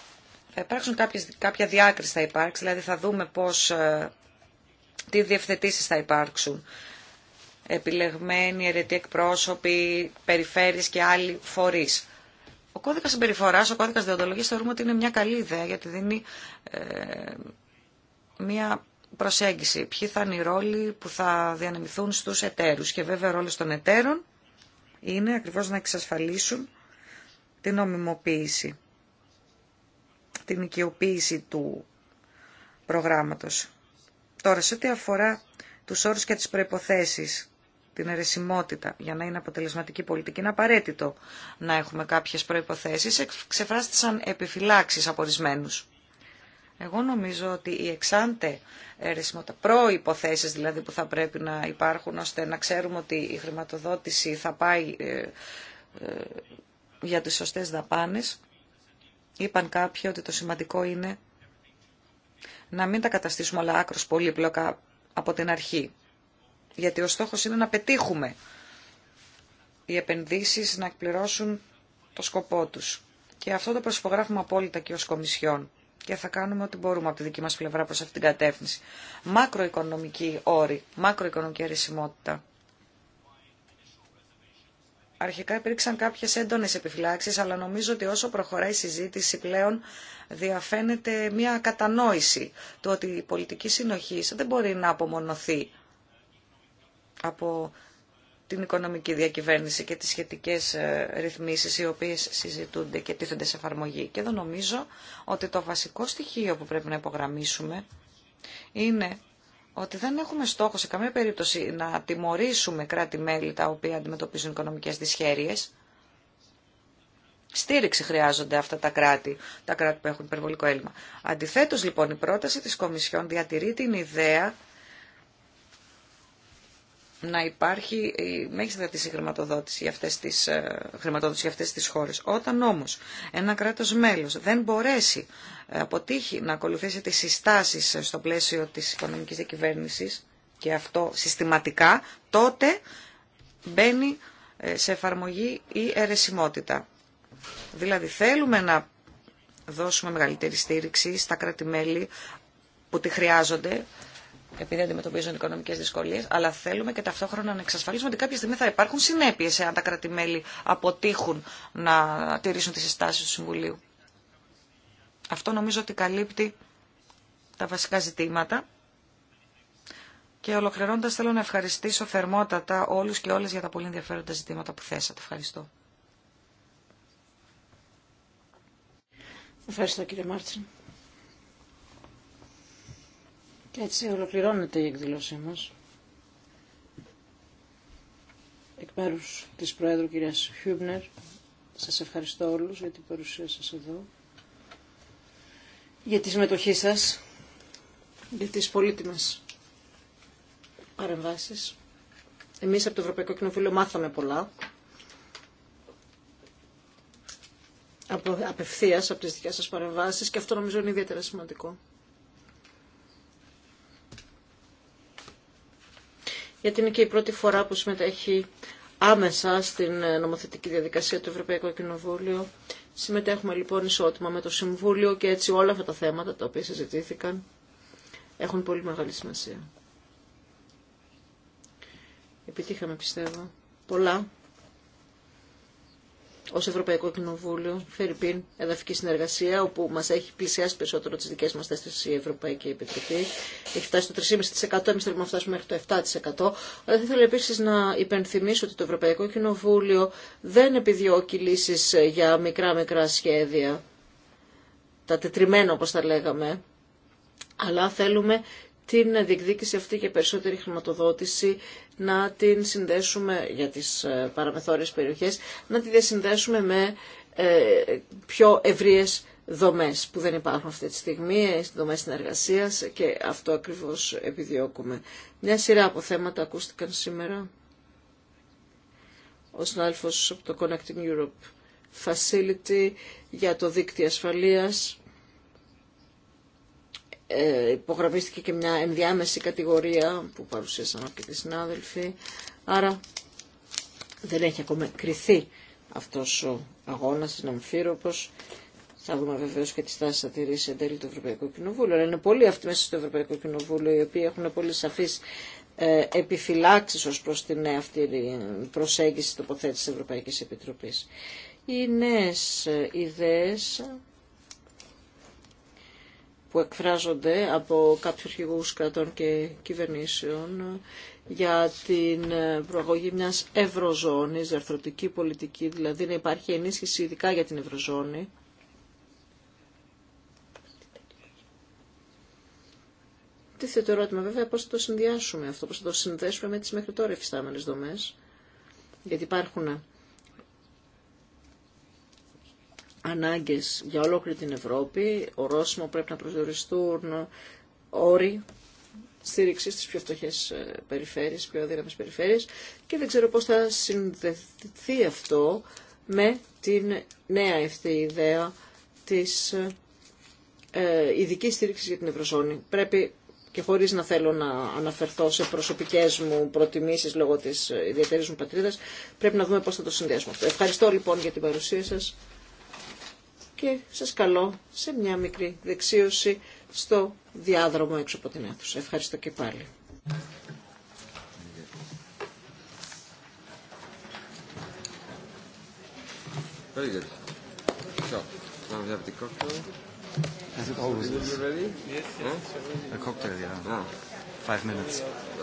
Speaker 1: Θα υπάρξουν κάποιες, κάποια διάκριση θα υπάρξει, δηλαδή θα δούμε πώς, ε, τι διευθετήσεις θα υπάρξουν. Επιλεγμένοι, αιρετοί εκπρόσωποι, περιφέρειες και άλλοι φορείς. Ο κώδικας συμπεριφορά, ο κώδικας διοντολογίας θεωρούμε ότι είναι μια καλή ιδέα γιατί δίνει ε, μια προσέγγιση. Ποιοι θα είναι οι ρόλοι που θα διανεμηθούν στους εταίρους. Και βέβαια ρόλος των εταίρων είναι ακριβώς να εξασφαλίσουν την νομιμοποίηση, την οικειοποίηση του προγράμματος. Τώρα, σε ό,τι αφορά τους όρους και τις προϋποθέσεις, την αιρεσιμότητα για να είναι αποτελεσματική πολιτική, είναι απαραίτητο να έχουμε κάποιες προϋποθέσεις. Ξεφράστησαν επιφυλάξεις από εγώ νομίζω ότι οι εξάντε ερεσιμότητα, προϋποθέσεις δηλαδή που θα πρέπει να υπάρχουν ώστε να ξέρουμε ότι η χρηματοδότηση θα πάει ε, ε, για τις σωστές δαπάνες. Είπαν κάποιοι ότι το σημαντικό είναι να μην τα καταστήσουμε όλα άκρος πολύπλοκα από την αρχή. Γιατί ο στόχος είναι να πετύχουμε οι επενδύσεις να εκπληρώσουν το σκοπό τους. Και αυτό το προσυπογράφουμε απόλυτα και ως Κομισιόν και θα κάνουμε ό,τι μπορούμε από τη δική μας πλευρά προς αυτήν την κατεύθυνση. Μακροοικονομική όρη, μακροοικονομική αρισιμότητα. Αρχικά υπήρξαν κάποιες έντονες επιφυλάξεις, αλλά νομίζω ότι όσο προχωράει η συζήτηση πλέον διαφαίνεται μια κατανόηση του ότι η πολιτική συνοχή δεν μπορεί να απομονωθεί από την οικονομική διακυβέρνηση και τις σχετικές ε, ρυθμίσεις οι οποίες συζητούνται και τίθενται σε εφαρμογή. Και εδώ νομίζω ότι το βασικό στοιχείο που πρέπει να υπογραμμίσουμε είναι ότι δεν έχουμε στόχο σε καμία περίπτωση να τιμωρήσουμε κράτη-μέλη τα οποία αντιμετωπίζουν οικονομικές δυσχέρειες. Στήριξη χρειάζονται αυτά τα κράτη, τα κράτη που έχουν υπερβολικό έλλειμμα. Αντιθέτως λοιπόν η πρόταση της Κομισιόν διατηρεί την ιδέα να υπάρχει μέγιστη κρατήση χρηματοδότηση για αυτές τις, ε, χρηματοδότηση για αυτές τις χώρες. Όταν όμως ένα κράτος μέλος δεν μπορέσει ε, αποτύχει να ακολουθήσει τις συστάσεις ε, στο πλαίσιο της οικονομικής διακυβέρνησης και αυτό συστηματικά, τότε μπαίνει σε εφαρμογή η αιρεσιμότητα. Δηλαδή θέλουμε να δώσουμε μεγαλύτερη στήριξη στα κράτη-μέλη που τη χρειάζονται επειδή αντιμετωπίζουν οικονομικέ δυσκολίε, αλλά θέλουμε και ταυτόχρονα να εξασφαλίσουμε ότι κάποια στιγμή θα υπάρχουν συνέπειε εάν τα κράτη-μέλη αποτύχουν να τηρήσουν τι συστάσει του Συμβουλίου. Αυτό νομίζω ότι καλύπτει τα βασικά ζητήματα. Και ολοκληρώνοντας θέλω να ευχαριστήσω θερμότατα όλους και όλες για τα πολύ ενδιαφέροντα ζητήματα που θέσατε. Ευχαριστώ.
Speaker 3: Ευχαριστώ κύριε Μάρτσιν έτσι ολοκληρώνεται η εκδήλωσή μας. Εκ μέρους της Προέδρου κυρίας Χιούμπνερ, σας ευχαριστώ όλους για την παρουσία σας εδώ, για τη συμμετοχή σας, για τις πολύτιμες παρεμβάσεις. Εμείς από το Ευρωπαϊκό Κοινοβούλιο μάθαμε πολλά. Από, απευθείας από τις δικές σας παρεμβάσεις και αυτό νομίζω είναι ιδιαίτερα σημαντικό. γιατί είναι και η πρώτη φορά που συμμετέχει άμεσα στην ε, νομοθετική διαδικασία του Ευρωπαϊκού Κοινοβούλιο. Συμμετέχουμε λοιπόν ισότιμα με το Συμβούλιο και έτσι όλα αυτά τα θέματα τα οποία συζητήθηκαν έχουν πολύ μεγάλη σημασία. Επιτύχαμε πιστεύω πολλά ως Ευρωπαϊκό Κοινοβούλιο, Φερρυπίν, εδαφική συνεργασία, όπου μας έχει πλησιάσει περισσότερο τι δικές μας θέσεις η Ευρωπαϊκή Επιτροπή. Έχει φτάσει στο 3,5%, Εμεί θέλουμε να φτάσουμε μέχρι το 7%. Αλλά θα ήθελα επίση να υπενθυμίσω ότι το Ευρωπαϊκό Κοινοβούλιο δεν επιδιώκει λύσει για μικρά-μικρά σχέδια, τα τετριμένα όπως τα λέγαμε, αλλά θέλουμε την διεκδίκηση αυτή και περισσότερη χρηματοδότηση να την συνδέσουμε για τις ε, παραμεθόρειες περιοχές, να τη διασυνδέσουμε με ε, πιο ευρείες δομές που δεν υπάρχουν αυτή τη στιγμή, ε, δομές συνεργασίας και αυτό ακριβώς επιδιώκουμε. Μια σειρά από θέματα ακούστηκαν σήμερα. Ο συνάδελφος από το Connecting Europe Facility για το δίκτυο ασφαλείας ε, υπογραμμίστηκε και μια ενδιάμεση κατηγορία που παρουσίασαν αρκετοί συνάδελφοι. Άρα δεν έχει ακόμα κριθεί αυτός ο αγώνας, είναι αμφίροπος. Θα δούμε βεβαίω και τι τάσει θα τηρήσει εν τέλει το Ευρωπαϊκό Κοινοβούλιο. Αλλά είναι πολλοί αυτοί μέσα στο Ευρωπαϊκό Κοινοβούλιο οι οποίοι έχουν πολύ σαφεί ε, επιφυλάξει ω προ την ε, αυτή προσέγγιση τοποθέτηση τη Ευρωπαϊκή Επιτροπή. Οι νέε ιδέε που εκφράζονται από κάποιους αρχηγούς κρατών και κυβερνήσεων για την προαγωγή μιας ευρωζώνης, διαρθρωτική πολιτική, δηλαδή να υπάρχει ενίσχυση ειδικά για την ευρωζώνη. Τι θέτει ερώτημα βέβαια πώς θα το συνδυάσουμε αυτό, πώς θα το συνδέσουμε με τις μέχρι τώρα εφιστάμενες δομές, γιατί υπάρχουν ανάγκες για ολόκληρη την Ευρώπη, ορόσημο πρέπει να προσδιοριστούν όροι στήριξη στις πιο φτωχές ε, περιφέρειες, πιο αδύναμες περιφέρειες και δεν ξέρω πώς θα συνδεθεί αυτό με την νέα αυτή ιδέα της ε, ειδικής στήριξη για την Ευρωζώνη. Πρέπει και χωρίς να θέλω να αναφερθώ σε προσωπικές μου προτιμήσεις λόγω της ε, ιδιαίτερης μου πατρίδας, πρέπει να δούμε πώς θα το συνδέσουμε. αυτό. Ευχαριστώ λοιπόν για την παρουσία σας και σας καλώ σε μια μικρή δεξίωση στο διάδρομο έξω από την αίθουσα. Ευχαριστώ και πάλι.
Speaker 2: Very good. So, now we have the cocktail. As it always is. You
Speaker 5: Yes, yes. A cocktail, yeah. Five minutes.